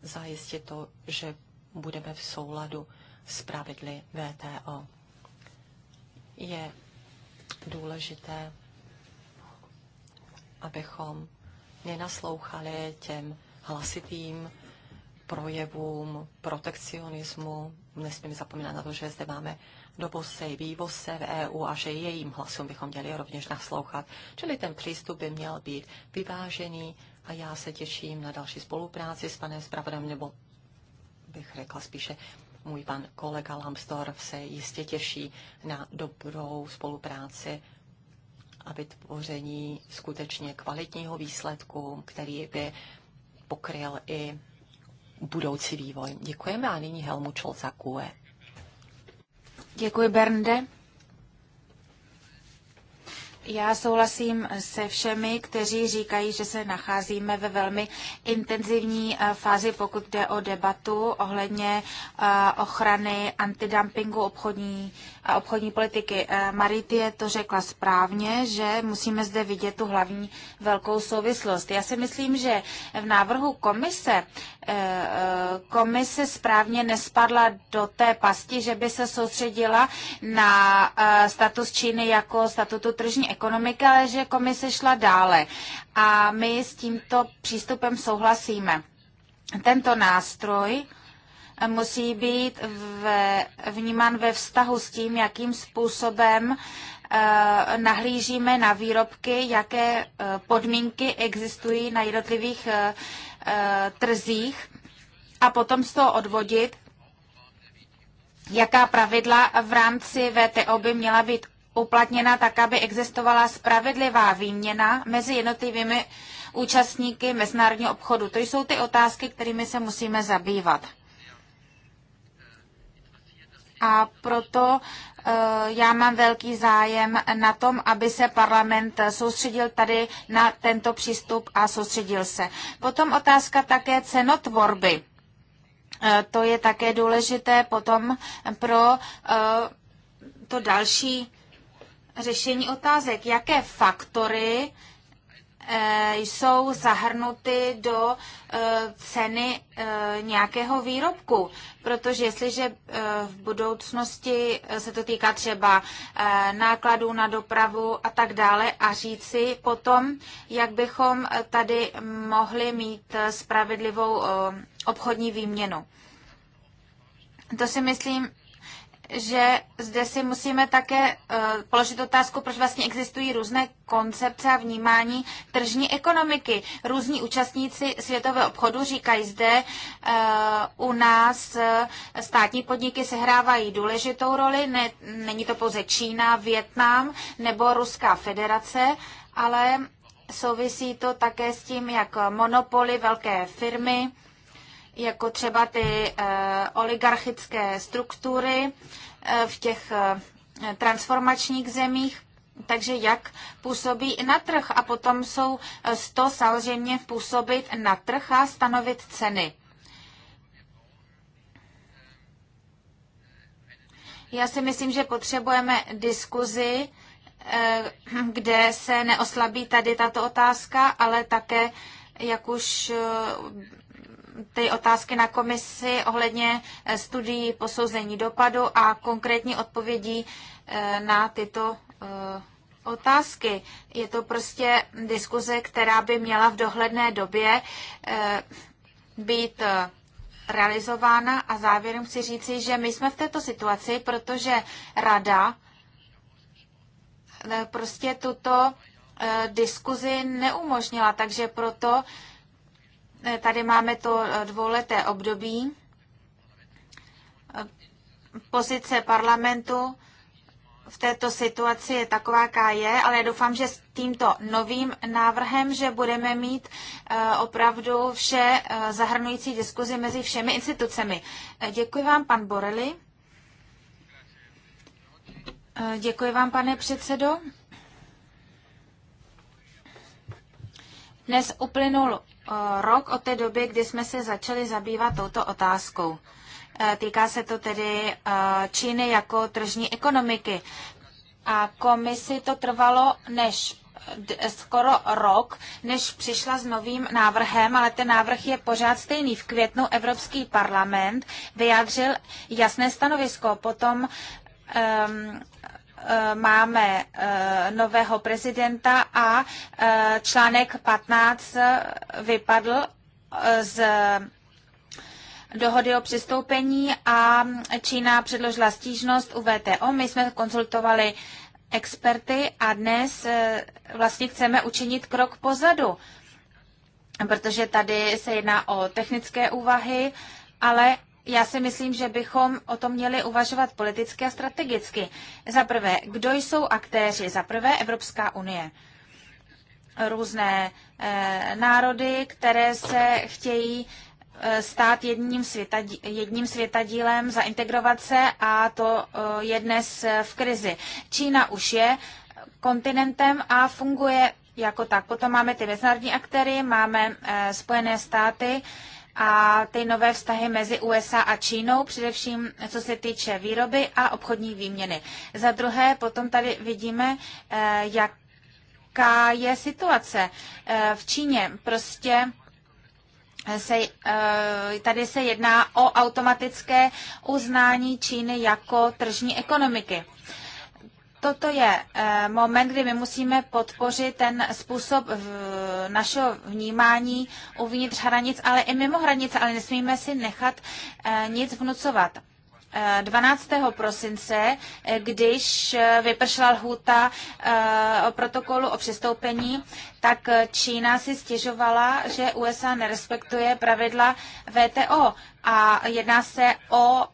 zajistit to, že budeme v souladu s pravidly VTO. Je důležité, abychom nenaslouchali těm hlasitým projevům protekcionismu. Nesmíme zapomínat na to, že zde máme dovozce i vývozce v EU a že jejím hlasům bychom měli rovněž naslouchat. Čili ten přístup by měl být vyvážený a já se těším na další spolupráci s panem Spravodem, nebo bych řekla spíše můj pan kolega Lambsdorff se jistě těší na dobrou spolupráci a vytvoření skutečně kvalitního výsledku, který by pokryl i budoucí vývoj. Děkujeme a nyní Helmu Čolzakue. Děkuji, Bernde. Já souhlasím se všemi, kteří říkají, že se nacházíme ve velmi intenzivní eh, fázi, pokud jde o debatu ohledně eh, ochrany antidumpingu obchodní, eh, obchodní politiky. Maritie to řekla správně, že musíme zde vidět tu hlavní velkou souvislost. Já si myslím, že v návrhu komise komise správně nespadla do té pasti, že by se soustředila na status Číny jako statutu tržní ekonomiky, ale že komise šla dále. A my s tímto přístupem souhlasíme. Tento nástroj eh, musí být ve, vnímán ve vztahu s tím, jakým způsobem eh, nahlížíme na výrobky, jaké eh, podmínky existují na jednotlivých trzích a potom z toho odvodit, jaká pravidla v rámci VTO by měla být uplatněna tak, aby existovala spravedlivá výměna mezi jednotlivými účastníky mezinárodního obchodu. To jsou ty otázky, kterými se musíme zabývat. A proto e, já mám velký zájem na tom, aby se parlament soustředil tady na tento přístup a soustředil se. Potom otázka také cenotvorby. E, to je také důležité potom pro e, to další řešení otázek, jaké faktory eh, jsou zahrnuty do eh, ceny eh, nějakého výrobku. Protože jestliže v budoucnosti se to týká třeba nákladů na dopravu a tak dále a říci potom, jak bychom tady mohli mít spravedlivou obchodní výměnu. To si myslím, že zde si musíme také eh, položit otázku, proč vlastně existují různé koncepce a vnímání tržní ekonomiky. Různí účastníci světového obchodu říkají zde, eh, u nás eh, státní podniky sehrávají důležitou roli, ne, není to pouze Čína, Větnam nebo Ruská federace, ale souvisí to také s tím, jak monopoly, velké firmy, jako třeba ty eh, oligarchické struktury eh, v těch eh, transformačních zemích, takže jak působí na trh a potom jsou z to samozřejmě působit na trh a stanovit ceny. Já si myslím, že potřebujeme diskuzi, kde se neoslabí tady tato otázka, ale také, jak už ty otázky na komisi ohledně eh, studií posouzení dopadu a konkrétní odpovědí eh, na tyto eh, otázky. Je to prostě diskuze, která by měla v dohledné době být realizována a závěrem chci říci, že my jsme v této situaci, protože rada prostě tuto diskuzi neumožnila, takže proto Eh, tady máme to eh, dvouleté období. Eh, pozice parlamentu v této situaci je taková, jaká je, ale já doufám, že s tímto novým návrhem, že budeme mít opravdu vše zahrnující diskuzi mezi všemi institucemi. Děkuji vám, pan Borely. Děkuji vám, pane předsedo. Dnes uplynul rok od té doby, kdy jsme se začali zabývat touto otázkou. E, týká se to tedy e, Číny jako tržní ekonomiky. A komisi to trvalo než skoro rok, než přišla s novým návrhem, ale ten návrh je pořád stejný. V květnu Evropský parlament vyjádřil jasné stanovisko, potom um, Eh, máme eh, nového prezidenta a eh, článek 15 vypadl z dohody o přistoupení a Čína předložila stížnost u VTO. My jsme konzultovali experty a dnes vlastně chceme učinit krok pozadu, protože tady se jedná o technické úvahy, ale já si myslím, že bychom o tom měli uvažovat politicky a strategicky. Za prvé, kdo jsou aktéři? Za prvé Evropská unie. Různé eh, národy, které se chtějí eh, stát jedním, světa, jedním světadílem, zaintegrovat se a to eh, je dnes eh, v krizi. Čína už je kontinentem a funguje jako tak. Potom máme ty mezinárodní aktéry, máme eh, Spojené státy, eh, a ty nové vztahy mezi USA a Čínou, především co se týče výroby a obchodní výměny. Za druhé, potom tady vidíme, jak eh, jaká je situace eh, v Číně. Prostě eh, se, tady se jedná o automatické uznání Číny jako tržní ekonomiky toto je eh, moment, kdy my musíme podpořit ten způsob eh, našeho vnímání uvnitř hranic, ale i mimo hranice, ale nesmíme si nechat eh, nic vnucovat. 12. Eh, prosince, eh, když eh, vypršela lhůta protokolu o přistoupení, tak Čína si stěžovala, že USA nerespektuje pravidla VTO a jedná se o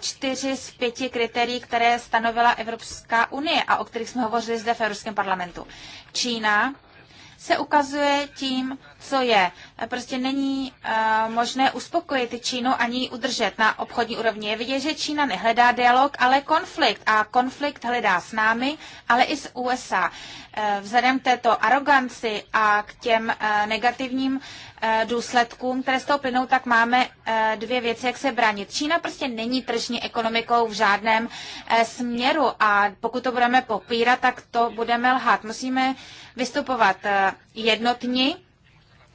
čtyři z pěti kritérií, které stanovila Evropská unie a o kterých jsme hovořili zde v Evropském parlamentu. Čína se ukazuje tím, co je. Prostě není uh, možné uspokojit Čínu ani ji udržet na obchodní úrovni. Je vidět, že Čína nehledá dialog, ale konflikt. A konflikt hledá s námi, ale i s USA. Uh, eh, vzhledem k této aroganci a k těm uh, negativním Eh, důsledkům, které z toho plynou, tak máme eh, dvě věci, jak se bránit. Čína prostě není tržní ekonomikou v žádném eh, směru a pokud to budeme popírat, tak to budeme lhát. Musíme vystupovat jednotně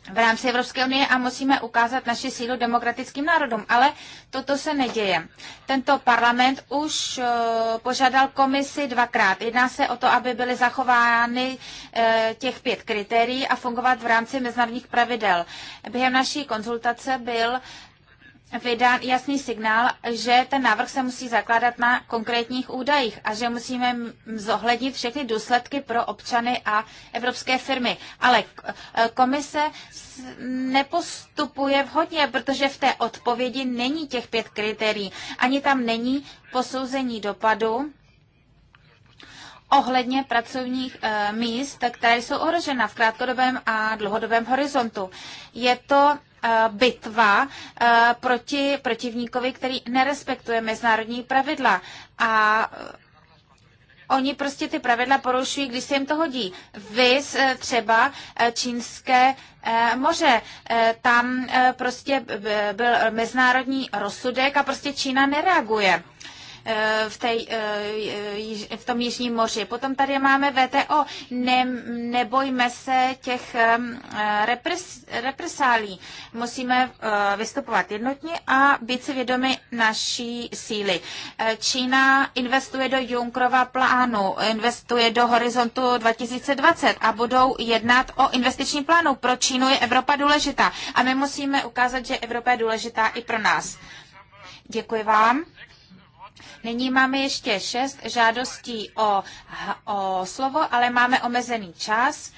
v rámci Evropské unie a musíme ukázat naši sílu demokratickým národům. Ale toto se neděje. Tento parlament už eh, požádal komisi dvakrát. Jedná se o to, aby byly zachovány eh, těch pět kritérií a fungovat v rámci mezinárodních pravidel. Během naší konzultace byl vydán jasný signál, že ten návrh se musí zakládat na konkrétních údajích a že musíme zohlednit všechny důsledky pro občany a evropské firmy. Ale e, komise nepostupuje vhodně, protože v té odpovědi není těch pět kritérií. Ani tam není posouzení dopadu ohledně pracovních e, míst, které jsou ohrožena v krátkodobém a dlouhodobém horizontu. Je to Eh, bitva eh, proti protivníkovi, který nerespektuje mezinárodní pravidla. A eh, Oni prostě ty pravidla porušují, když se jim to hodí. Vys třeba čínské moře. Tam prostě byl mezinárodní rozsudek a prostě Čína nereaguje. Eh, v, té, eh, v tom Jižním moři. Potom tady máme VTO. Ne, nebojme se těch eh, repres, represálí. Musíme vystupovat jednotně a být si vědomi naší síly. Čína investuje do Junkrova plánu, investuje do horizontu 2020 a budou jednat o investičním plánu. Pro Čínu je Evropa důležitá a my musíme ukázat, že Evropa je důležitá i pro nás. Děkuji vám. Nyní máme ještě šest žádostí o, o slovo, ale máme omezený čas.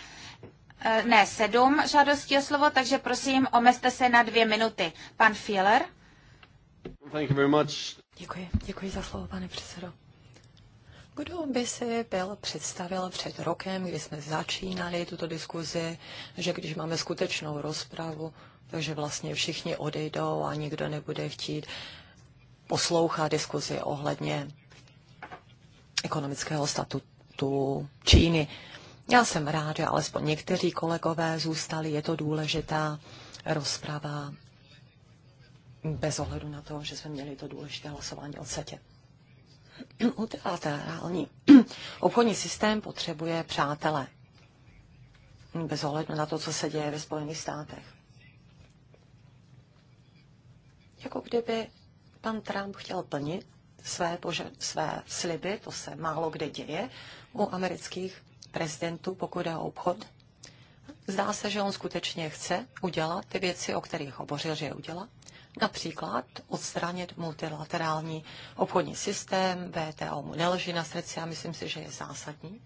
Eh, ne, sedm žádostí o slovo, takže prosím, omezte se na dvě minuty. Pan Fieler. Thank you very much. Děkuji, děkuji za slovo, pane předsedo. Kdo by si byl představil před rokem, kdy jsme začínali tuto diskuzi, že když máme skutečnou rozpravu, takže vlastně všichni odejdou a nikdo nebude chtít uh, poslouchá diskuzi ohledně ekonomického statutu Číny. Já jsem rád, že alespoň někteří kolegové zůstali. Je to důležitá rozprava bez ohledu na to, že jsme měli to důležité hlasování o CETě. Utilaterální obchodní systém potřebuje přátele bez ohledu na to, co se děje ve Spojených státech. Jako kdyby Pan Trump chtěl plnit své, bože, své sliby, to se málo kde děje u amerických prezidentů, pokud je o obchod. Zdá se, že on skutečně chce udělat ty věci, o kterých hovořil, že je udělá. Například odstranit multilaterální obchodní systém, VTO mu neleží na srdci a myslím si, že je zásadní,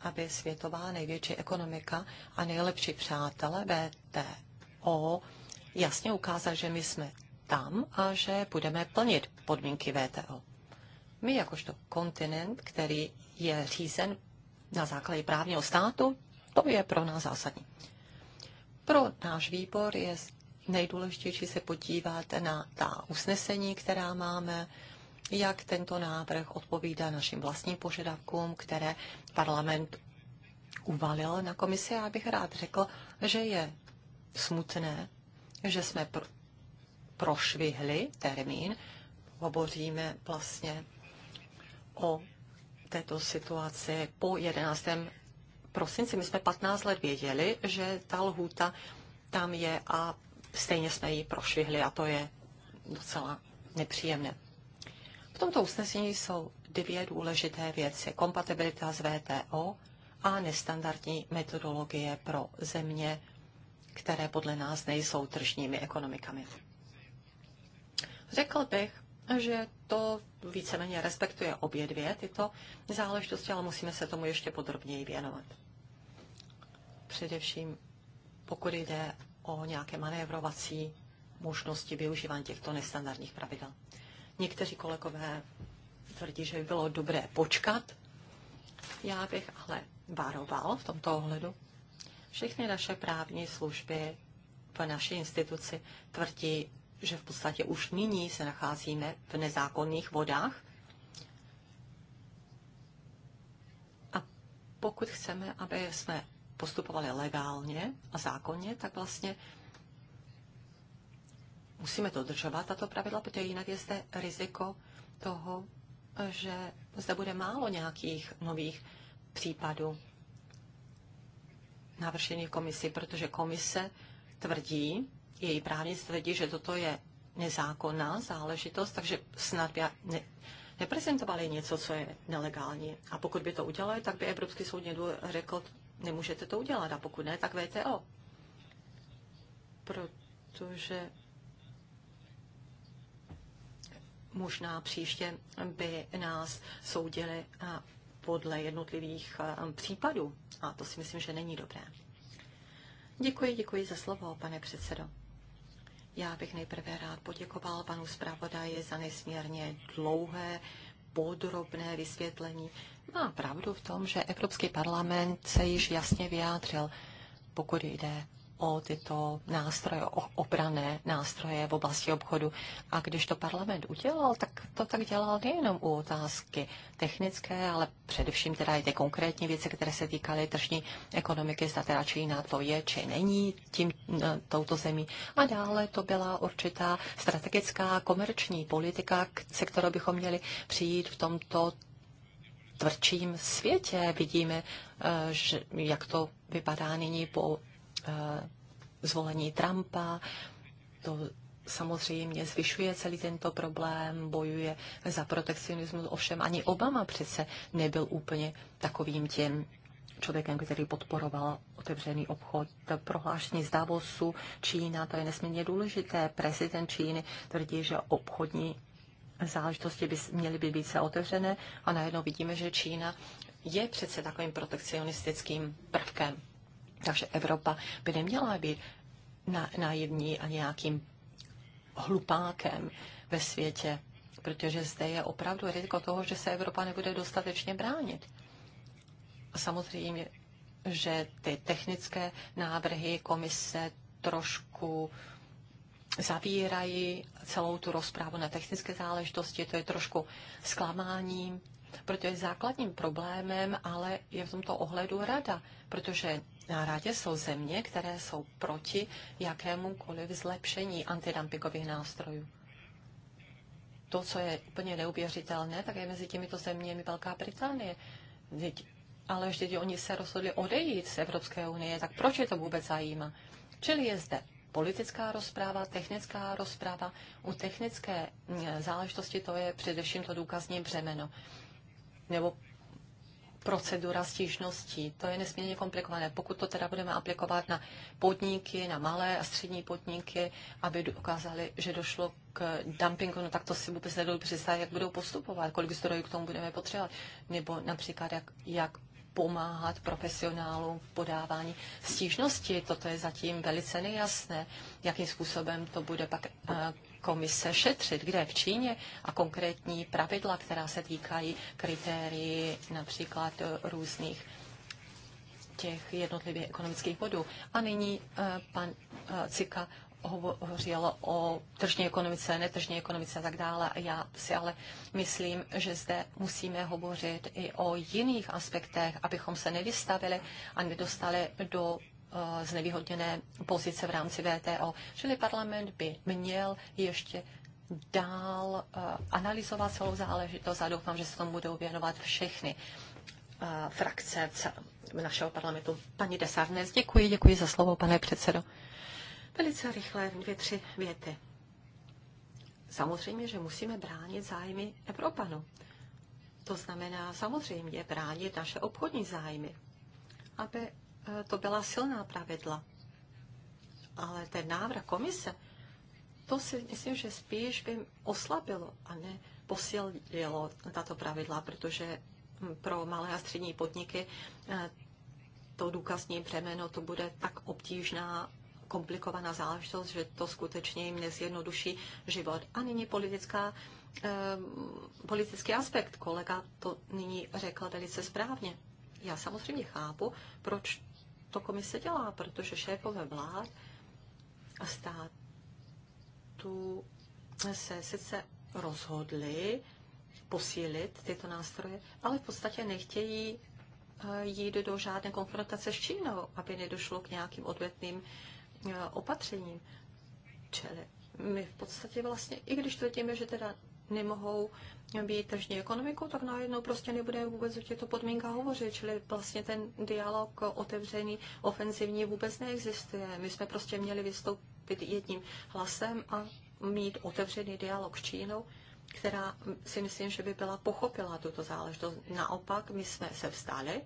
aby světová největší ekonomika a nejlepší přátelé VTO jasně ukázali, že my jsme tam a že budeme plnit podmínky VTO. My jakožto kontinent, který je řízen na základě právního státu, to je pro nás zásadní. Pro náš výbor je nejdůležitější se podívat na ta usnesení, která máme, jak tento návrh odpovídá našim vlastním požadavkům, které parlament uvalil na komisi. Já bych rád řekl, že je smutné, že jsme prošvihli termín. Hovoříme vlastně o této situaci po 11. prosinci. My jsme 15 let věděli, že ta lhůta tam je a stejně jsme ji prošvihli a to je docela nepříjemné. V tomto usnesení jsou dvě důležité věci. Kompatibilita s VTO a nestandardní metodologie pro země, které podle nás nejsou tržními ekonomikami. Řekl bych, že to víceméně respektuje obě dvě tyto záležitosti, ale musíme se tomu ještě podrobněji věnovat. Především pokud jde o nějaké manévrovací možnosti využívání těchto nestandardních pravidel. Někteří kolegové tvrdí, že by bylo dobré počkat. Já bych ale varoval v tomto ohledu. Všechny naše právní služby v naší instituci tvrdí, že v podstatě už nyní se nacházíme v nezákonných vodách. A pokud chceme, aby jsme postupovali legálně a zákonně, tak vlastně musíme dodržovat tato pravidla, protože jinak je zde riziko toho, že zde bude málo nějakých nových případů navršení komisi, protože komise tvrdí, její právníci tvrdí, že toto je nezákonná záležitost, takže snad by ne, neprezentovali něco, co je nelegální. A pokud by to udělali, tak by Evropský soudní dvůr řekl, nemůžete to udělat, a pokud ne, tak VTO. Protože možná příště by nás soudili podle jednotlivých případů. A to si myslím, že není dobré. Děkuji, děkuji za slovo, pane předsedo. Já bych nejprve rád poděkoval panu zpravodaji za nesmírně dlouhé, podrobné vysvětlení. Má pravdu v tom, že Evropský parlament se již jasně vyjádřil, pokud jde o tyto nástroje, o obrané nástroje v oblasti obchodu. A když to parlament udělal, tak to tak dělal nejenom u otázky technické, ale především teda i ty konkrétní věci, které se týkaly tržní ekonomiky, zda teda jiná to je, či není tím, eh, touto zemí. A dále to byla určitá strategická komerční politika, se kterou bychom měli přijít v tomto tvrdším světě. Vidíme, eh, že jak to vypadá nyní po Eh, zvolení Trumpa. To samozřejmě zvyšuje celý tento problém, bojuje za protekcionismus. Ovšem ani Obama přece nebyl úplně takovým tím člověkem, který podporoval otevřený obchod. Prohlášení z Davosu Čína, to je nesmírně důležité. Prezident Číny tvrdí, že obchodní záležitosti by měly by být se otevřené a najednou vidíme, že Čína je přece takovým protekcionistickým prvkem. Takže Evropa by neměla být na, naivní a nějakým hlupákem ve světě, protože zde je opravdu riziko toho, že se Evropa nebude dostatečně bránit. Samozřejmě, že ty technické návrhy komise trošku zavírají celou tu rozprávu na technické záležitosti, to je trošku zklamáním, protože základním problémem ale je v tomto ohledu rada, protože na radě jsou země, které jsou proti jakémukoliv zlepšení antidumpingových nástrojů. To, co je úplně neuvěřitelné, tak je mezi těmito zeměmi Velká Británie. Vždyť, ale vždyť oni se rozhodli odejít z Evropské unie, tak proč je to vůbec zajímá? Čili je zde politická rozpráva, technická rozpráva. U technické záležitosti to je především to důkazní břemeno. Nebo procedura stížností. To je nesmírně komplikované. Pokud to teda budeme aplikovat na podniky, na malé a střední podniky, aby ukázali, že došlo k dumpingu, no tak to si vůbec nedovedu představit, jak budou postupovat, kolik zdrojů k tomu budeme potřebovat, nebo například jak, jak pomáhat profesionálům v podávání stížnosti. Toto je zatím velice nejasné, jakým způsobem to bude pak eh, komise šetřit, kde v Číně a konkrétní pravidla, která se týkají kritérií například různých těch jednotlivých ekonomických bodů. A nyní eh, pan eh, Cika hovořil o tržní ekonomice, netržní ekonomice a tak dále. Já si ale myslím, že zde musíme hovořit i o jiných aspektech, abychom se nevystavili a nedostali do Eh, znevýhodněné pozice v rámci VTO. Čili parlament by měl ještě dál eh, analyzovat celou záležitost a doufám, že se tomu budou věnovat všechny eh, frakce našeho parlamentu. Paní Desarnes, děkuji, děkuji za slovo, pane předsedo. Velice rychle, dvě, tři věty. Samozřejmě, že musíme bránit zájmy Evropanu. To znamená samozřejmě bránit naše obchodní zájmy, aby Eh, to byla silná pravidla. Ale ten návrh komise, to si myslím, že spíš by oslabilo a ne posílilo tato pravidla, protože hm, pro malé a střední podniky eh, to důkazní břemeno to bude tak obtížná komplikovaná záležitost, že to skutečně jim nezjednoduší život. A nyní politická, ehm, politický aspekt. Kolega to nyní řekl velice správně. Já samozřejmě chápu, proč to komise dělá, protože šéfové vlád a státu se sice rozhodli posílit tyto nástroje, ale v podstatě nechtějí eh, jít do žádné konfrontace s Čínou, aby nedošlo k nějakým odvetným eh, opatřením. Čili my v podstatě vlastně, i když tvrdíme, že teda nemohou být tržní ekonomikou, tak najednou prostě nebude vůbec o těchto podmínkách hovořit, čili vlastně ten dialog otevřený, ofenzivní vůbec neexistuje. My jsme prostě měli vystoupit jedním hlasem a mít otevřený dialog s Čínou, která si myslím, že by byla pochopila tuto záležitost. Naopak, my jsme se vstali,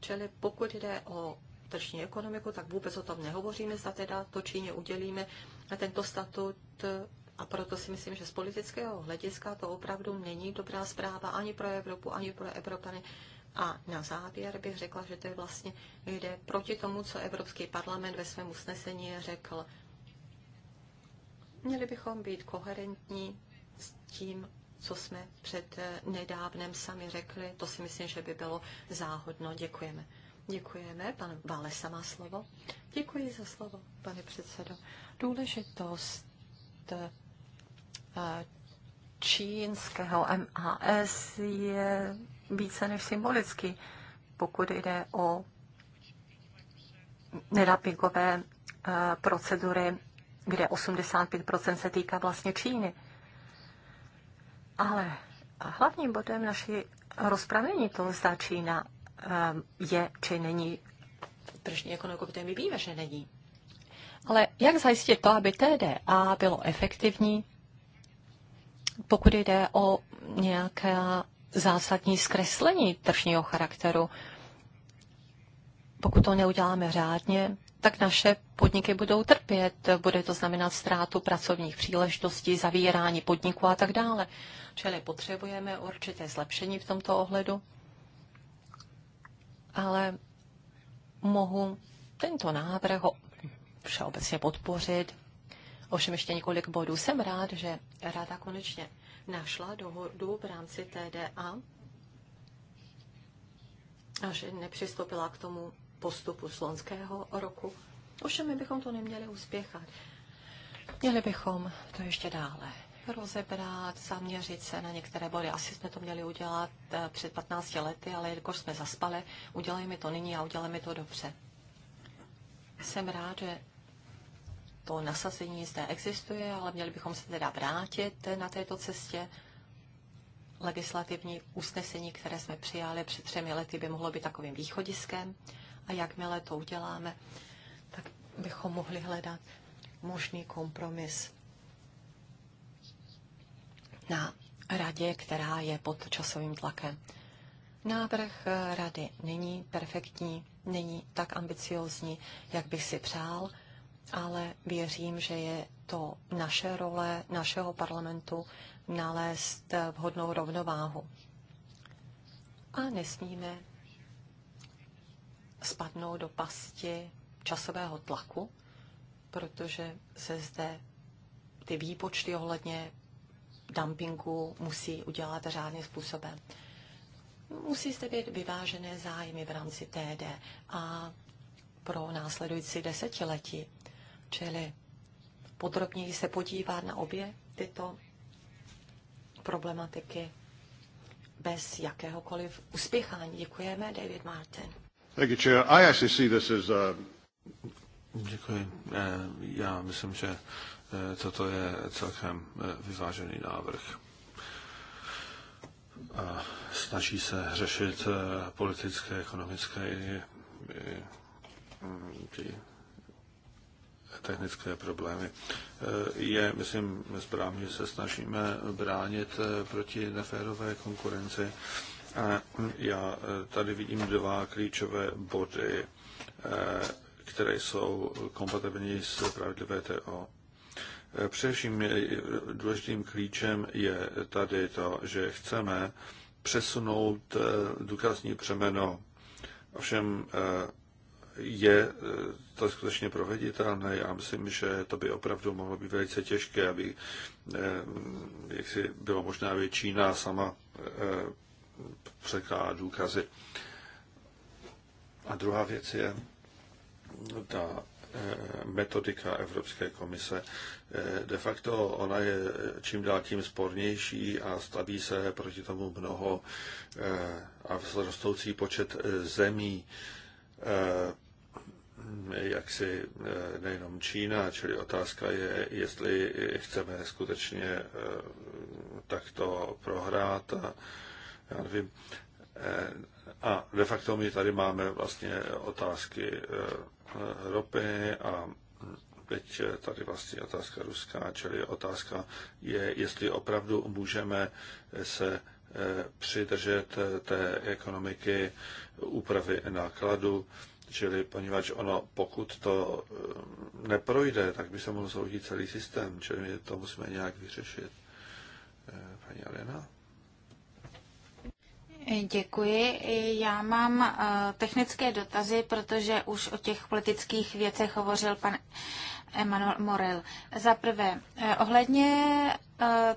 čili pokud jde o tržní ekonomiku, tak vůbec o tom nehovoříme, zda teda to Číně udělíme tento statut a proto si myslím, že z politického hlediska to opravdu není dobrá zpráva ani pro Evropu, ani pro Evropany. A na závěr bych řekla, že to je vlastně jde proti tomu, co Evropský parlament ve svém usnesení řekl. Měli bychom být koherentní s tím, co jsme před eh, nedávnem sami řekli. To si myslím, že by bylo záhodno. Děkujeme. Děkujeme. Pan Valesa má slovo. Děkuji za slovo, pane předsedo. Důležitost eh, čínského MAS je více než symbolický, pokud jde o nedapingové e, procedury, kde 85% se týká vlastně Číny. Ale hlavním bodem naší rozpravy není to, zda Čína e, je či není tržní ekonomikou, protože my víme, že není. Ale jak zajistit to, aby TDA bylo efektivní pokud jde o nějaké zásadní zkreslení tržního charakteru, pokud to neuděláme řádně, tak naše podniky budou trpět. Bude to znamenat ztrátu pracovních příležitostí, zavírání podniků a tak dále. Čili potřebujeme určité zlepšení v tomto ohledu. Ale mohu tento návrh všeobecně podpořit. Ovšem ještě několik bodů. Jsem rád, že Rada konečně našla dohodu v rámci TDA a že nepřistoupila k tomu postupu slonského roku. Ovšem my bychom to neměli uspěchat. Měli bychom to ještě dále rozebrat, zaměřit se na některé body. Asi jsme to měli udělat eh, před 15 lety, ale jakož jsme zaspali, udělejme to nyní a udělejme to dobře. Jsem rád, že to nasazení zde existuje, ale měli bychom se teda vrátit na této cestě. Legislativní usnesení, které jsme přijali před třemi lety, by mohlo být takovým východiskem a jakmile to uděláme, tak bychom mohli hledat možný kompromis na radě, která je pod časovým tlakem. Návrh rady není perfektní, není tak ambiciozní, jak bych si přál, ale věřím, že je to naše role, našeho parlamentu, nalézt vhodnou rovnováhu. A nesmíme spadnout do pasti časového tlaku, protože se zde ty výpočty ohledně dumpingu musí udělat řádným způsobem. Musí zde být vyvážené zájmy v rámci TD a pro následující desetiletí čili podrobněji se podívat na obě tyto problematiky bez jakéhokoliv uspěchání. Děkujeme, David Martin. Thank you, Chair. I actually see this as a... Uh, Děkuji. Eh, já myslím, že eh, toto je celkem eh, vyvážený návrh. A snaží se řešit politické, ekonomické i, i, i technické problémy. Eh, je, myslím, správně, že se snažíme bránit eh, proti neférové konkurenci. A já eh, tady vidím dva klíčové body, které jsou kompatibilní s pravidly VTO. Především důležitým klíčem je tady to, že chceme přesunout důkazní přemeno. Ovšem je e, to skutečně proveditelné. Já myslím, že to by opravdu mohlo být velice těžké, aby e, jak si bylo možná, aby Čína sama e, překládá důkazy. A druhá věc je ta metodika Evropské komise. De facto ona je čím dál tím spornější a staví se proti tomu mnoho a rostoucí počet zemí jak si eh, nejenom Čína, čili otázka je, jestli chceme skutečně eh, takto prohrát. A, já nevím, eh, a de facto my tady máme vlastně otázky ropy a hm, teď tady vlastně otázka ruská, čili otázka je, jestli opravdu můžeme se přidržet té ekonomiky úpravy nákladu Čili poněvadž ono, pokud to eh, neprojde, tak by se mohl zhroutit celý systém, čili my to musíme nějak vyřešit. Eh, paní Alena? Děkuji. Já mám eh, technické dotazy, protože už o těch politických věcech hovořil pan Emanuel Morel. Za prvé, ohledně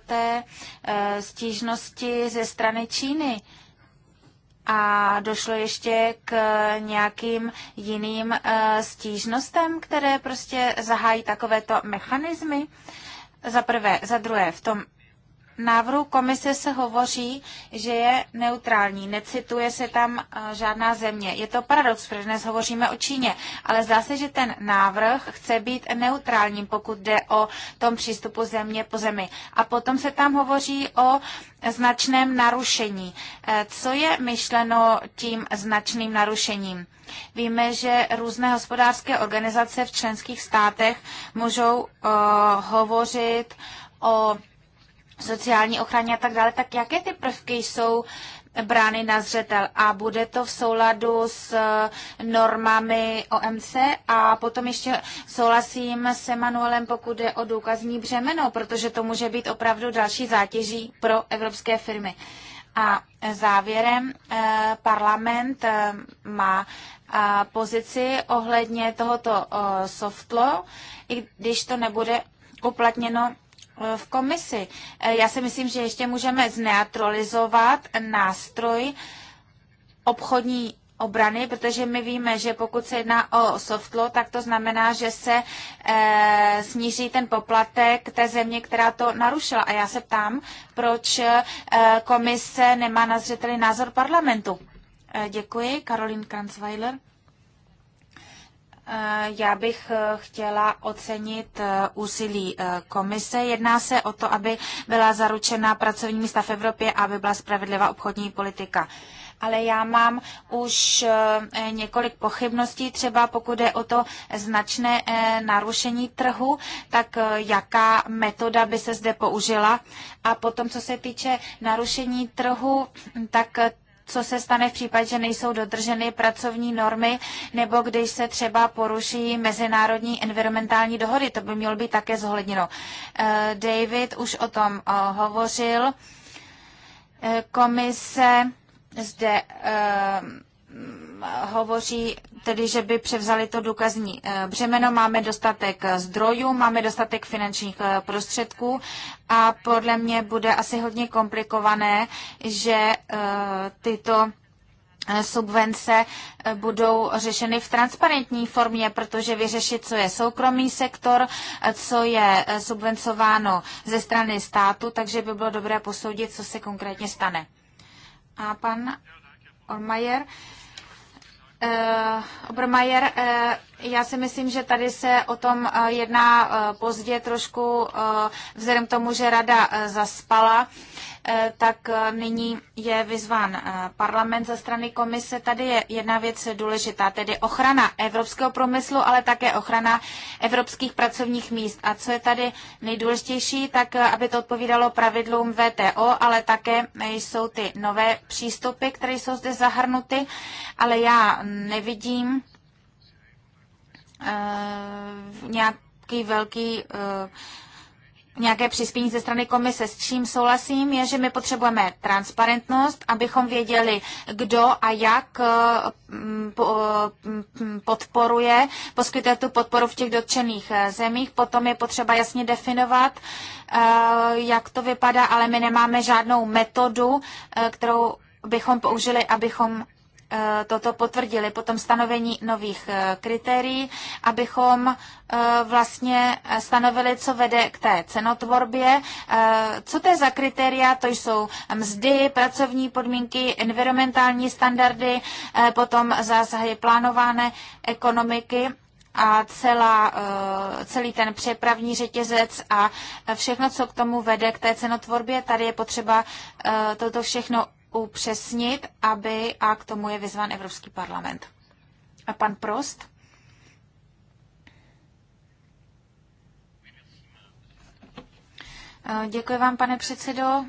té stížnosti ze strany Číny, a došlo ještě k nějakým jiným eh, stížnostem, které prostě zahájí takovéto mechanismy? Za prvé, za druhé, v tom návrhu komise se hovoří, že je neutrální, necituje se tam eh, žádná země. Je to paradox, protože dnes hovoříme o Číně, ale zdá se, že ten návrh chce být neutrálním, pokud jde o tom přístupu země po zemi. A potom se tam hovoří o značném narušení. Eh, co je myšleno tím značným narušením? Víme, že různé hospodářské organizace v členských státech můžou uh, hovořit o sociální ochraně a tak dále, tak jaké ty prvky jsou brány na zřetel a bude to v souladu s eh, normami OMC a potom ještě souhlasím se Manuelem, pokud je o důkazní břemeno, protože to může být opravdu další zátěží pro evropské firmy. A závěrem eh, parlament eh, má pozici ohledně tohoto softlo, i když to nebude uplatněno Eh, v komisi. Eh, já si myslím, že ještě můžeme zneutralizovat nástroj obchodní obrany, protože my víme, že pokud se jedná o softlo, tak to znamená, že se e, sníží ten poplatek té země, která to narušila. A já se ptám, proč e, komise nemá na názor parlamentu. E, děkuji, Karolín Kranzweiler. Eh, já bych eh, chtěla ocenit eh, úsilí komise. Jedná se o to, aby byla zaručena pracovní místa v Evropě a aby byla spravedlivá obchodní politika ale já mám už několik pochybností, třeba pokud je o to značné narušení trhu, tak jaká metoda by se zde použila. A potom, co se týče narušení trhu, tak co se stane v případě, že nejsou dodrženy pracovní normy nebo když se třeba poruší mezinárodní environmentální dohody. To by mělo být také zohledněno. Eh, David už o tom eh, hovořil. Eh, komise zde hovoří tedy, že by převzali to důkazní eh, břemeno. Máme dostatek zdrojů, máme dostatek finančních eh, prostředků a podle mě bude asi hodně komplikované, že eh, tyto subvence budou řešeny v transparentní formě, protože vyřešit, co je soukromý sektor, co je subvencováno ze strany státu, takže by bylo dobré posoudit, co se konkrétně stane. A pan Olmajer, uh, eh, Obermeier, uh, eh, já si myslím, že tady se o tom eh, jedná eh, pozdě trošku, eh, vzhledem k tomu, že rada zaspala, tak nyní je vyzván parlament ze strany komise. Tady je jedna věc důležitá, tedy ochrana evropského průmyslu, ale také ochrana evropských pracovních míst. A co je tady nejdůležitější, tak aby to odpovídalo pravidlům VTO, ale také jsou ty nové přístupy, které jsou zde zahrnuty, ale já nevidím, Eh, nějaký velký eh, nějaké přispění ze strany komise. S čím souhlasím je, že my potřebujeme transparentnost, abychom věděli, kdo a jak eh, mm, mm, podporuje, poskytuje tu podporu v těch dotčených zemích. Potom je potřeba jasně definovat, jak to vypadá, ale my nemáme žádnou metodu, kterou bychom použili, abychom Eh, toto potvrdili, potom stanovení nových eh, kritérií, abychom eh, vlastně stanovili, co vede k té cenotvorbě. Co to je za kritéria? To jsou mzdy, pracovní podmínky, environmentální standardy, potom zásahy plánované ekonomiky a celá, celý ten přepravní řetězec a všechno, co k tomu vede, k té cenotvorbě. Tady je potřeba toto všechno upřesnit, aby a k tomu je vyzván Evropský parlament. A pan Prost? Eh, děkuji vám, pane předsedo.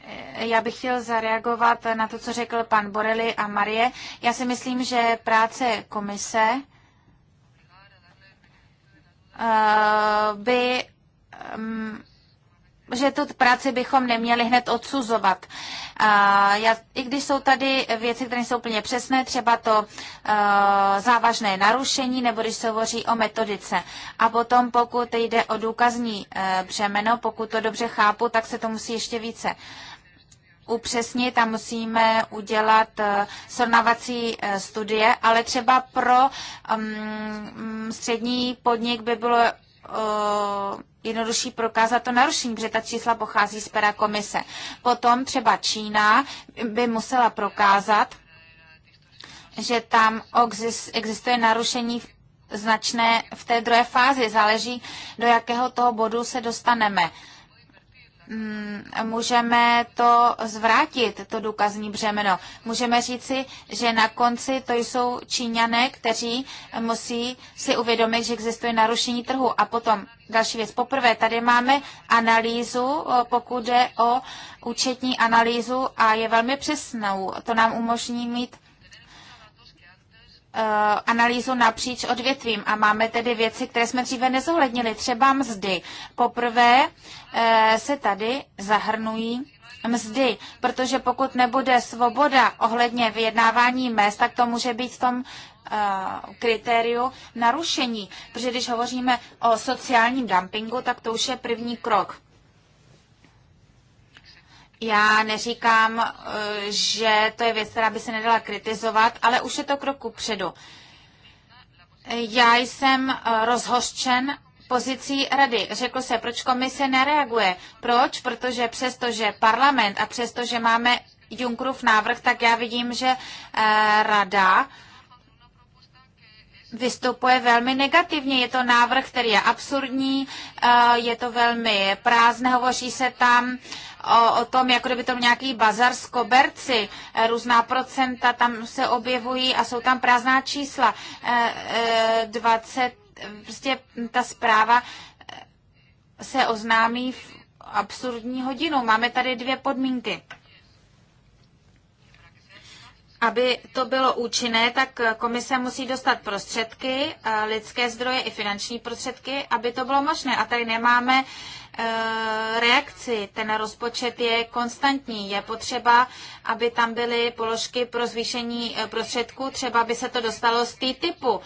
Eh, já bych chtěl zareagovat na to, co řekl pan Borelli a Marie. Já si myslím, že práce komise Eh, by že tu práci bychom neměli hned odsuzovat. Eh, já, I když jsou tady věci, které jsou úplně přesné, třeba to uh, závažné narušení, nebo když se hovoří o metodice. A potom, pokud jde o důkazní uh, břemeno, pokud to dobře chápu, tak se to musí ještě více upřesnit a musíme udělat eh, srovnávací eh, studie, ale třeba pro mm, mm, střední podnik by bylo eh, jednodušší prokázat to narušení, protože ta čísla pochází z pera komise. Potom třeba Čína by musela prokázat, že tam existuje narušení značné v té druhé fázi. Záleží, do jakého toho bodu se dostaneme. Mm, můžeme to zvrátit, to důkazní břemeno. Můžeme říci, že na konci to jsou Číňané, kteří musí si uvědomit, že existuje narušení trhu. A potom další věc. Poprvé tady máme analýzu, pokud jde o účetní analýzu a je velmi přesnou. To nám umožní mít Eh, analýzu napříč odvětvím a máme tedy věci, které jsme dříve nezohlednili, třeba mzdy. Poprvé eh, se tady zahrnují mzdy, protože pokud nebude svoboda ohledně vyjednávání mest, tak to může být v tom eh, kritériu narušení. Protože když hovoříme o sociálním dumpingu, tak to už je první krok. Já neříkám, eh, že to je věc, která by se nedala kritizovat, ale už je to kroku předu. Já jsem eh, rozhořčen pozicí rady. Řekl se, proč komise nereaguje. Proč? Protože přestože parlament a přestože máme Junkrův návrh, tak já vidím, že eh, rada vystupuje velmi negativně. Je to návrh, který je absurdní, eh, je to velmi prázdné, hovoří se tam o, o tom, jako kdyby to byl nějaký bazar z koberci, eh, různá procenta tam se objevují a jsou tam prázdná čísla. 20, eh, prostě ta zpráva se oznámí v absurdní hodinu. Máme tady dvě podmínky. Aby to bylo účinné, tak komise musí dostat prostředky, eh, lidské zdroje i finanční prostředky, aby to bylo možné. A tady nemáme eh, reakci. Ten rozpočet je konstantní. Je potřeba, aby tam byly položky pro zvýšení eh, prostředků, třeba by se to dostalo z T-typu,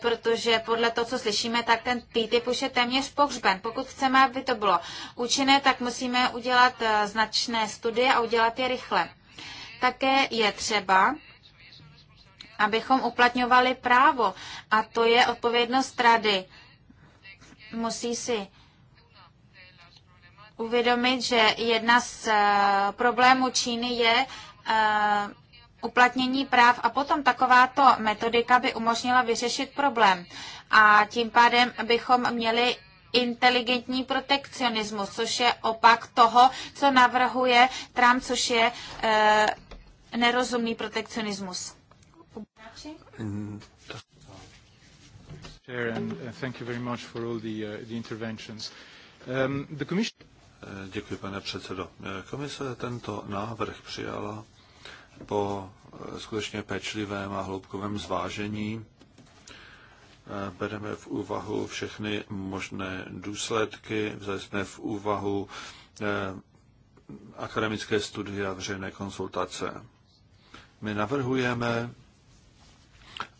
protože podle toho, co slyšíme, tak ten T-typ už je téměř pohřben. Pokud chceme, aby to bylo účinné, tak musíme udělat značné studie a udělat je rychle. Také je třeba, abychom uplatňovali právo. A to je odpovědnost rady. Musí si uvědomit, že jedna z eh, problémů Číny je eh, uplatnění práv a potom takováto metodika by umožnila vyřešit problém. A tím pádem bychom měli inteligentní protekcionismus, což je opak toho, co navrhuje Trump, což je eh, nerozumný protekcionismus. Uh, uh, um, eh, děkuji, pane předsedo. Eh, komise tento návrh přijala po eh, skutečně pečlivém a hloubkovém zvážení bereme v úvahu všechny možné důsledky, vzali jsme v úvahu akademické studie a veřejné konsultace. My navrhujeme,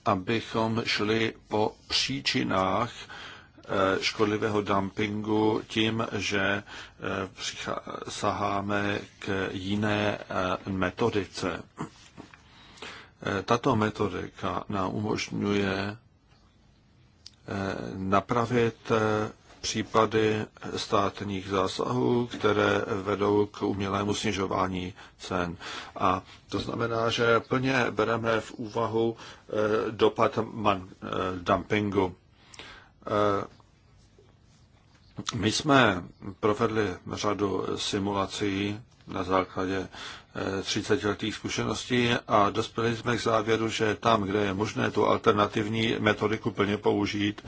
abychom šli po příčinách eh, škodlivého dumpingu tím, že saháme eh, k jiné eh, metodice. Tato metodika nám umožňuje napravit případy státních zásahů, které vedou k umělému snižování cen. A to znamená, že plně bereme v úvahu eh, dopad man, eh, dumpingu. Eh, my jsme provedli řadu simulací na základě 30 letých zkušeností a dospěli jsme k závěru, že tam, kde je možné tu alternativní metodiku plně použít,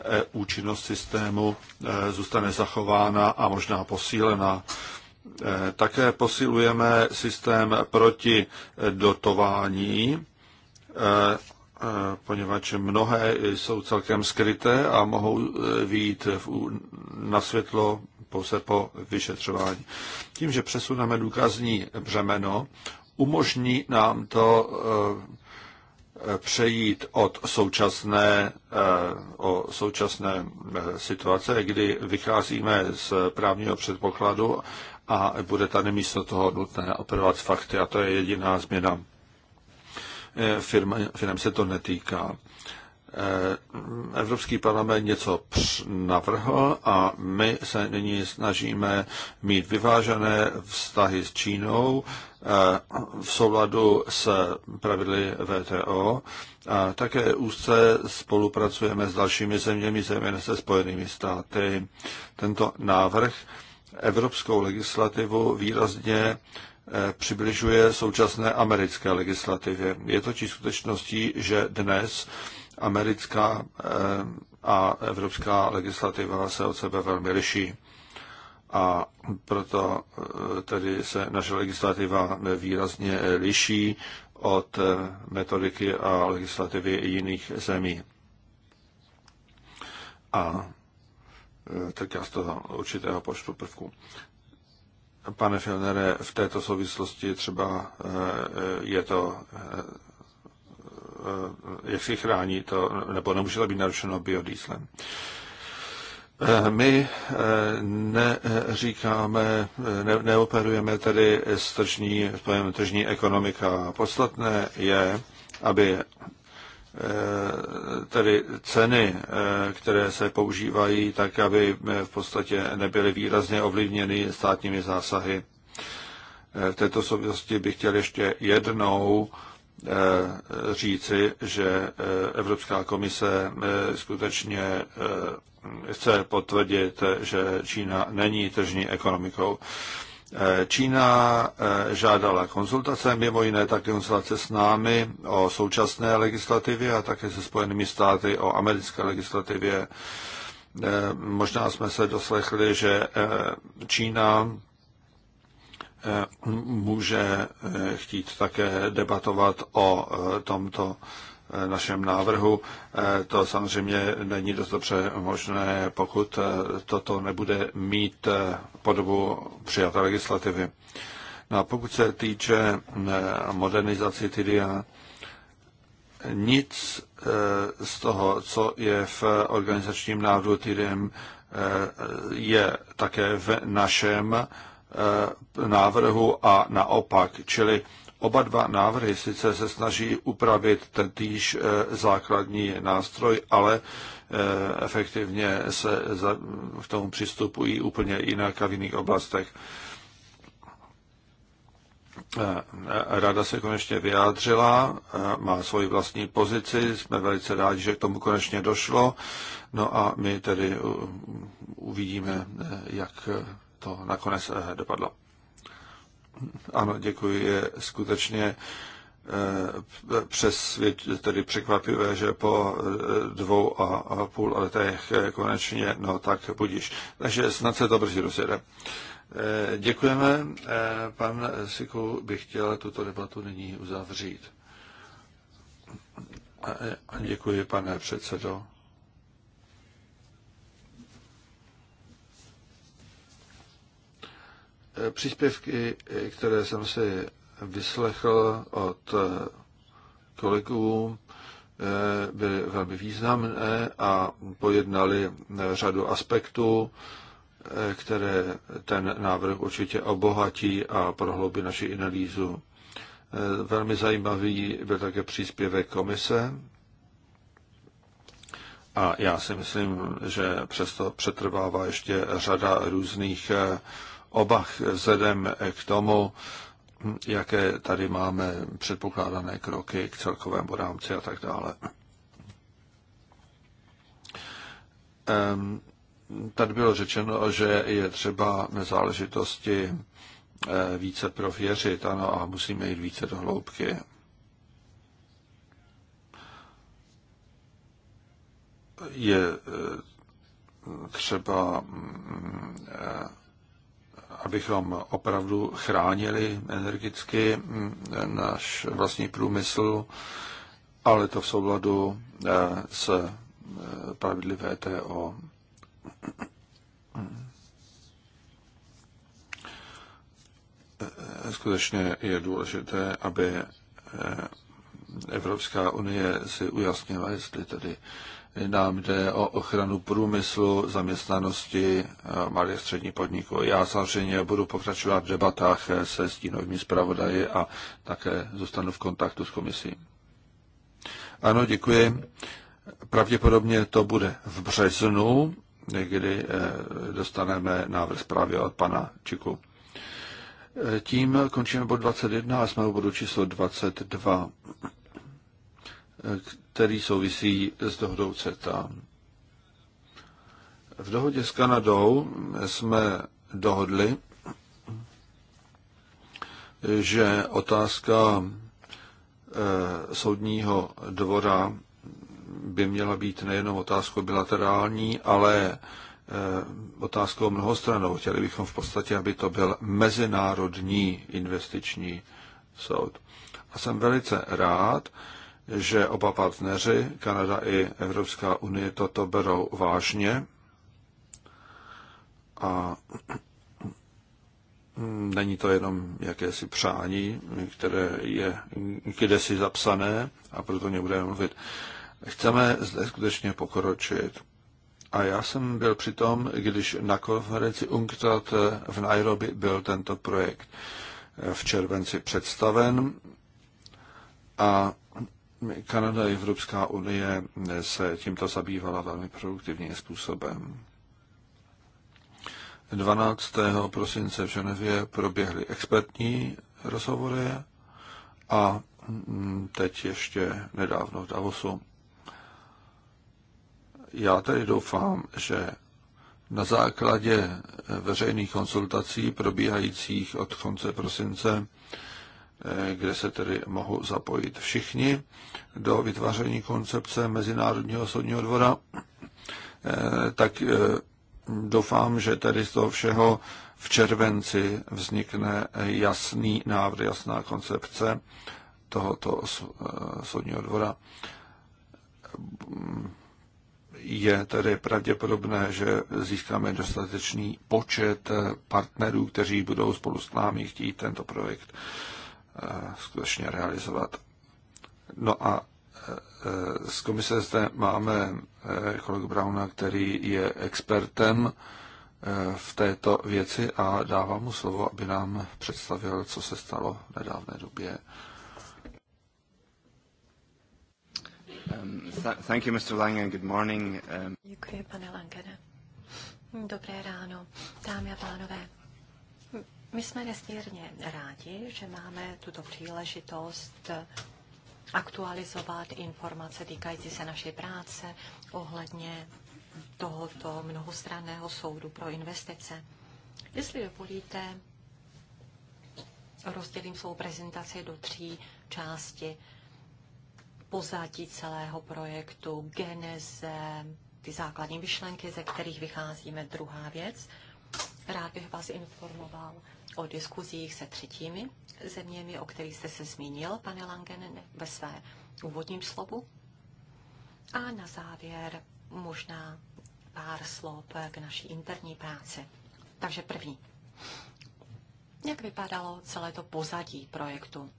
E, účinnost systému e, zůstane zachována a možná posílena. E, také posilujeme systém proti dotování, poněvadž mnohé jsou celkem skryté a mohou výjít na světlo pouze po vyšetřování. Tím, že přesuneme důkazní břemeno, umožní nám to přejít od současné, eh, o současné eh, situace, kdy vycházíme z právního předpokladu a bude tady místo toho nutné operovat s fakty a to je jediná změna. Firm, eh, firm se to netýká. Evropský parlament něco navrhl a my se nyní snažíme mít vyvážené vztahy s Čínou Eh, v souladu s pravidly VTO a také úzce spolupracujeme s dalšími zeměmi, zejména se Spojenými státy. Tento návrh evropskou legislativu výrazně eh, přibližuje současné americké legislativě. Je totiž skutečností, že dnes americká eh, a evropská legislativa se od sebe velmi liší a proto eh, tedy se naše legislativa výrazně liší od eh, metodiky a legislativy jiných zemí. A eh, tak já z toho určitého počtu prvků. Pane Filnere, v této souvislosti třeba je to, jak si chrání to, nebo nemůže to být narušeno biodýslem. Eh, my eh, neříkáme, eh, ne, neoperujeme tedy s tržní, s tržní ekonomika. Podstatné je, aby tedy ceny, které se používají, tak aby v podstatě nebyly výrazně ovlivněny státními zásahy. V této souvislosti bych chtěl ještě jednou říci, že Evropská komise skutečně chce potvrdit, že Čína není tržní ekonomikou. Čína eh, žádala konzultace, mimo jiné také konzultace s námi o současné legislativě a také se Spojenými státy o americké legislativě. Eh, možná jsme se doslechli, že eh, Čína může chtít také debatovat o tomto našem návrhu. Eh, to samozřejmě není dost dobře možné, pokud eh, toto nebude mít eh, podobu přijaté legislativy. No a pokud se týče modernizaci TDA, nic z toho, co je v organizačním návrhu TDM, je také v našem návrhu a naopak. Čili Oba dva návrhy sice se snaží upravit tentýž eh, základní nástroj, ale eh, efektivně se k tomu přistupují úplně jinak a v jiných oblastech. Eh, rada se konečně vyjádřila, má svoji vlastní pozici, jsme velice rádi, že k tomu konečně došlo. No a my tedy uvidíme, jak to nakonec dopadlo. Ano, děkuji. Je skutečně eh, přesvěd, tedy překvapivé, že po eh, dvou a půl letech eh, konečně, no tak budíš. Takže snad se to brzy rozjede. Děkujeme. Pan Siku bych chtěl tuto debatu nyní uzavřít. Děkuji, pane předsedo. Příspěvky, které jsem si vyslechl od kolegů, eh, byly velmi významné a pojednali řadu aspektů, eh, které ten návrh určitě obohatí a prohloubí naši analýzu. Eh, velmi zajímavý byl také příspěvek komise. A já si myslím, že přesto přetrvává ještě řada různých oba vzhledem k tomu, jaké tady máme předpokládané kroky k celkovému rámci a tak dále. Tady bylo řečeno, že je třeba záležitosti eh, více prověřit, ano, a musíme jít více do hloubky. Je eh, třeba mm, eh, abychom opravdu chránili energeticky náš vlastní průmysl, ale to v souladu eh, s eh, pravidly VTO. Eh, skutečně je důležité, aby Evropská unie si ujasnila, jestli tedy nám jde o ochranu průmyslu, zaměstnanosti eh, malých středních podniků. Já samozřejmě budu pokračovat v debatách eh, se stínovými zpravodaji a také zůstanu v kontaktu s komisí. Ano, děkuji. Pravděpodobně to bude v březnu, kdy eh, dostaneme návrh zprávy od pana Čiku. Tím končíme bod 21 a jsme u bodu číslo 22 který souvisí s dohodou CETA. V dohodě s Kanadou jsme dohodli, že otázka eh, soudního dvora by měla být nejenom otázkou bilaterální, ale eh, otázkou mnohostranou. Chtěli bychom v podstatě, aby to byl mezinárodní investiční soud. A jsem velice rád, že oba partneři, Kanada i Evropská unie, toto berou vážně a není to jenom jakési přání, které je kde si zapsané a proto nebudeme mluvit. Chceme zde skutečně pokročit. A já jsem byl přitom, když na konferenci UNCTAD v Nairobi byl tento projekt v červenci představen a Kanada i Evropská unie se tímto zabývala velmi produktivním způsobem. 12. prosince v Ženevě proběhly expertní rozhovory a teď ještě nedávno v Davosu. Já tedy doufám, že na základě veřejných konsultací probíhajících od konce prosince Eh, kde se tedy mohou zapojit všichni do vytváření koncepce Mezinárodního soudního dvora, eh, tak eh, doufám, že tedy z toho všeho v červenci vznikne jasný návrh, jasná koncepce tohoto soudního dvora. Je tedy pravděpodobné, že získáme dostatečný počet partnerů, kteří budou spolu s námi chtít tento projekt Eh, skutečně realizovat. No a eh, z komise zde máme eh, kolegu Brauna, který je expertem v této věci a dávám mu slovo, aby nám představil, co se stalo v nedávné době. Um, thank you, Mr. Lange, good morning. Um, Děkuji, pane Lange. Dobré ráno, dámy a pánové. My jsme nesmírně rádi, že máme tuto příležitost aktualizovat informace týkající se naší práce ohledně tohoto mnohostranného soudu pro investice. Jestli dovolíte, rozdělím svou prezentaci do tří části. Pozadí celého projektu, geneze, ty základní myšlenky, ze kterých vycházíme. Druhá věc, rád bych vás informoval o diskuzích se třetími zeměmi, o kterých jste se zmínil, pane Langen, ve své úvodním slovu. A na závěr možná pár slov k naší interní práci. Takže první. Jak vypadalo celé to pozadí projektu?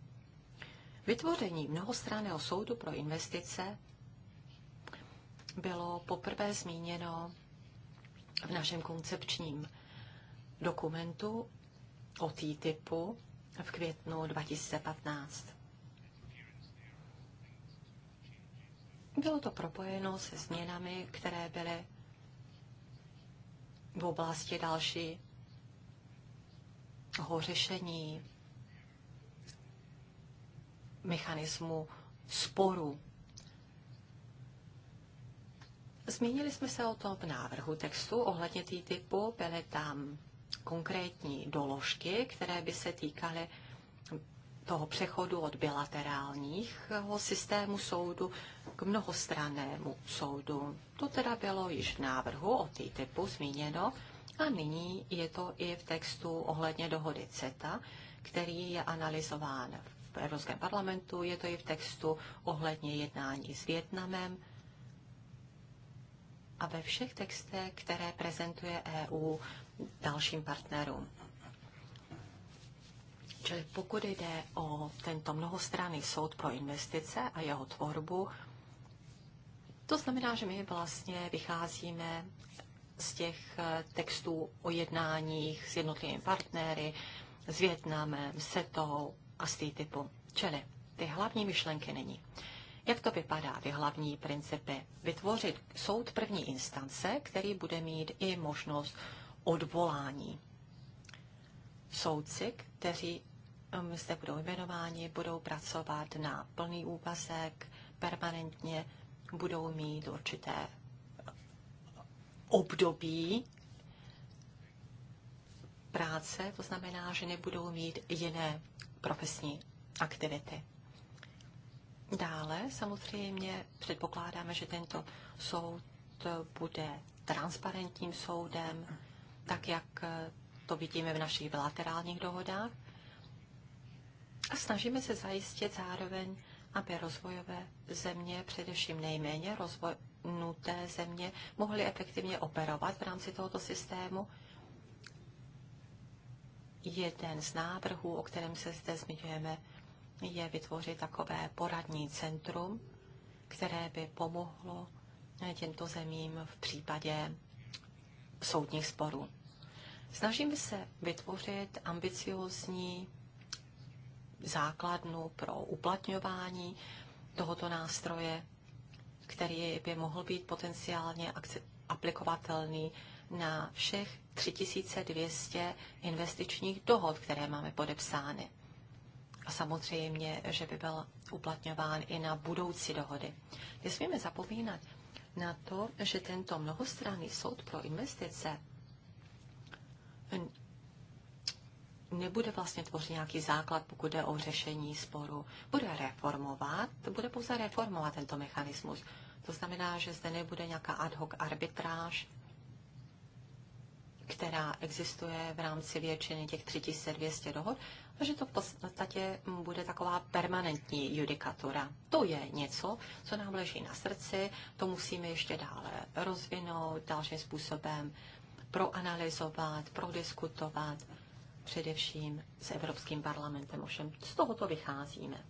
Vytvoření mnohostranného soudu pro investice bylo poprvé zmíněno v našem koncepčním dokumentu o TTIPu v květnu 2015. Bylo to propojeno se změnami, které byly v oblasti dalšího řešení mechanismu sporu. Zmínili jsme se o tom v návrhu textu ohledně té typu, byly tam konkrétní doložky, které by se týkaly toho přechodu od bilaterálního systému soudu k mnohostrannému soudu. To teda bylo již v návrhu o té typu zmíněno a nyní je to i v textu ohledně dohody CETA, který je analyzován v Evropském parlamentu, je to i v textu ohledně jednání s Větnamem, a ve všech textech, které prezentuje EU dalším partnerům. Čili pokud jde o tento mnohostranný soud pro investice a jeho tvorbu, to znamená, že my vlastně vycházíme z těch eh, textů o jednáních s jednotlivými partnery, s Větnamem, SETou a té typu. Čili ty hlavní myšlenky není. Jak to vypadá, ty hlavní principy? Vytvořit soud první instance, který bude mít i možnost odvolání. Soudci, kteří um, zde budou jmenováni, budou pracovat na plný úvazek, permanentně budou mít určité uh, období práce, to znamená, že nebudou mít jiné profesní aktivity. Dále samozřejmě předpokládáme, že tento soud bude transparentním soudem, tak jak to vidíme v našich bilaterálních dohodách. A snažíme se zajistit zároveň, aby rozvojové země, především nejméně rozvojnuté země, mohly efektivně operovat v rámci tohoto systému. Jeden z návrhů, o kterém se zde zmiňujeme, je vytvořit takové poradní centrum, které by pomohlo eh, těmto zemím v případě soudních sporů. Snažíme se vytvořit ambiciozní základnu pro uplatňování tohoto nástroje, který by mohl být potenciálně aplikovatelný na všech 3200 investičních dohod, které máme podepsány. A samozřejmě, že by byl uplatňován i na budoucí dohody. Nesmíme zapomínat na to, že tento mnohostranný soud pro investice nebude vlastně tvořit nějaký základ, pokud jde o řešení sporu. Bude reformovat, bude pouze reformovat tento mechanismus. To znamená, že zde nebude nějaká ad hoc arbitráž, která existuje v rámci většiny těch 3200 dohod, a že to v podstatě bude taková permanentní judikatura. To je něco, co nám leží na srdci, to musíme ještě dále rozvinout, dalším způsobem proanalyzovat, prodiskutovat, především s Evropským parlamentem. Ovšem z tohoto vycházíme.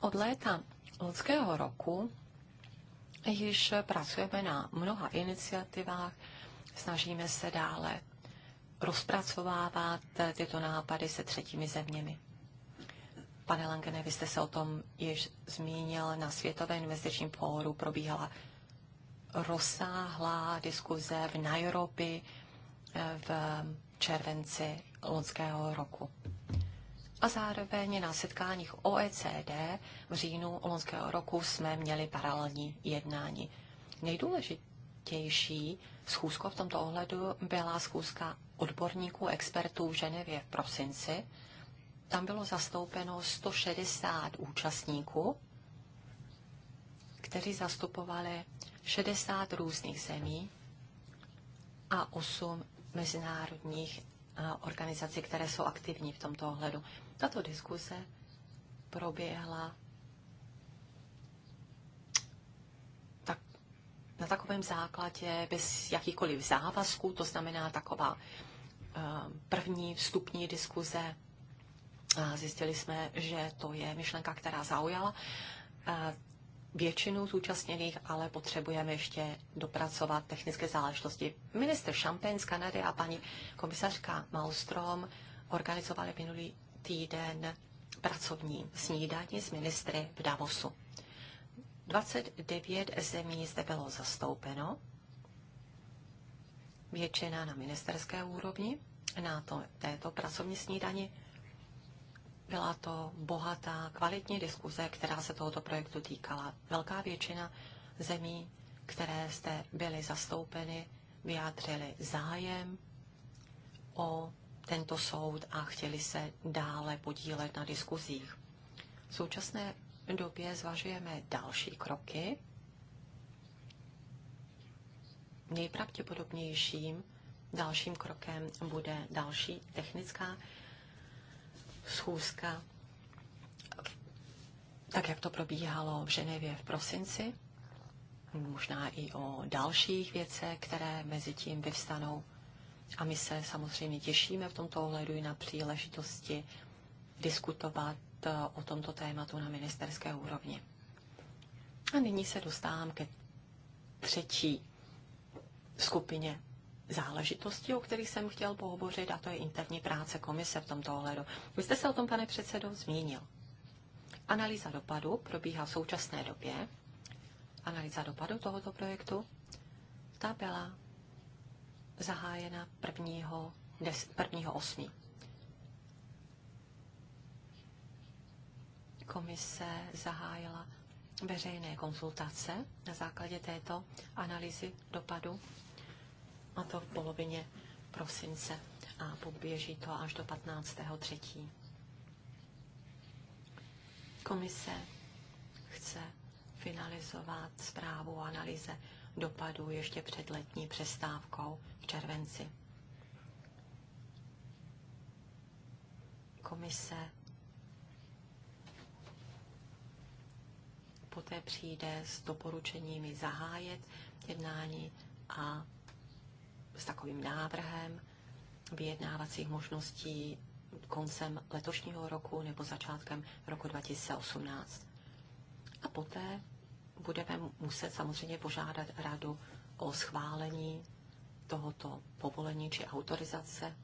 Od léta loňského roku již pracujeme na mnoha iniciativách, snažíme se dále rozpracovávat tyto nápady se třetími zeměmi. Pane Langene, vy jste se o tom již zmínil, na Světovém investičním fóru probíhala rozsáhlá diskuze v Nairobi v červenci loňského roku a zároveň na setkáních OECD v říjnu loňského roku jsme měli paralelní jednání. Nejdůležitější schůzka v tomto ohledu byla schůzka odborníků, expertů v Ženevě v prosinci. Tam bylo zastoupeno 160 účastníků, kteří zastupovali 60 různých zemí a 8 mezinárodních eh, organizací, které jsou aktivní v tomto ohledu. Tato diskuse proběhla tak, na takovém základě, bez jakýkoliv závazků, to znamená taková eh, první vstupní diskuze. A zjistili jsme, že to je myšlenka, která zaujala eh, většinu zúčastněných, ale potřebujeme ještě dopracovat technické záležitosti. Minister Champagne z Kanady a paní komisařka Malstrom organizovali minulý týden pracovní snídaní s ministry v Davosu. 29 zemí zde bylo zastoupeno, většina na ministerské úrovni, na to, této pracovní snídani. Byla to bohatá, kvalitní diskuze, která se tohoto projektu týkala. Velká většina zemí, které zde byly zastoupeny, vyjádřili zájem o tento soud a chtěli se dále podílet na diskuzích. V současné době zvažujeme další kroky. Nejpravděpodobnějším dalším krokem bude další technická schůzka, tak jak to probíhalo v Ženevě v prosinci, možná i o dalších věcech, které mezi tím vyvstanou a my se samozřejmě těšíme v tomto ohledu i na příležitosti diskutovat eh, o tomto tématu na ministerské úrovni. A nyní se dostávám ke třetí skupině záležitostí, o kterých jsem chtěl pohovořit, a to je interní práce komise v tomto ohledu. Vy jste se o tom, pane předsedo, zmínil. Analýza dopadu probíhá v současné době. Analýza dopadu tohoto projektu, ta byla zahájena 1.8. Komise zahájila veřejné konzultace na základě této analýzy dopadu, a to v polovině prosince a poběží to až do 15. Komise chce finalizovat zprávu o analýze dopadů ještě před letní přestávkou v červenci. Komise poté přijde s doporučeními zahájet jednání a s takovým návrhem vyjednávacích možností koncem letošního roku nebo začátkem roku 2018. A poté budeme muset samozřejmě požádat radu o schválení tohoto povolení či autorizace.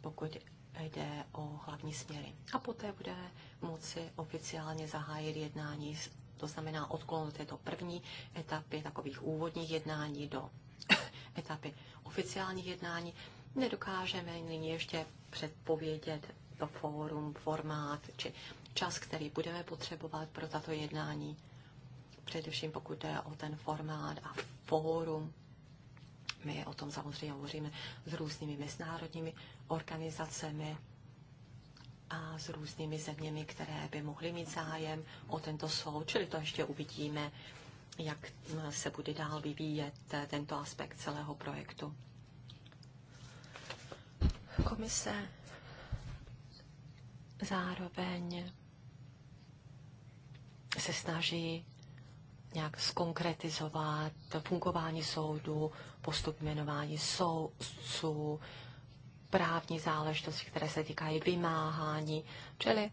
Pokud jde o hlavní směry. A poté budeme moci oficiálně zahájit jednání, to znamená odklon této první etapy takových úvodních jednání do etapy oficiálních jednání. Nedokážeme nyní ještě předpovědět to fórum, formát či čas, který budeme potřebovat pro tato jednání, především pokud jde o ten formát a fórum. My o tom samozřejmě hovoříme s různými mezinárodními organizacemi a s různými zeměmi, které by mohly mít zájem o tento soud, čili to ještě uvidíme, jak mm, se bude dál vyvíjet eh, tento aspekt celého projektu. Komise zároveň se snaží nějak zkonkretizovat fungování soudu, postup jmenování soudců, právní záležitosti, které se týkají vymáhání. Čili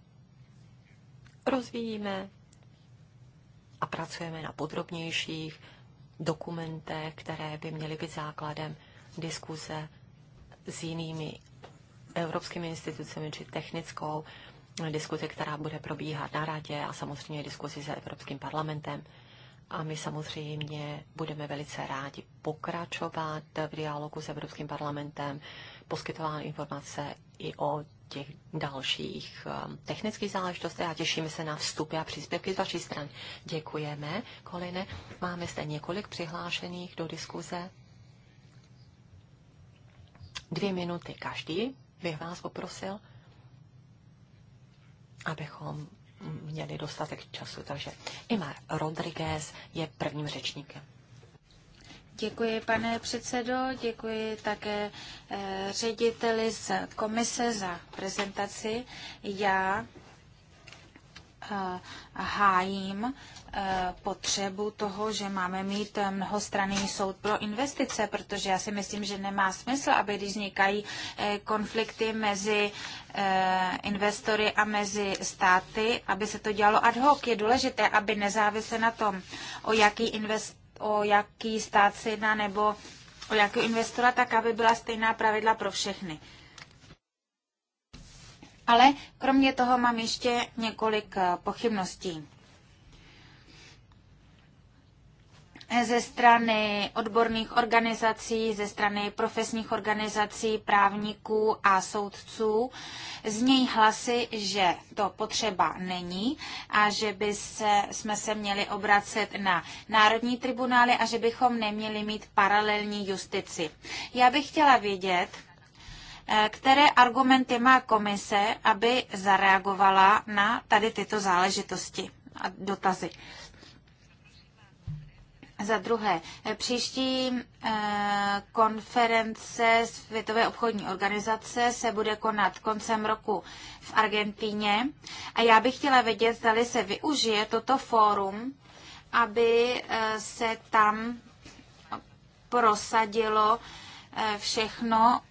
rozvíjíme a pracujeme na podrobnějších dokumentech, které by měly být základem diskuze s jinými evropskými institucemi či technickou diskuze, která bude probíhat na radě a samozřejmě diskuzi se Evropským parlamentem. A my samozřejmě budeme velice rádi pokračovat v dialogu s Evropským parlamentem, poskytování informace i o těch dalších um, technických záležitostech a těšíme se na vstupy a příspěvky z vaší strany. Děkujeme, Koline. Máme zde několik přihlášených do diskuze. Dvě minuty každý bych vás poprosil abychom měli dostatek času. Takže Imar Rodriguez je prvním řečníkem. Děkuji, pane předsedo, děkuji také eh, řediteli z komise za prezentaci. Já Eh, hájím eh, potřebu toho, že máme mít eh, mnohostranný soud pro investice, protože já si myslím, že nemá smysl, aby když vznikají konflikty mezi investory a mezi státy, aby se to dělalo ad hoc. Je důležité, aby nezávisle na tom, o jaký, invest, o jaký stát se jedná nebo o jakého investora, tak aby byla stejná pravidla pro všechny. Ale kromě toho mám ještě několik eh, pochybností. ze strany odborných organizací, ze strany profesních organizací, právníků a soudců znějí hlasy, že to potřeba není a že by se, jsme se měli obracet na národní tribunály a že bychom neměli mít paralelní justici. Já bych chtěla vědět, Eh, které argumenty má komise, aby zareagovala na tady tyto záležitosti a dotazy? Za druhé, eh, příští eh, konference Světové obchodní organizace se bude konat koncem roku v Argentíně a já bych chtěla vědět, zda se využije toto fórum, aby se tam prosadilo všechno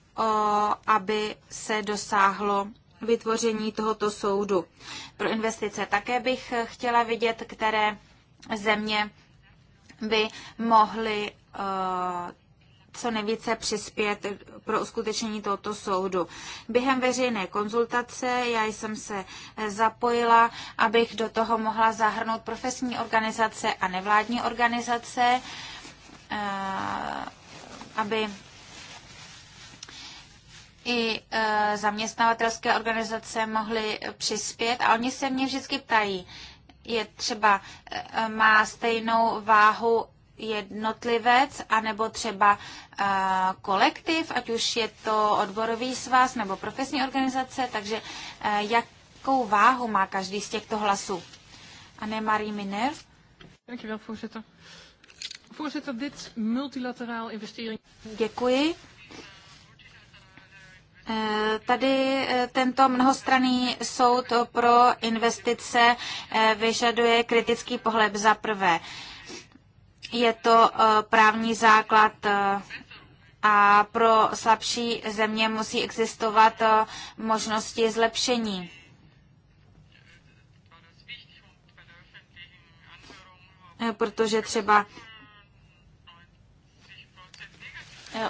aby se dosáhlo vytvoření tohoto soudu pro investice. Také bych chtěla vidět, které země by mohly co nejvíce přispět pro uskutečnění tohoto soudu. Během veřejné konzultace já jsem se zapojila, abych do toho mohla zahrnout profesní organizace a nevládní organizace, aby i e, zaměstnavatelské organizace mohly přispět a oni se mě vždycky ptají, je třeba, e, má stejnou váhu jednotlivec, anebo třeba e, kolektiv, ať už je to odborový svaz nebo profesní organizace, takže jakou váhu má každý z těchto hlasů? A ne Marie Minerv? Dankjewel, voorzitter. Voorzitter, dit multilateraal investering... Děkuji. Tady eh, tento mnohostranný soud pro investice eh, vyžaduje kritický pohled za prvé. Je to eh, právní základ a pro slabší země musí existovat možnosti zlepšení. Protože třeba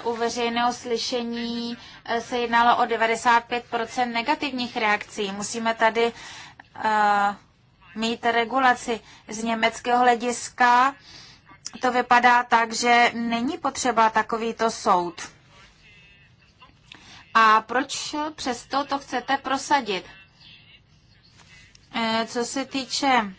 u veřejného slyšení se jednalo o 95 negativních reakcí. Musíme tady eh, mít regulaci z německého hlediska. To vypadá tak, že není potřeba takovýto soud. A proč přesto to chcete prosadit? Eh, co se týče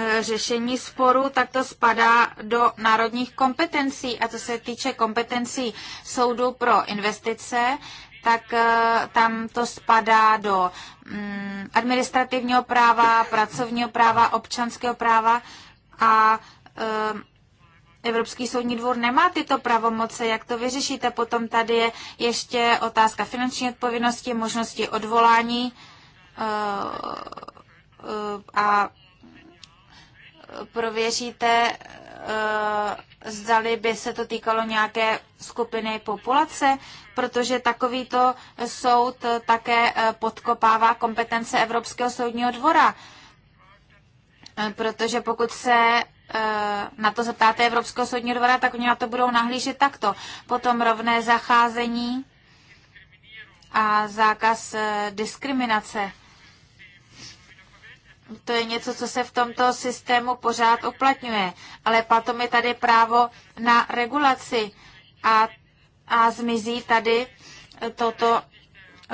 Eh, řešení sporu, tak to spadá do národních kompetencí. A co se týče kompetencí soudu pro investice, tak eh, tam to spadá do mm, administrativního práva, pracovního práva, občanského práva a eh, Evropský soudní dvůr nemá tyto pravomoce, jak to vyřešíte. Potom tady je ještě otázka finanční odpovědnosti, možnosti odvolání a prověříte, eh, zdali by se to týkalo nějaké skupiny populace, protože takovýto soud také eh, podkopává kompetence Evropského soudního dvora. Eh, protože pokud se na to zeptáte Evropského soudního dvora, tak oni na to budou nahlížet takto. Potom rovné zacházení a zákaz diskriminace. To je něco, co se v tomto systému pořád uplatňuje. Ale potom je tady právo na regulaci a, a zmizí tady toto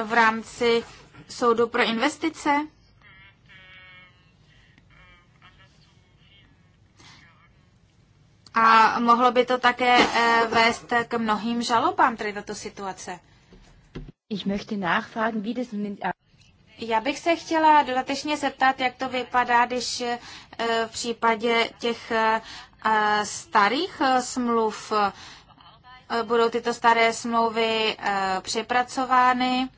v rámci soudu pro investice? A mohlo by to také eh, vést k mnohým žalobám, tedy tato situace. Ich möchte nachfragen, wie das mit já bych se chtěla dodatečně zeptat, jak to vypadá, když eh, v případě těch eh, starých eh, smluv budou tyto staré smlouvy přepracovány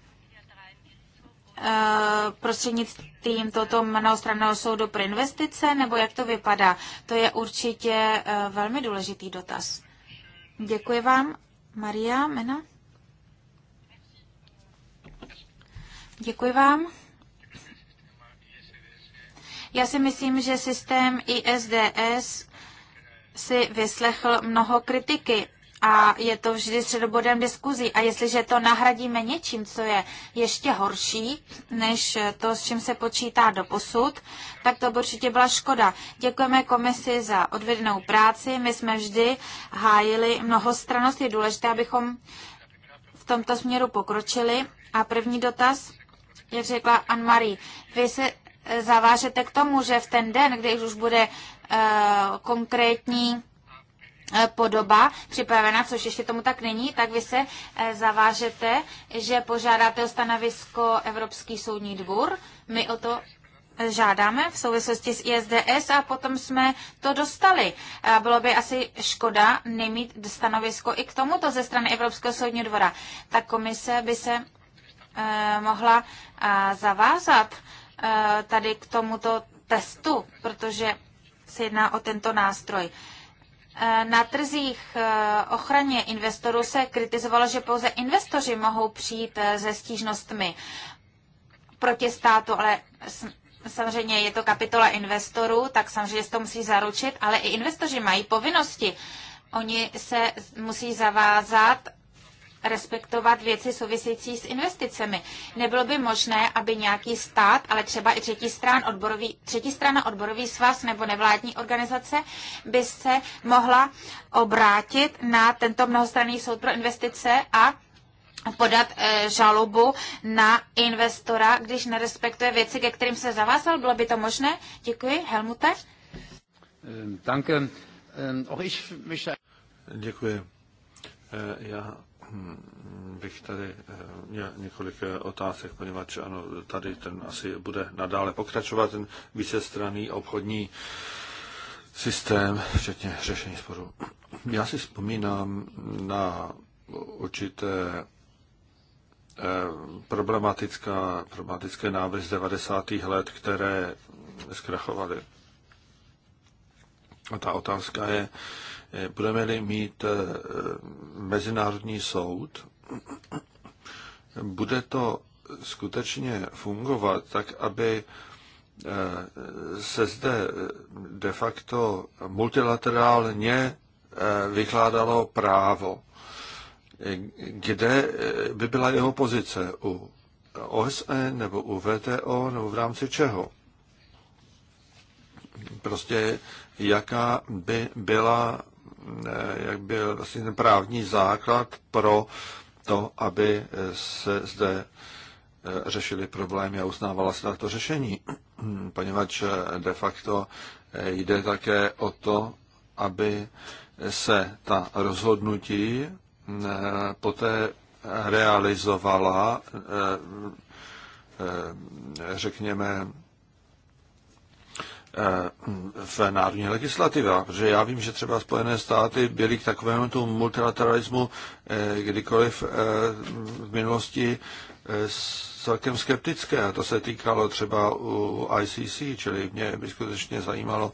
prostřednictvím toto mnohostranného soudu pro investice, nebo jak to vypadá? To je určitě velmi důležitý dotaz. Děkuji vám. Maria Mena? Děkuji vám. Já si myslím, že systém ISDS si vyslechl mnoho kritiky a je to vždy středobodem diskuzí. A jestliže to nahradíme něčím, co je ještě horší, než to, s čím se počítá do posud, tak to by určitě byla škoda. Děkujeme komisi za odvedenou práci. My jsme vždy hájili mnohostranost. Je důležité, abychom v tomto směru pokročili. A první dotaz je řekla Anne-Marie. Vy se eh, zavážete k tomu, že v ten den, když už bude eh, konkrétní eh, podoba připravena, což ještě tomu tak není, tak vy se zavážete, že požádáte o stanovisko Evropský soudní dvůr. My o to žádáme v souvislosti s ISDS a potom jsme to dostali. Bylo by asi škoda nemít stanovisko i k tomuto ze strany Evropského soudního dvora. Ta komise by se Eh, mohla eh, zavázat eh, tady k tomuto testu, protože se jedná o tento nástroj. Na trzích ochraně investorů se kritizovalo, že pouze investoři mohou přijít se stížnostmi proti státu, ale samozřejmě je to kapitola investorů, tak samozřejmě se to musí zaručit, ale i investoři mají povinnosti. Oni se musí zavázat respektovat věci související s investicemi. Nebylo by možné, aby nějaký stát, ale třeba i třetí, strán odborový, třetí strana odborový svaz nebo nevládní organizace by se mohla obrátit na tento mnohostranný soud pro investice a podat eh, žalobu na investora, když nerespektuje věci, ke kterým se zavázal. Bylo by to možné? Děkuji. Helmute? Eh, eh, Děkuji. Děkuji. Já Hm, bych tady eh, měl několik eh, otázek, poněvadž ano, tady ten asi bude nadále pokračovat, ten vícestranný obchodní systém, včetně řešení sporů. Já si vzpomínám na určité eh, problematická, problematické návrhy z 90. let, které zkrachovaly. A ta otázka je, budeme-li mít eh, mezinárodní soud, bude to skutečně fungovat tak, aby eh, se zde eh, de facto multilaterálně vykládalo právo. Kde by byla jeho pozice? U OSN nebo u VTO nebo v rámci čeho? Prostě jaká by byla Eh, jak byl vlastně ten právní základ pro to, aby se zde eh, řešili problémy a uznávala se to řešení, poněvadž eh, de facto jde také o to, aby se ta rozhodnutí poté realizovala, řekněme, v národní legislativa, protože já vím, že třeba Spojené státy byly k takovému tomu multilateralismu eh, kdykoliv eh, v minulosti eh, celkem skeptické. A to se týkalo třeba u ICC, čili mě by skutečně zajímalo,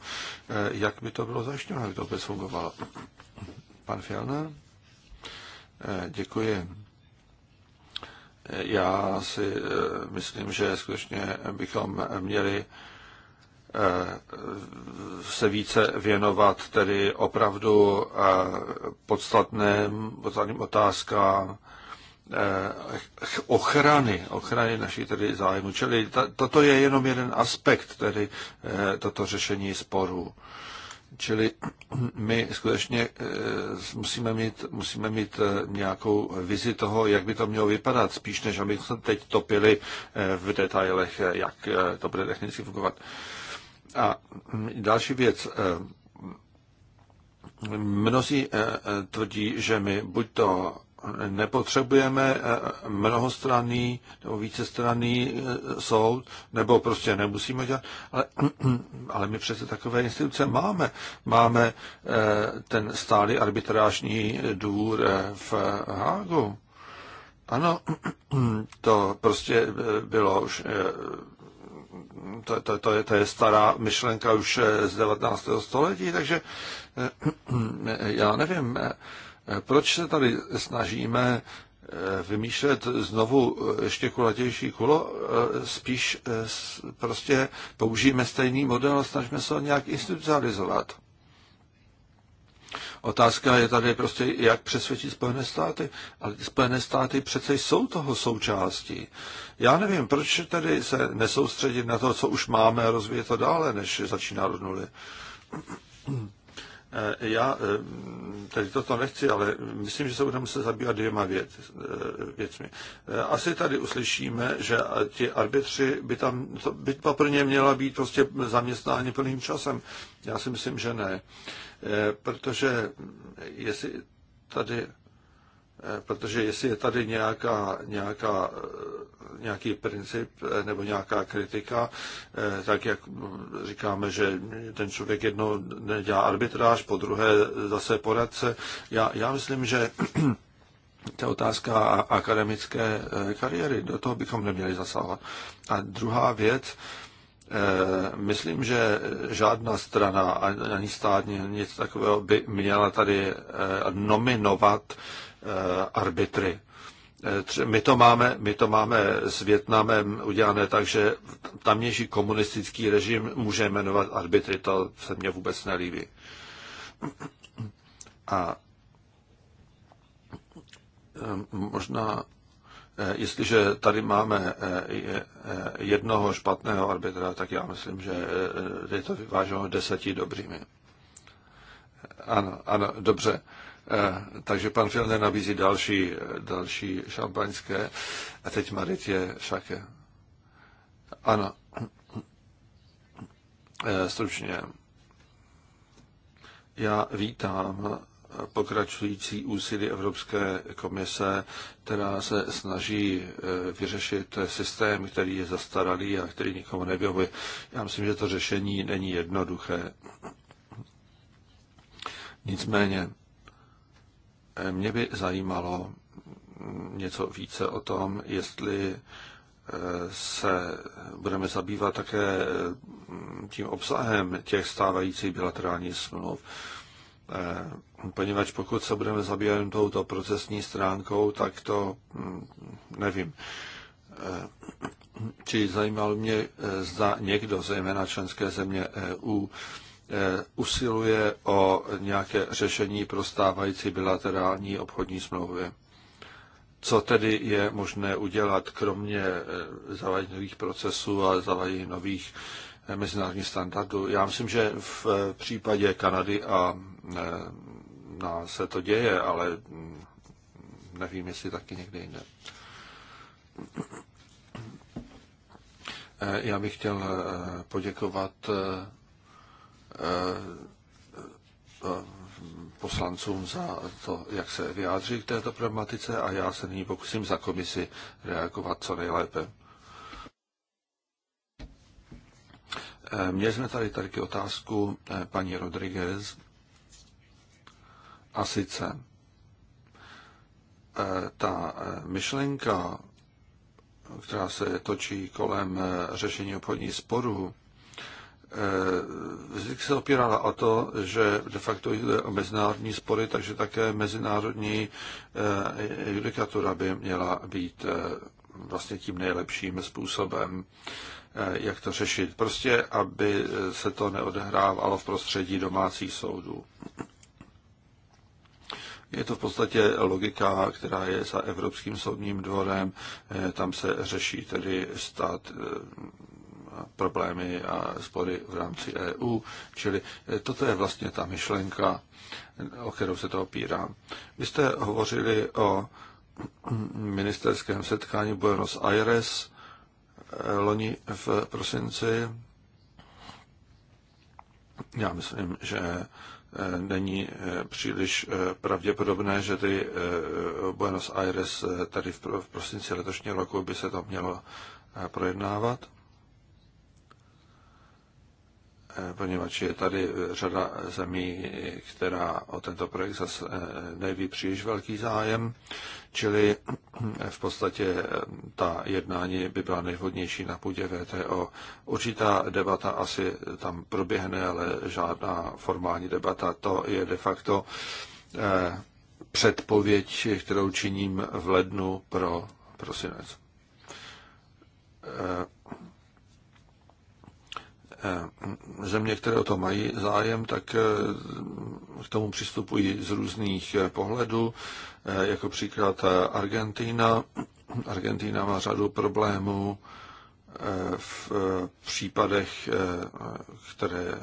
jak by to bylo zajištěno, jak to vůbec fungovalo. Pan Fialner? Děkuji. Já si myslím, že skutečně bychom měli Eh, se více věnovat tedy opravdu eh, podstatným, podstatným otázkám eh, ochrany, ochrany naší tedy zájmu. Čili toto je jenom jeden aspekt, tedy toto řešení sporů. Čili my skutečně musíme mít, musíme mít nějakou vizi toho, jak by to mělo vypadat, spíš než abychom teď topili v detailech, jak to bude technicky fungovat. A mm, další věc. Eh, mnozí eh, eh, tvrdí, že my buď to nepotřebujeme mnohostranný nebo vícestranný soud, nebo prostě nemusíme dělat, ale, ale my přece takové instituce máme. Máme ten stálý arbitrážní důr v Hágu. Ano, to prostě bylo už to, to, to, je, to je stará myšlenka už eh, z 19. století, takže eh, já nevím, eh, proč se tady snažíme vymýšlet znovu ještě kulatější kulo, spíš prostě použijeme stejný model a snažíme se ho nějak institucionalizovat. Otázka je tady prostě, jak přesvědčit Spojené státy. Ale ty Spojené státy přece jsou toho součástí. Já nevím, proč tedy se nesoustředit na to, co už máme a rozvíjet to dále, než začíná od nuly. Eh, já eh, tady toto nechci, ale myslím, že se budeme muset zabývat dvěma věc, eh, věcmi. Asi tady uslyšíme, že ti arbitři by tam, byť by měla být prostě zaměstnání plným časem. Já si myslím, že ne. Protože jestli tady Eh, protože jestli je tady nějaká, nějaká, eh, nějaký princip eh, nebo nějaká kritika, tak jak mm, říkáme, že ten člověk jedno dělá arbitráž, po druhé zase poradce. Já, já myslím, že to je otázka akademické kariéry, do toho bychom neměli zasahovat. A druhá věc, Myslím, že žádná strana, ani stát, nic takového by měla tady nominovat Eh, arbitry. Eh, my to, máme, my to máme s Větnamem udělané tak, že tamnější komunistický režim může jmenovat arbitry, to se mně vůbec nelíbí. A eh, možná, jestliže tady máme jednoho špatného arbitra, tak já myslím, že je to vyváženo deseti dobrými. Ano, ano, dobře. Eh, takže pan Filner nabízí další, další šampaňské a teď je Šake. Ano, eh, stručně. Já vítám pokračující úsilí Evropské komise, která se snaží eh, vyřešit systém, který je zastaralý a který nikomu nevyhovuje. Já myslím, že to řešení není jednoduché. Nicméně mě by zajímalo něco více o tom, jestli eh, se budeme zabývat také mm, tím obsahem těch stávajících bilaterálních smluv, eh, poněvadž pokud se budeme zabývat touto procesní stránkou, tak to mm, nevím. Eh, či zajímalo mě, zda někdo, zejména členské země EU, Eh, usiluje o nějaké řešení pro stávající bilaterální obchodní smlouvy. Co tedy je možné udělat, kromě eh, zavádění nových procesů a zavádění nových eh, mezinárodních standardů? Já myslím, že v případě Kanady a na se to děje, ale hm, nevím, jestli taky někde jinde. Já bych chtěl poděkovat Eh, poslancům za to, jak se vyjádří k této problematice a já se nyní pokusím za komisi reagovat co nejlépe. Eh, měli jsme tady taky otázku eh, paní Rodriguez a sice ta myšlenka, která se točí kolem řešení obchodních sporů, Eh, Vždy se opírala o to, že de facto jde o mezinárodní spory, takže také mezinárodní eh, judikatura by měla být eh, vlastně tím nejlepším způsobem, jak to řešit. Prostě, aby se to neodehrávalo v prostředí domácích soudů. Je to v podstatě logika, která je za Evropským soudním dvorem. Tam se řeší tedy stát problémy a spory v rámci EU. Čili eh, toto je vlastně ta myšlenka, o kterou se to opírá. Vy jste hovořili o ministerském setkání Buenos Aires eh, loni v prosinci. Já myslím, že eh, není příliš pravděpodobné, že ty Buenos Aires tady v prosinci letošního roku by se to mělo projednávat poněvadž je tady eh, řada zemí, která o tento projekt zase eh, neví příliš velký zájem, čili eh, v podstatě ta jednání by byla nejvhodnější na půdě VTO. Určitá debata asi tam proběhne, ale žádná formální debata. To je de facto předpověď, kterou činím v lednu pro prosinec Eh, země, které o to mají zájem, tak eh, k tomu přistupují z různých eh, pohledů, jako příklad Argentina. Argentina má řadu problémů v případech, které,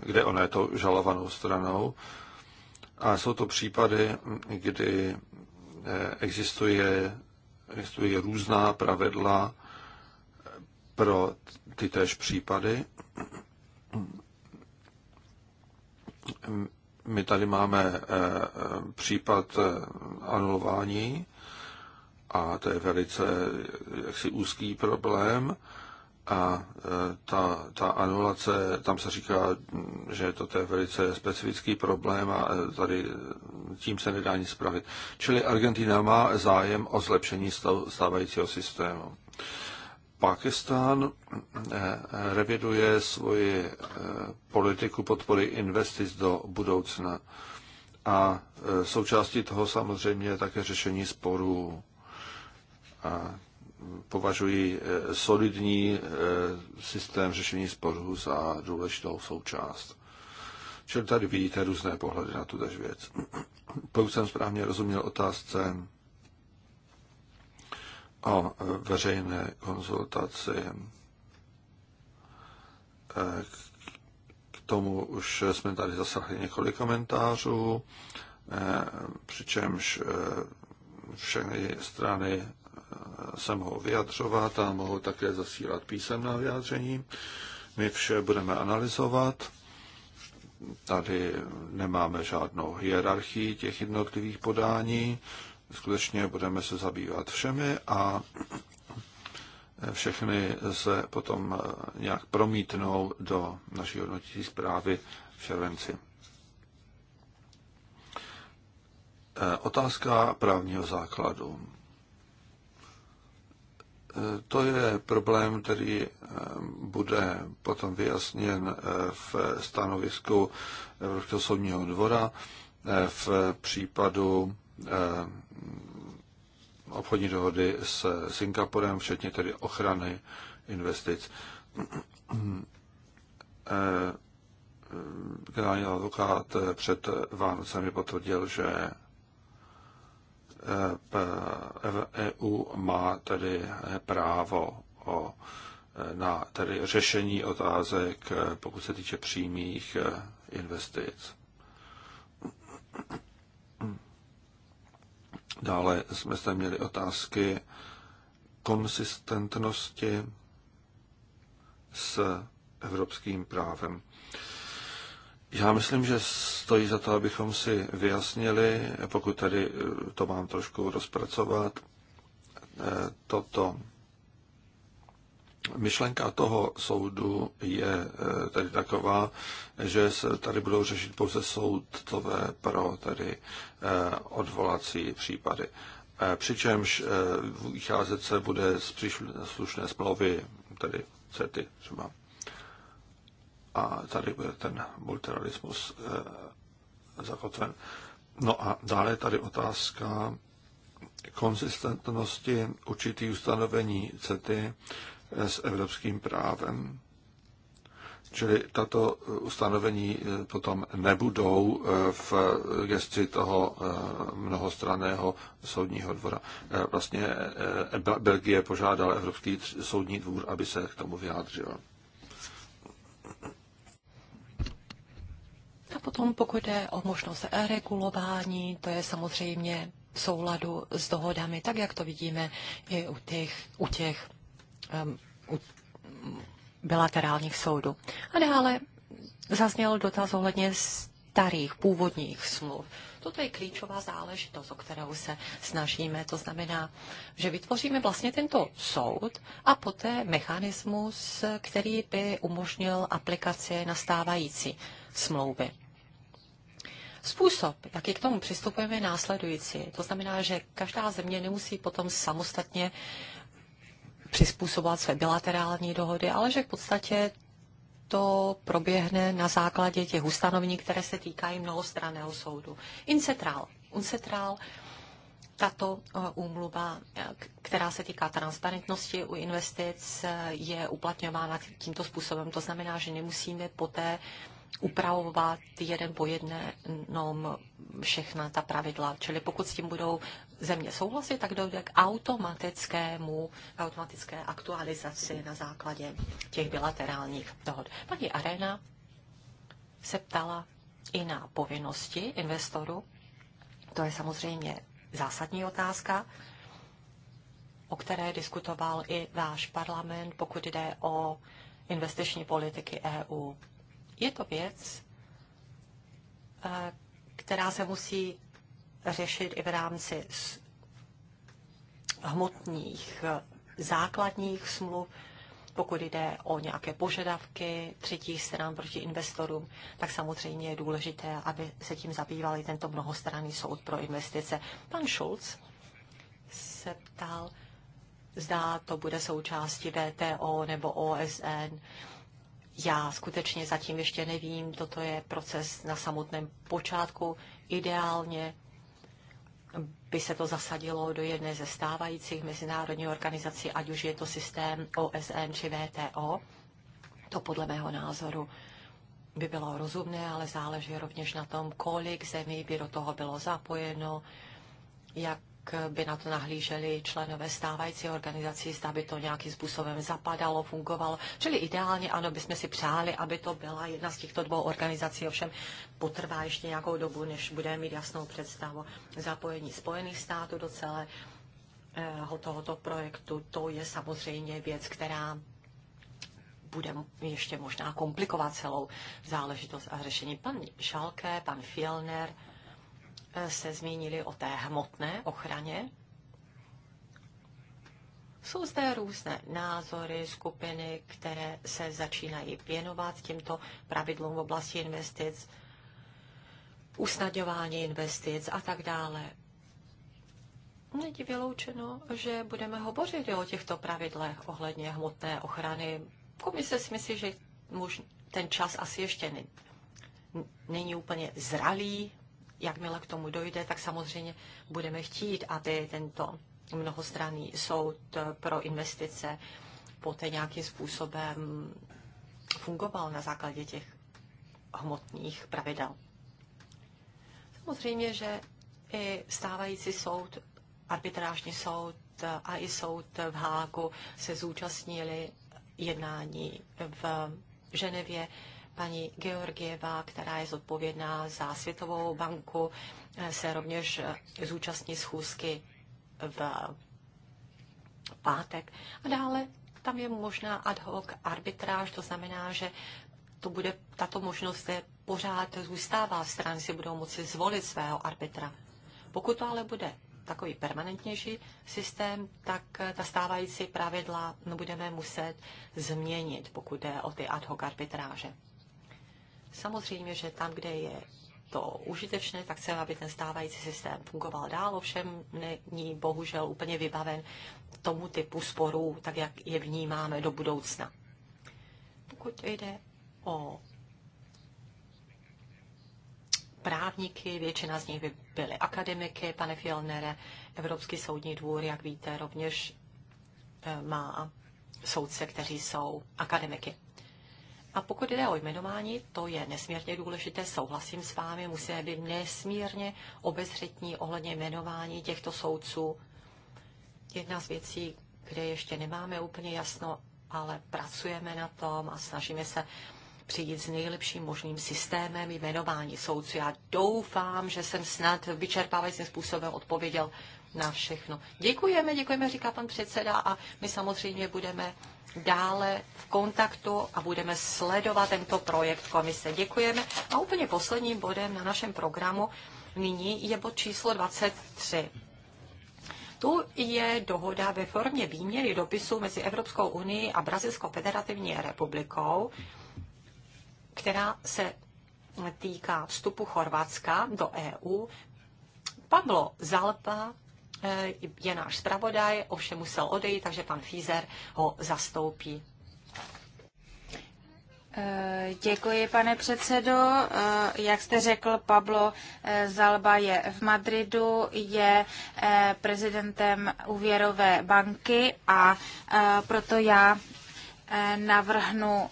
kde ona je to žalovanou stranou. A jsou to případy, kdy existuje, existuje různá pravidla pro ty též případy my tady máme eh, eh, případ eh, anulování a to je velice jaksi úzký problém a ta, ta anulace, tam se říká, že to je velice specifický problém a tady tím se nedá nic spravit. Čili Argentina má zájem o zlepšení stav, stávajícího systému. Pakistán eh, reviduje svoji eh, politiku podpory investic do budoucna a eh, součástí toho samozřejmě je také řešení sporů. A považuji solidní systém řešení sporů za důležitou součást. Čili tady vidíte různé pohledy na tuto věc. Pokud jsem správně rozuměl otázce o veřejné konzultaci. K tomu už jsme tady zasahli několik komentářů, přičemž všechny strany se mohou vyjadřovat a mohou také zasílat písemná vyjádření. My vše budeme analyzovat. Tady nemáme žádnou hierarchii těch jednotlivých podání skutečně budeme se zabývat všemi a všechny se potom nějak promítnou do naší hodnotící zprávy v červenci. Otázka právního základu. To je problém, který bude potom vyjasněn v stanovisku Evropského soudního dvora v případu Eh, obchodní dohody s Singapurem, včetně tedy ochrany investic. Eh, eh, generální advokát před Vánocemi potvrdil, že EU e má tedy právo o, na tedy řešení otázek, pokud se týče přímých investic. Dále jsme tam měli otázky konsistentnosti s evropským právem. Já myslím, že stojí za to, abychom si vyjasnili, pokud tady to mám trošku rozpracovat, eh, toto myšlenka toho soudu je eh, tedy taková, že se tady budou řešit pouze soudové pro tedy eh, odvolací případy. Eh, přičemž vycházet se bude z příslušné smlouvy, tedy CETY třeba. A tady bude ten multilateralismus zakotven. No a dále je tady otázka konzistentnosti určitých ustanovení CETY s evropským právem. Čili tato ustanovení eh, potom nebudou eh, v gesci toho eh, mnohostraného soudního dvora. Vlastně Belgie požádala Evropský soudní dvůr, aby se k tomu vyjádřil. A potom, pokud jde o možnost regulování, to je samozřejmě v souladu s dohodami, tak jak to vidíme i u těch, u těch um, bilaterálních soudů. A dále zazněl dotaz ohledně starých původních smluv. Toto je klíčová záležitost, o kterou se snažíme. To znamená, že vytvoříme vlastně tento soud a poté mechanismus, který by umožnil aplikaci nastávající smlouvy. Způsob, jaký k tomu přistupujeme, je následující. To znamená, že každá země nemusí potom samostatně přizpůsobovat své bilaterální dohody, ale že v podstatě to proběhne na základě těch ustanovení, které se týkají mnohostraného soudu. Incetral. Incetral tato eh, úmluva, eh, která se týká transparentnosti u investic, eh, je uplatňována tímto způsobem. To znamená, že nemusíme poté upravovat jeden po jednom všechna ta pravidla. Čili pokud s tím budou země souhlasit, tak dojde k automatickému, automatické aktualizaci na základě těch bilaterálních dohod. Paní Arena se ptala i na povinnosti investoru. To je samozřejmě zásadní otázka, o které diskutoval i váš parlament, pokud jde o investiční politiky EU. Je to věc, eh, která se musí řešit i v rámci hmotných eh, základních smluv, pokud jde o nějaké požadavky třetích stran proti investorům, tak samozřejmě je důležité, aby se tím zabýval i tento mnohostranný soud pro investice. Pan Schulz se ptal, zda to bude součástí VTO nebo OSN. Já skutečně zatím ještě nevím, toto je proces na samotném počátku. Ideálně by se to zasadilo do jedné ze stávajících mezinárodních organizací, ať už je to systém OSN či VTO. To podle mého názoru by bylo rozumné, ale záleží rovněž na tom, kolik zemí by do toho bylo zapojeno, jak by na to nahlíželi členové stávající organizací, zda by to nějakým způsobem zapadalo, fungovalo. Čili ideálně ano, bychom si přáli, aby to byla jedna z těchto dvou organizací, ovšem potrvá ještě nějakou dobu, než budeme mít jasnou představu zapojení Spojených států do celého eh, tohoto projektu. To je samozřejmě věc, která bude ještě možná komplikovat celou záležitost a řešení. Pan Šalke, pan Fielner, se zmínili o té hmotné ochraně. Jsou zde různé názory, skupiny, které se začínají věnovat těmto pravidlům v oblasti investic, usnadňování investic a tak dále. Není vyloučeno, že budeme hovořit o těchto pravidlech ohledně hmotné ochrany. Komise si myslí, že ten čas asi ještě není úplně zralý jakmile k tomu dojde, tak samozřejmě budeme chtít, aby tento mnohostranný soud pro investice poté nějakým způsobem fungoval na základě těch hmotných pravidel. Samozřejmě, že i stávající soud, arbitrážní soud a i soud v Hágu se zúčastnili jednání v Ženevě paní Georgieva, která je zodpovědná za Světovou banku, eh, se rovněž eh, zúčastní schůzky v pátek. A dále tam je možná ad hoc arbitráž, to znamená, že to bude, tato možnost je pořád zůstává, strany si budou moci zvolit svého arbitra. Pokud to ale bude takový permanentnější systém, tak eh, ta stávající pravidla budeme muset změnit, pokud jde o ty ad hoc arbitráže. Samozřejmě, že tam, kde je to užitečné, tak chceme, aby ten stávající systém fungoval dál, ovšem není bohužel úplně vybaven tomu typu sporů, tak jak je vnímáme do budoucna. Pokud jde o právníky, většina z nich by byly akademiky, pane Fjellnere, Evropský soudní dvůr, jak víte, rovněž eh, má soudce, kteří jsou akademiky. A pokud jde o jmenování, to je nesmírně důležité, souhlasím s vámi, musíme být nesmírně obezřetní ohledně jmenování těchto soudců. Jedna z věcí, kde ještě nemáme úplně jasno, ale pracujeme na tom a snažíme se přijít s nejlepším možným systémem jmenování soudců. Já doufám, že jsem snad vyčerpávajícím způsobem odpověděl na všechno. Děkujeme, děkujeme, říká pan předseda a my samozřejmě budeme dále v kontaktu a budeme sledovat tento projekt komise. Děkujeme. A úplně posledním bodem na našem programu nyní je bod číslo 23. Tu je dohoda ve formě výměry dopisů mezi Evropskou unii a Brazilskou federativní republikou, která se týká vstupu Chorvatska do EU. Pablo Zalpa Eh, je náš zpravodaj, ovšem musel odejít, takže pan Fízer ho zastoupí. Eh, děkuji, pane předsedo. Eh, jak jste řekl, Pablo Zalba je v Madridu, je prezidentem úvěrové banky a proto já navrhnu,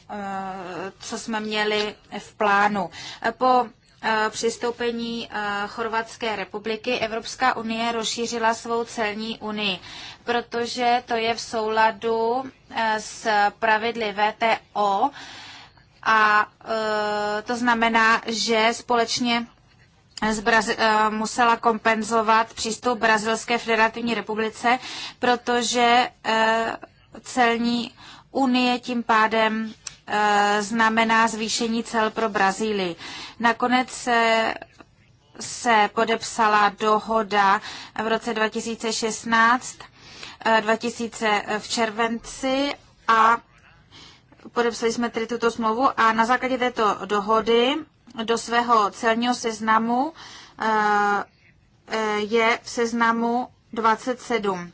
co jsme měli v plánu. Po Eh, přistoupení eh, Chorvatské republiky Evropská unie rozšířila svou celní unii, protože to je v souladu eh, s pravidly VTO a to znamená, že společně musela kompenzovat přístup Brazilské federativní republice, protože celní unie tím pádem Eh, znamená zvýšení cel pro Brazílii. Nakonec eh, se podepsala dohoda v roce 2016 2000 eh, v červenci a podepsali jsme tedy tuto smlouvu a na základě této dohody do svého celního seznamu je v seznamu 27,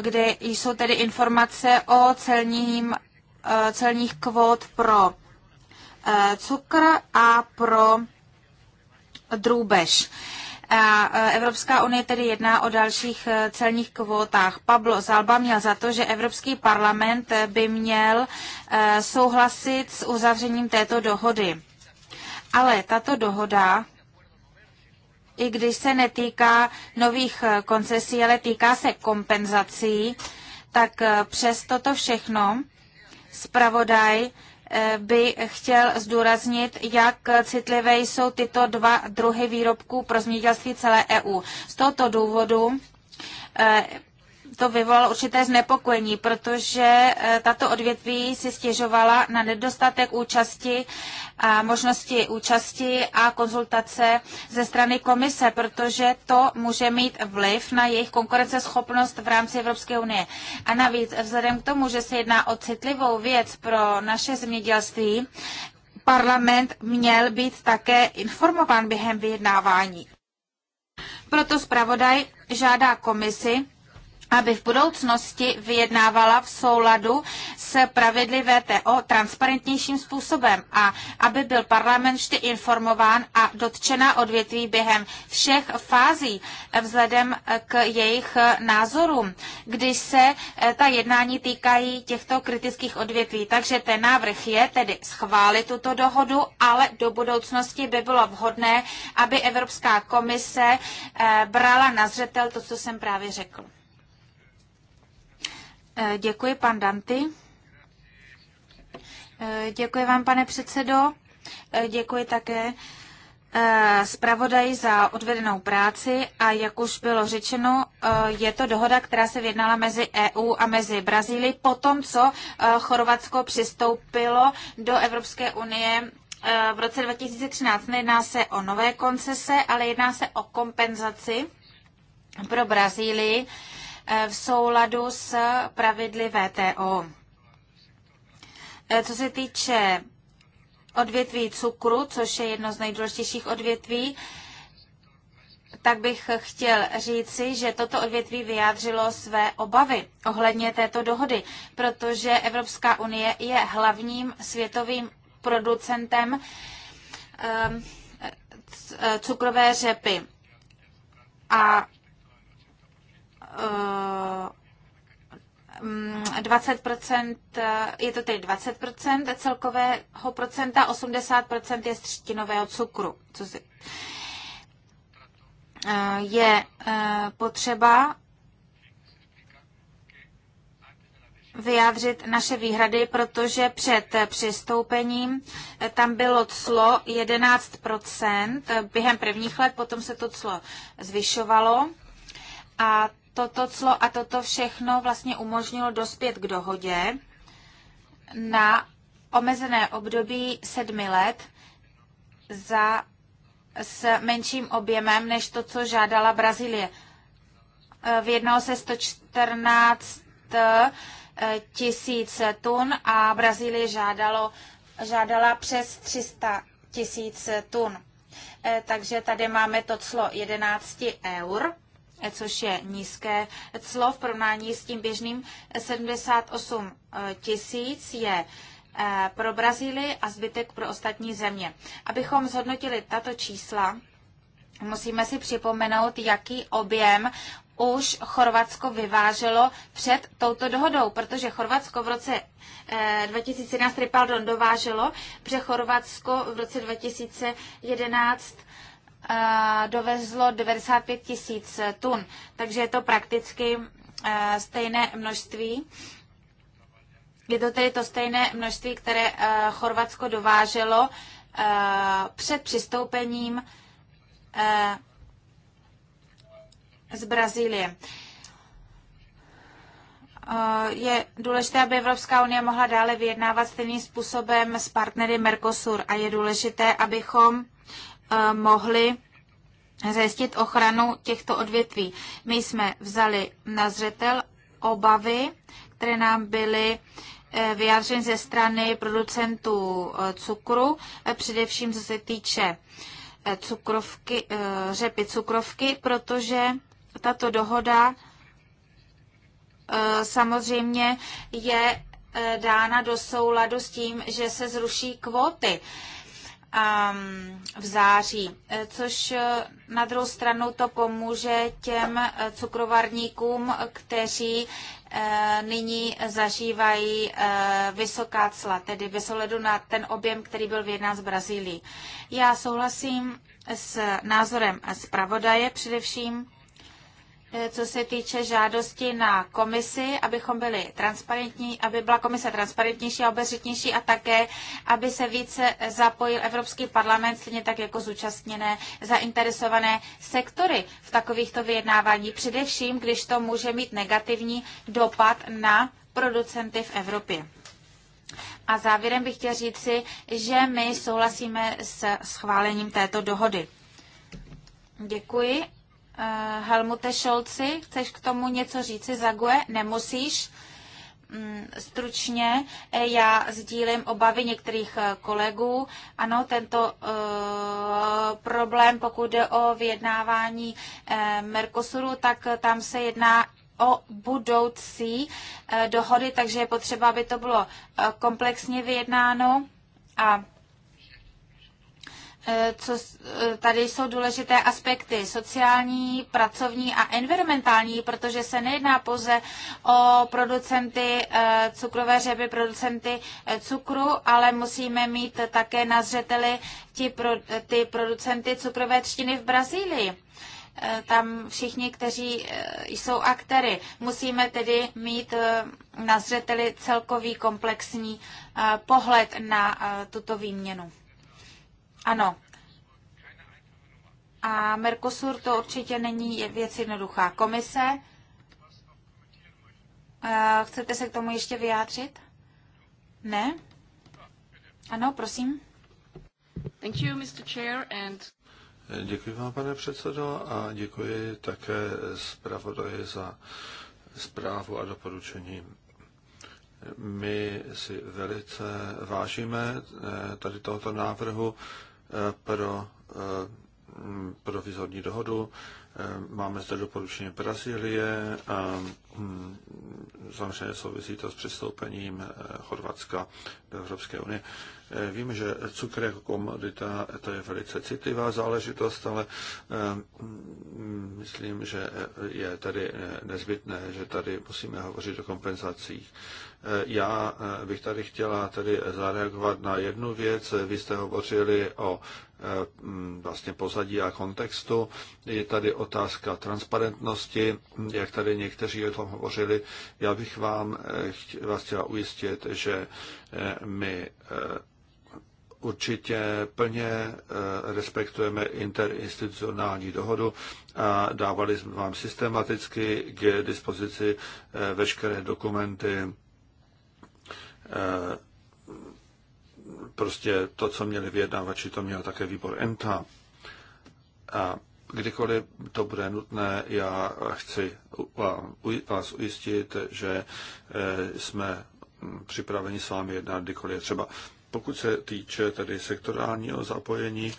kde jsou tedy informace o celním Eh, celních kvót pro eh, cukr a pro drůbež. A eh, Evropská unie tedy jedná o dalších celních kvótách. Pablo Zalba měl za to, že Evropský parlament by měl souhlasit s uzavřením této dohody. Ale tato dohoda, i když se netýká nových koncesí, ale týká se kompenzací, tak přes toto všechno zpravodaj eh, by chtěl zdůraznit, jak citlivé jsou tyto dva druhy výrobků pro zemědělství celé EU. Z tohoto důvodu eh, to vyvolalo určité znepokojení, protože eh, tato odvětví si stěžovala na nedostatek účasti a možnosti účasti a konzultace ze strany komise, protože to může mít vliv na jejich konkurenceschopnost v rámci Evropské unie. A navíc vzhledem k tomu, že se jedná o citlivou věc pro naše zemědělství, parlament měl být také informován během vyjednávání. Proto zpravodaj žádá komisi, aby v budoucnosti vyjednávala v souladu s pravidly VTO transparentnějším způsobem a aby byl parlament vždy informován a dotčena odvětví během všech fází vzhledem k jejich názorům, když se eh, ta jednání týkají těchto kritických odvětví. Takže ten návrh je tedy schválit tuto dohodu, ale do budoucnosti by bylo vhodné, aby Evropská komise eh, brala na zřetel to, co jsem právě řekl. Eh, děkuji, pan Danty. Eh, děkuji vám, pane předsedo. Eh, děkuji také zpravodaj za odvedenou práci a jak už bylo řečeno, je to dohoda, která se vyjednala mezi EU a mezi Brazílií po tom, co Chorvatsko přistoupilo do Evropské unie v roce 2013. Nejedná se o nové koncese, ale jedná se o kompenzaci pro Brazílii Eh, v souladu s pravidly VTO. Eh, co se týče odvětví cukru, což je jedno z nejdůležitějších odvětví, tak bych chtěl říci, že toto odvětví vyjádřilo své obavy ohledně této dohody, protože Evropská unie je hlavním světovým producentem eh, cukrové řepy. A 20%, eh, mm, eh, je to tedy 20% celkového procenta, 80% je z třtinového cukru. Co si, eh, je potřeba vyjádřit naše výhrady, protože před přistoupením tam bylo clo 11% během prvních let, potom se to clo zvyšovalo a toto clo a toto všechno vlastně umožnilo dospět k dohodě na omezené období sedmi let za, s menším objemem než to, co žádala Brazílie. E, jednoho se 114 e, tisíc tun a Brazílie žádalo, žádala přes 300 tisíc tun. E, takže tady máme to clo 11 eur což je nízké clo v porovnání s tím běžným 78 eh, tisíc je eh, pro Brazílii a zbytek pro ostatní země. Abychom zhodnotili tato čísla, musíme si připomenout, jaký objem už Chorvatsko vyváželo před touto dohodou, protože Chorvatsko v roce 2011, eh, pardon, dováželo, protože Chorvatsko v roce 2011 dovezlo 95 tisíc tun, takže je to prakticky e, stejné množství. Je to tedy to stejné množství, které e, Chorvatsko dováželo e, před přistoupením z Brazílie. Je důležité, aby Evropská unie mohla dále vyjednávat stejným způsobem s partnery Mercosur a je důležité, abychom Eh, mohli zajistit ochranu těchto odvětví. My jsme vzali na zřetel obavy, které nám byly eh, vyjádřeny ze strany producentů eh, cukru, především co se týče cukrovky, řepy cukrovky, protože tato dohoda samozřejmě je dána do souladu s tím, že se zruší kvóty Mm, v září, e, což e, na druhou stranu to pomůže těm e, cukrovarníkům, kteří nyní zažívají vysoká cla, tedy bez ohledu na ten objem, který byl v jedná z Brazílii. Já souhlasím s názorem zpravodaje především, Eh, co se týče žádosti na komisi, abychom byli transparentní, aby byla komise transparentnější a obezřetnější a také, aby se více zapojil Evropský parlament, stejně tak jako zúčastněné zainteresované sektory v takovýchto vyjednávání, především když to může mít negativní dopad na producenty v Evropě. A závěrem bych chtěl říci, že my souhlasíme s schválením této dohody. Děkuji Eh, Helmute Šolci, chceš k tomu něco říci Zague? Nemusíš. Mm, Stručně eh, já sdílím obavy některých eh, kolegů. Ano, tento uh, problém, pokud jde o vyjednávání uh, Mercosuru, tak tam se jedná o budoucí uh, dohody, takže je potřeba, aby to bylo komplexně vyjednáno. A Eh, co, eh, tady jsou důležité aspekty sociální, pracovní a environmentální, protože se nejedná pouze o producenty eh, cukrové řepy, producenty cukru, ale musíme mít také na zřeteli ty, pro, ty producenty cukrové třtiny v Brazílii tam všichni, kteří jsou aktéry. Musíme tedy mít na zřeteli celkový komplexní pohled na tuto výměnu. Ano. A Mercosur to určitě není věc jednoduchá. Komise, eh, chcete se k tomu ještě vyjádřit? Ne? Ano, prosím. Thank you, Mr. Chair, and... Eh, děkuji vám, pane předsedo, a děkuji také zpravodaji za zprávu a doporučení. My si velice vážíme eh, tady tohoto návrhu pro eh, provizorní dohodu. Eh, máme zde doporučení Brazílie, hm, samozřejmě souvisí to s přistoupením eh, Chorvatska do Evropské unie. Vím, že cukr jako komodita to je velice citlivá záležitost, ale hm, myslím, že je tady nezbytné, že tady musíme hovořit o kompenzacích. Eh, já eh, bych tady chtěla tady zareagovat na jednu věc. Vy jste hovořili o eh, mm, vlastně pozadí a kontextu. Je tady otázka transparentnosti, jak tady někteří o tom hovořili. Já bych vám vás chtěla ujistit, že my určitě plně respektujeme interinstitucionální dohodu a dávali jsme vám systematicky k dispozici veškeré dokumenty Eh, prostě to, co měli vyjednávači, to měl také výbor ENTA. A kdykoliv to bude nutné, já chci vás ujistit, že eh, jsme připraveni s vámi jednat kdykoliv je třeba. Pokud se týče tedy sektorálního zapojení,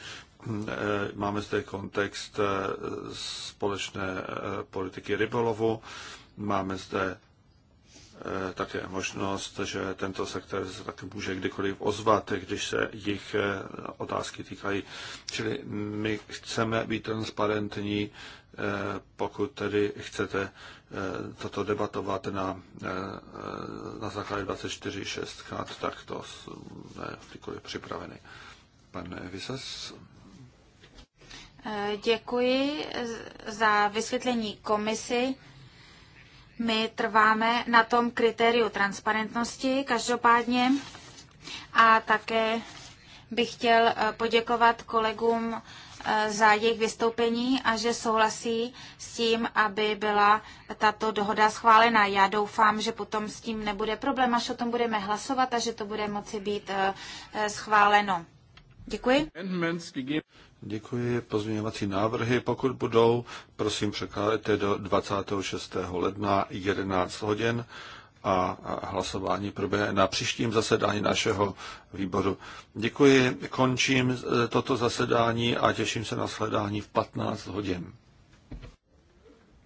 hm, eh, máme zde kontext společné politiky rybolovu, máme zde Eh, také možnost, že tento sektor se také může kdykoliv ozvat, když se jich eh, otázky týkají. Čili my chceme být transparentní, eh, pokud tedy chcete toto debatovat na, na základě 24.6 krát, tak to jsme kdykoliv připraveni. Pan Vises. Děkuji za vysvětlení komisi. My trváme na tom kritériu transparentnosti každopádně a také bych chtěl eh, poděkovat kolegům eh, za jejich vystoupení a že souhlasí s tím, aby byla tato dohoda schválena. Já doufám, že potom s tím nebude problém, až o tom budeme hlasovat a že to bude moci být eh, schváleno. Děkuji. Děkuji. Pozměňovací návrhy, pokud budou, prosím překládejte do 26. ledna 11 hodin a hlasování proběhne na příštím zasedání našeho výboru. Děkuji, končím toto zasedání a těším se na sledání v 15 hodin.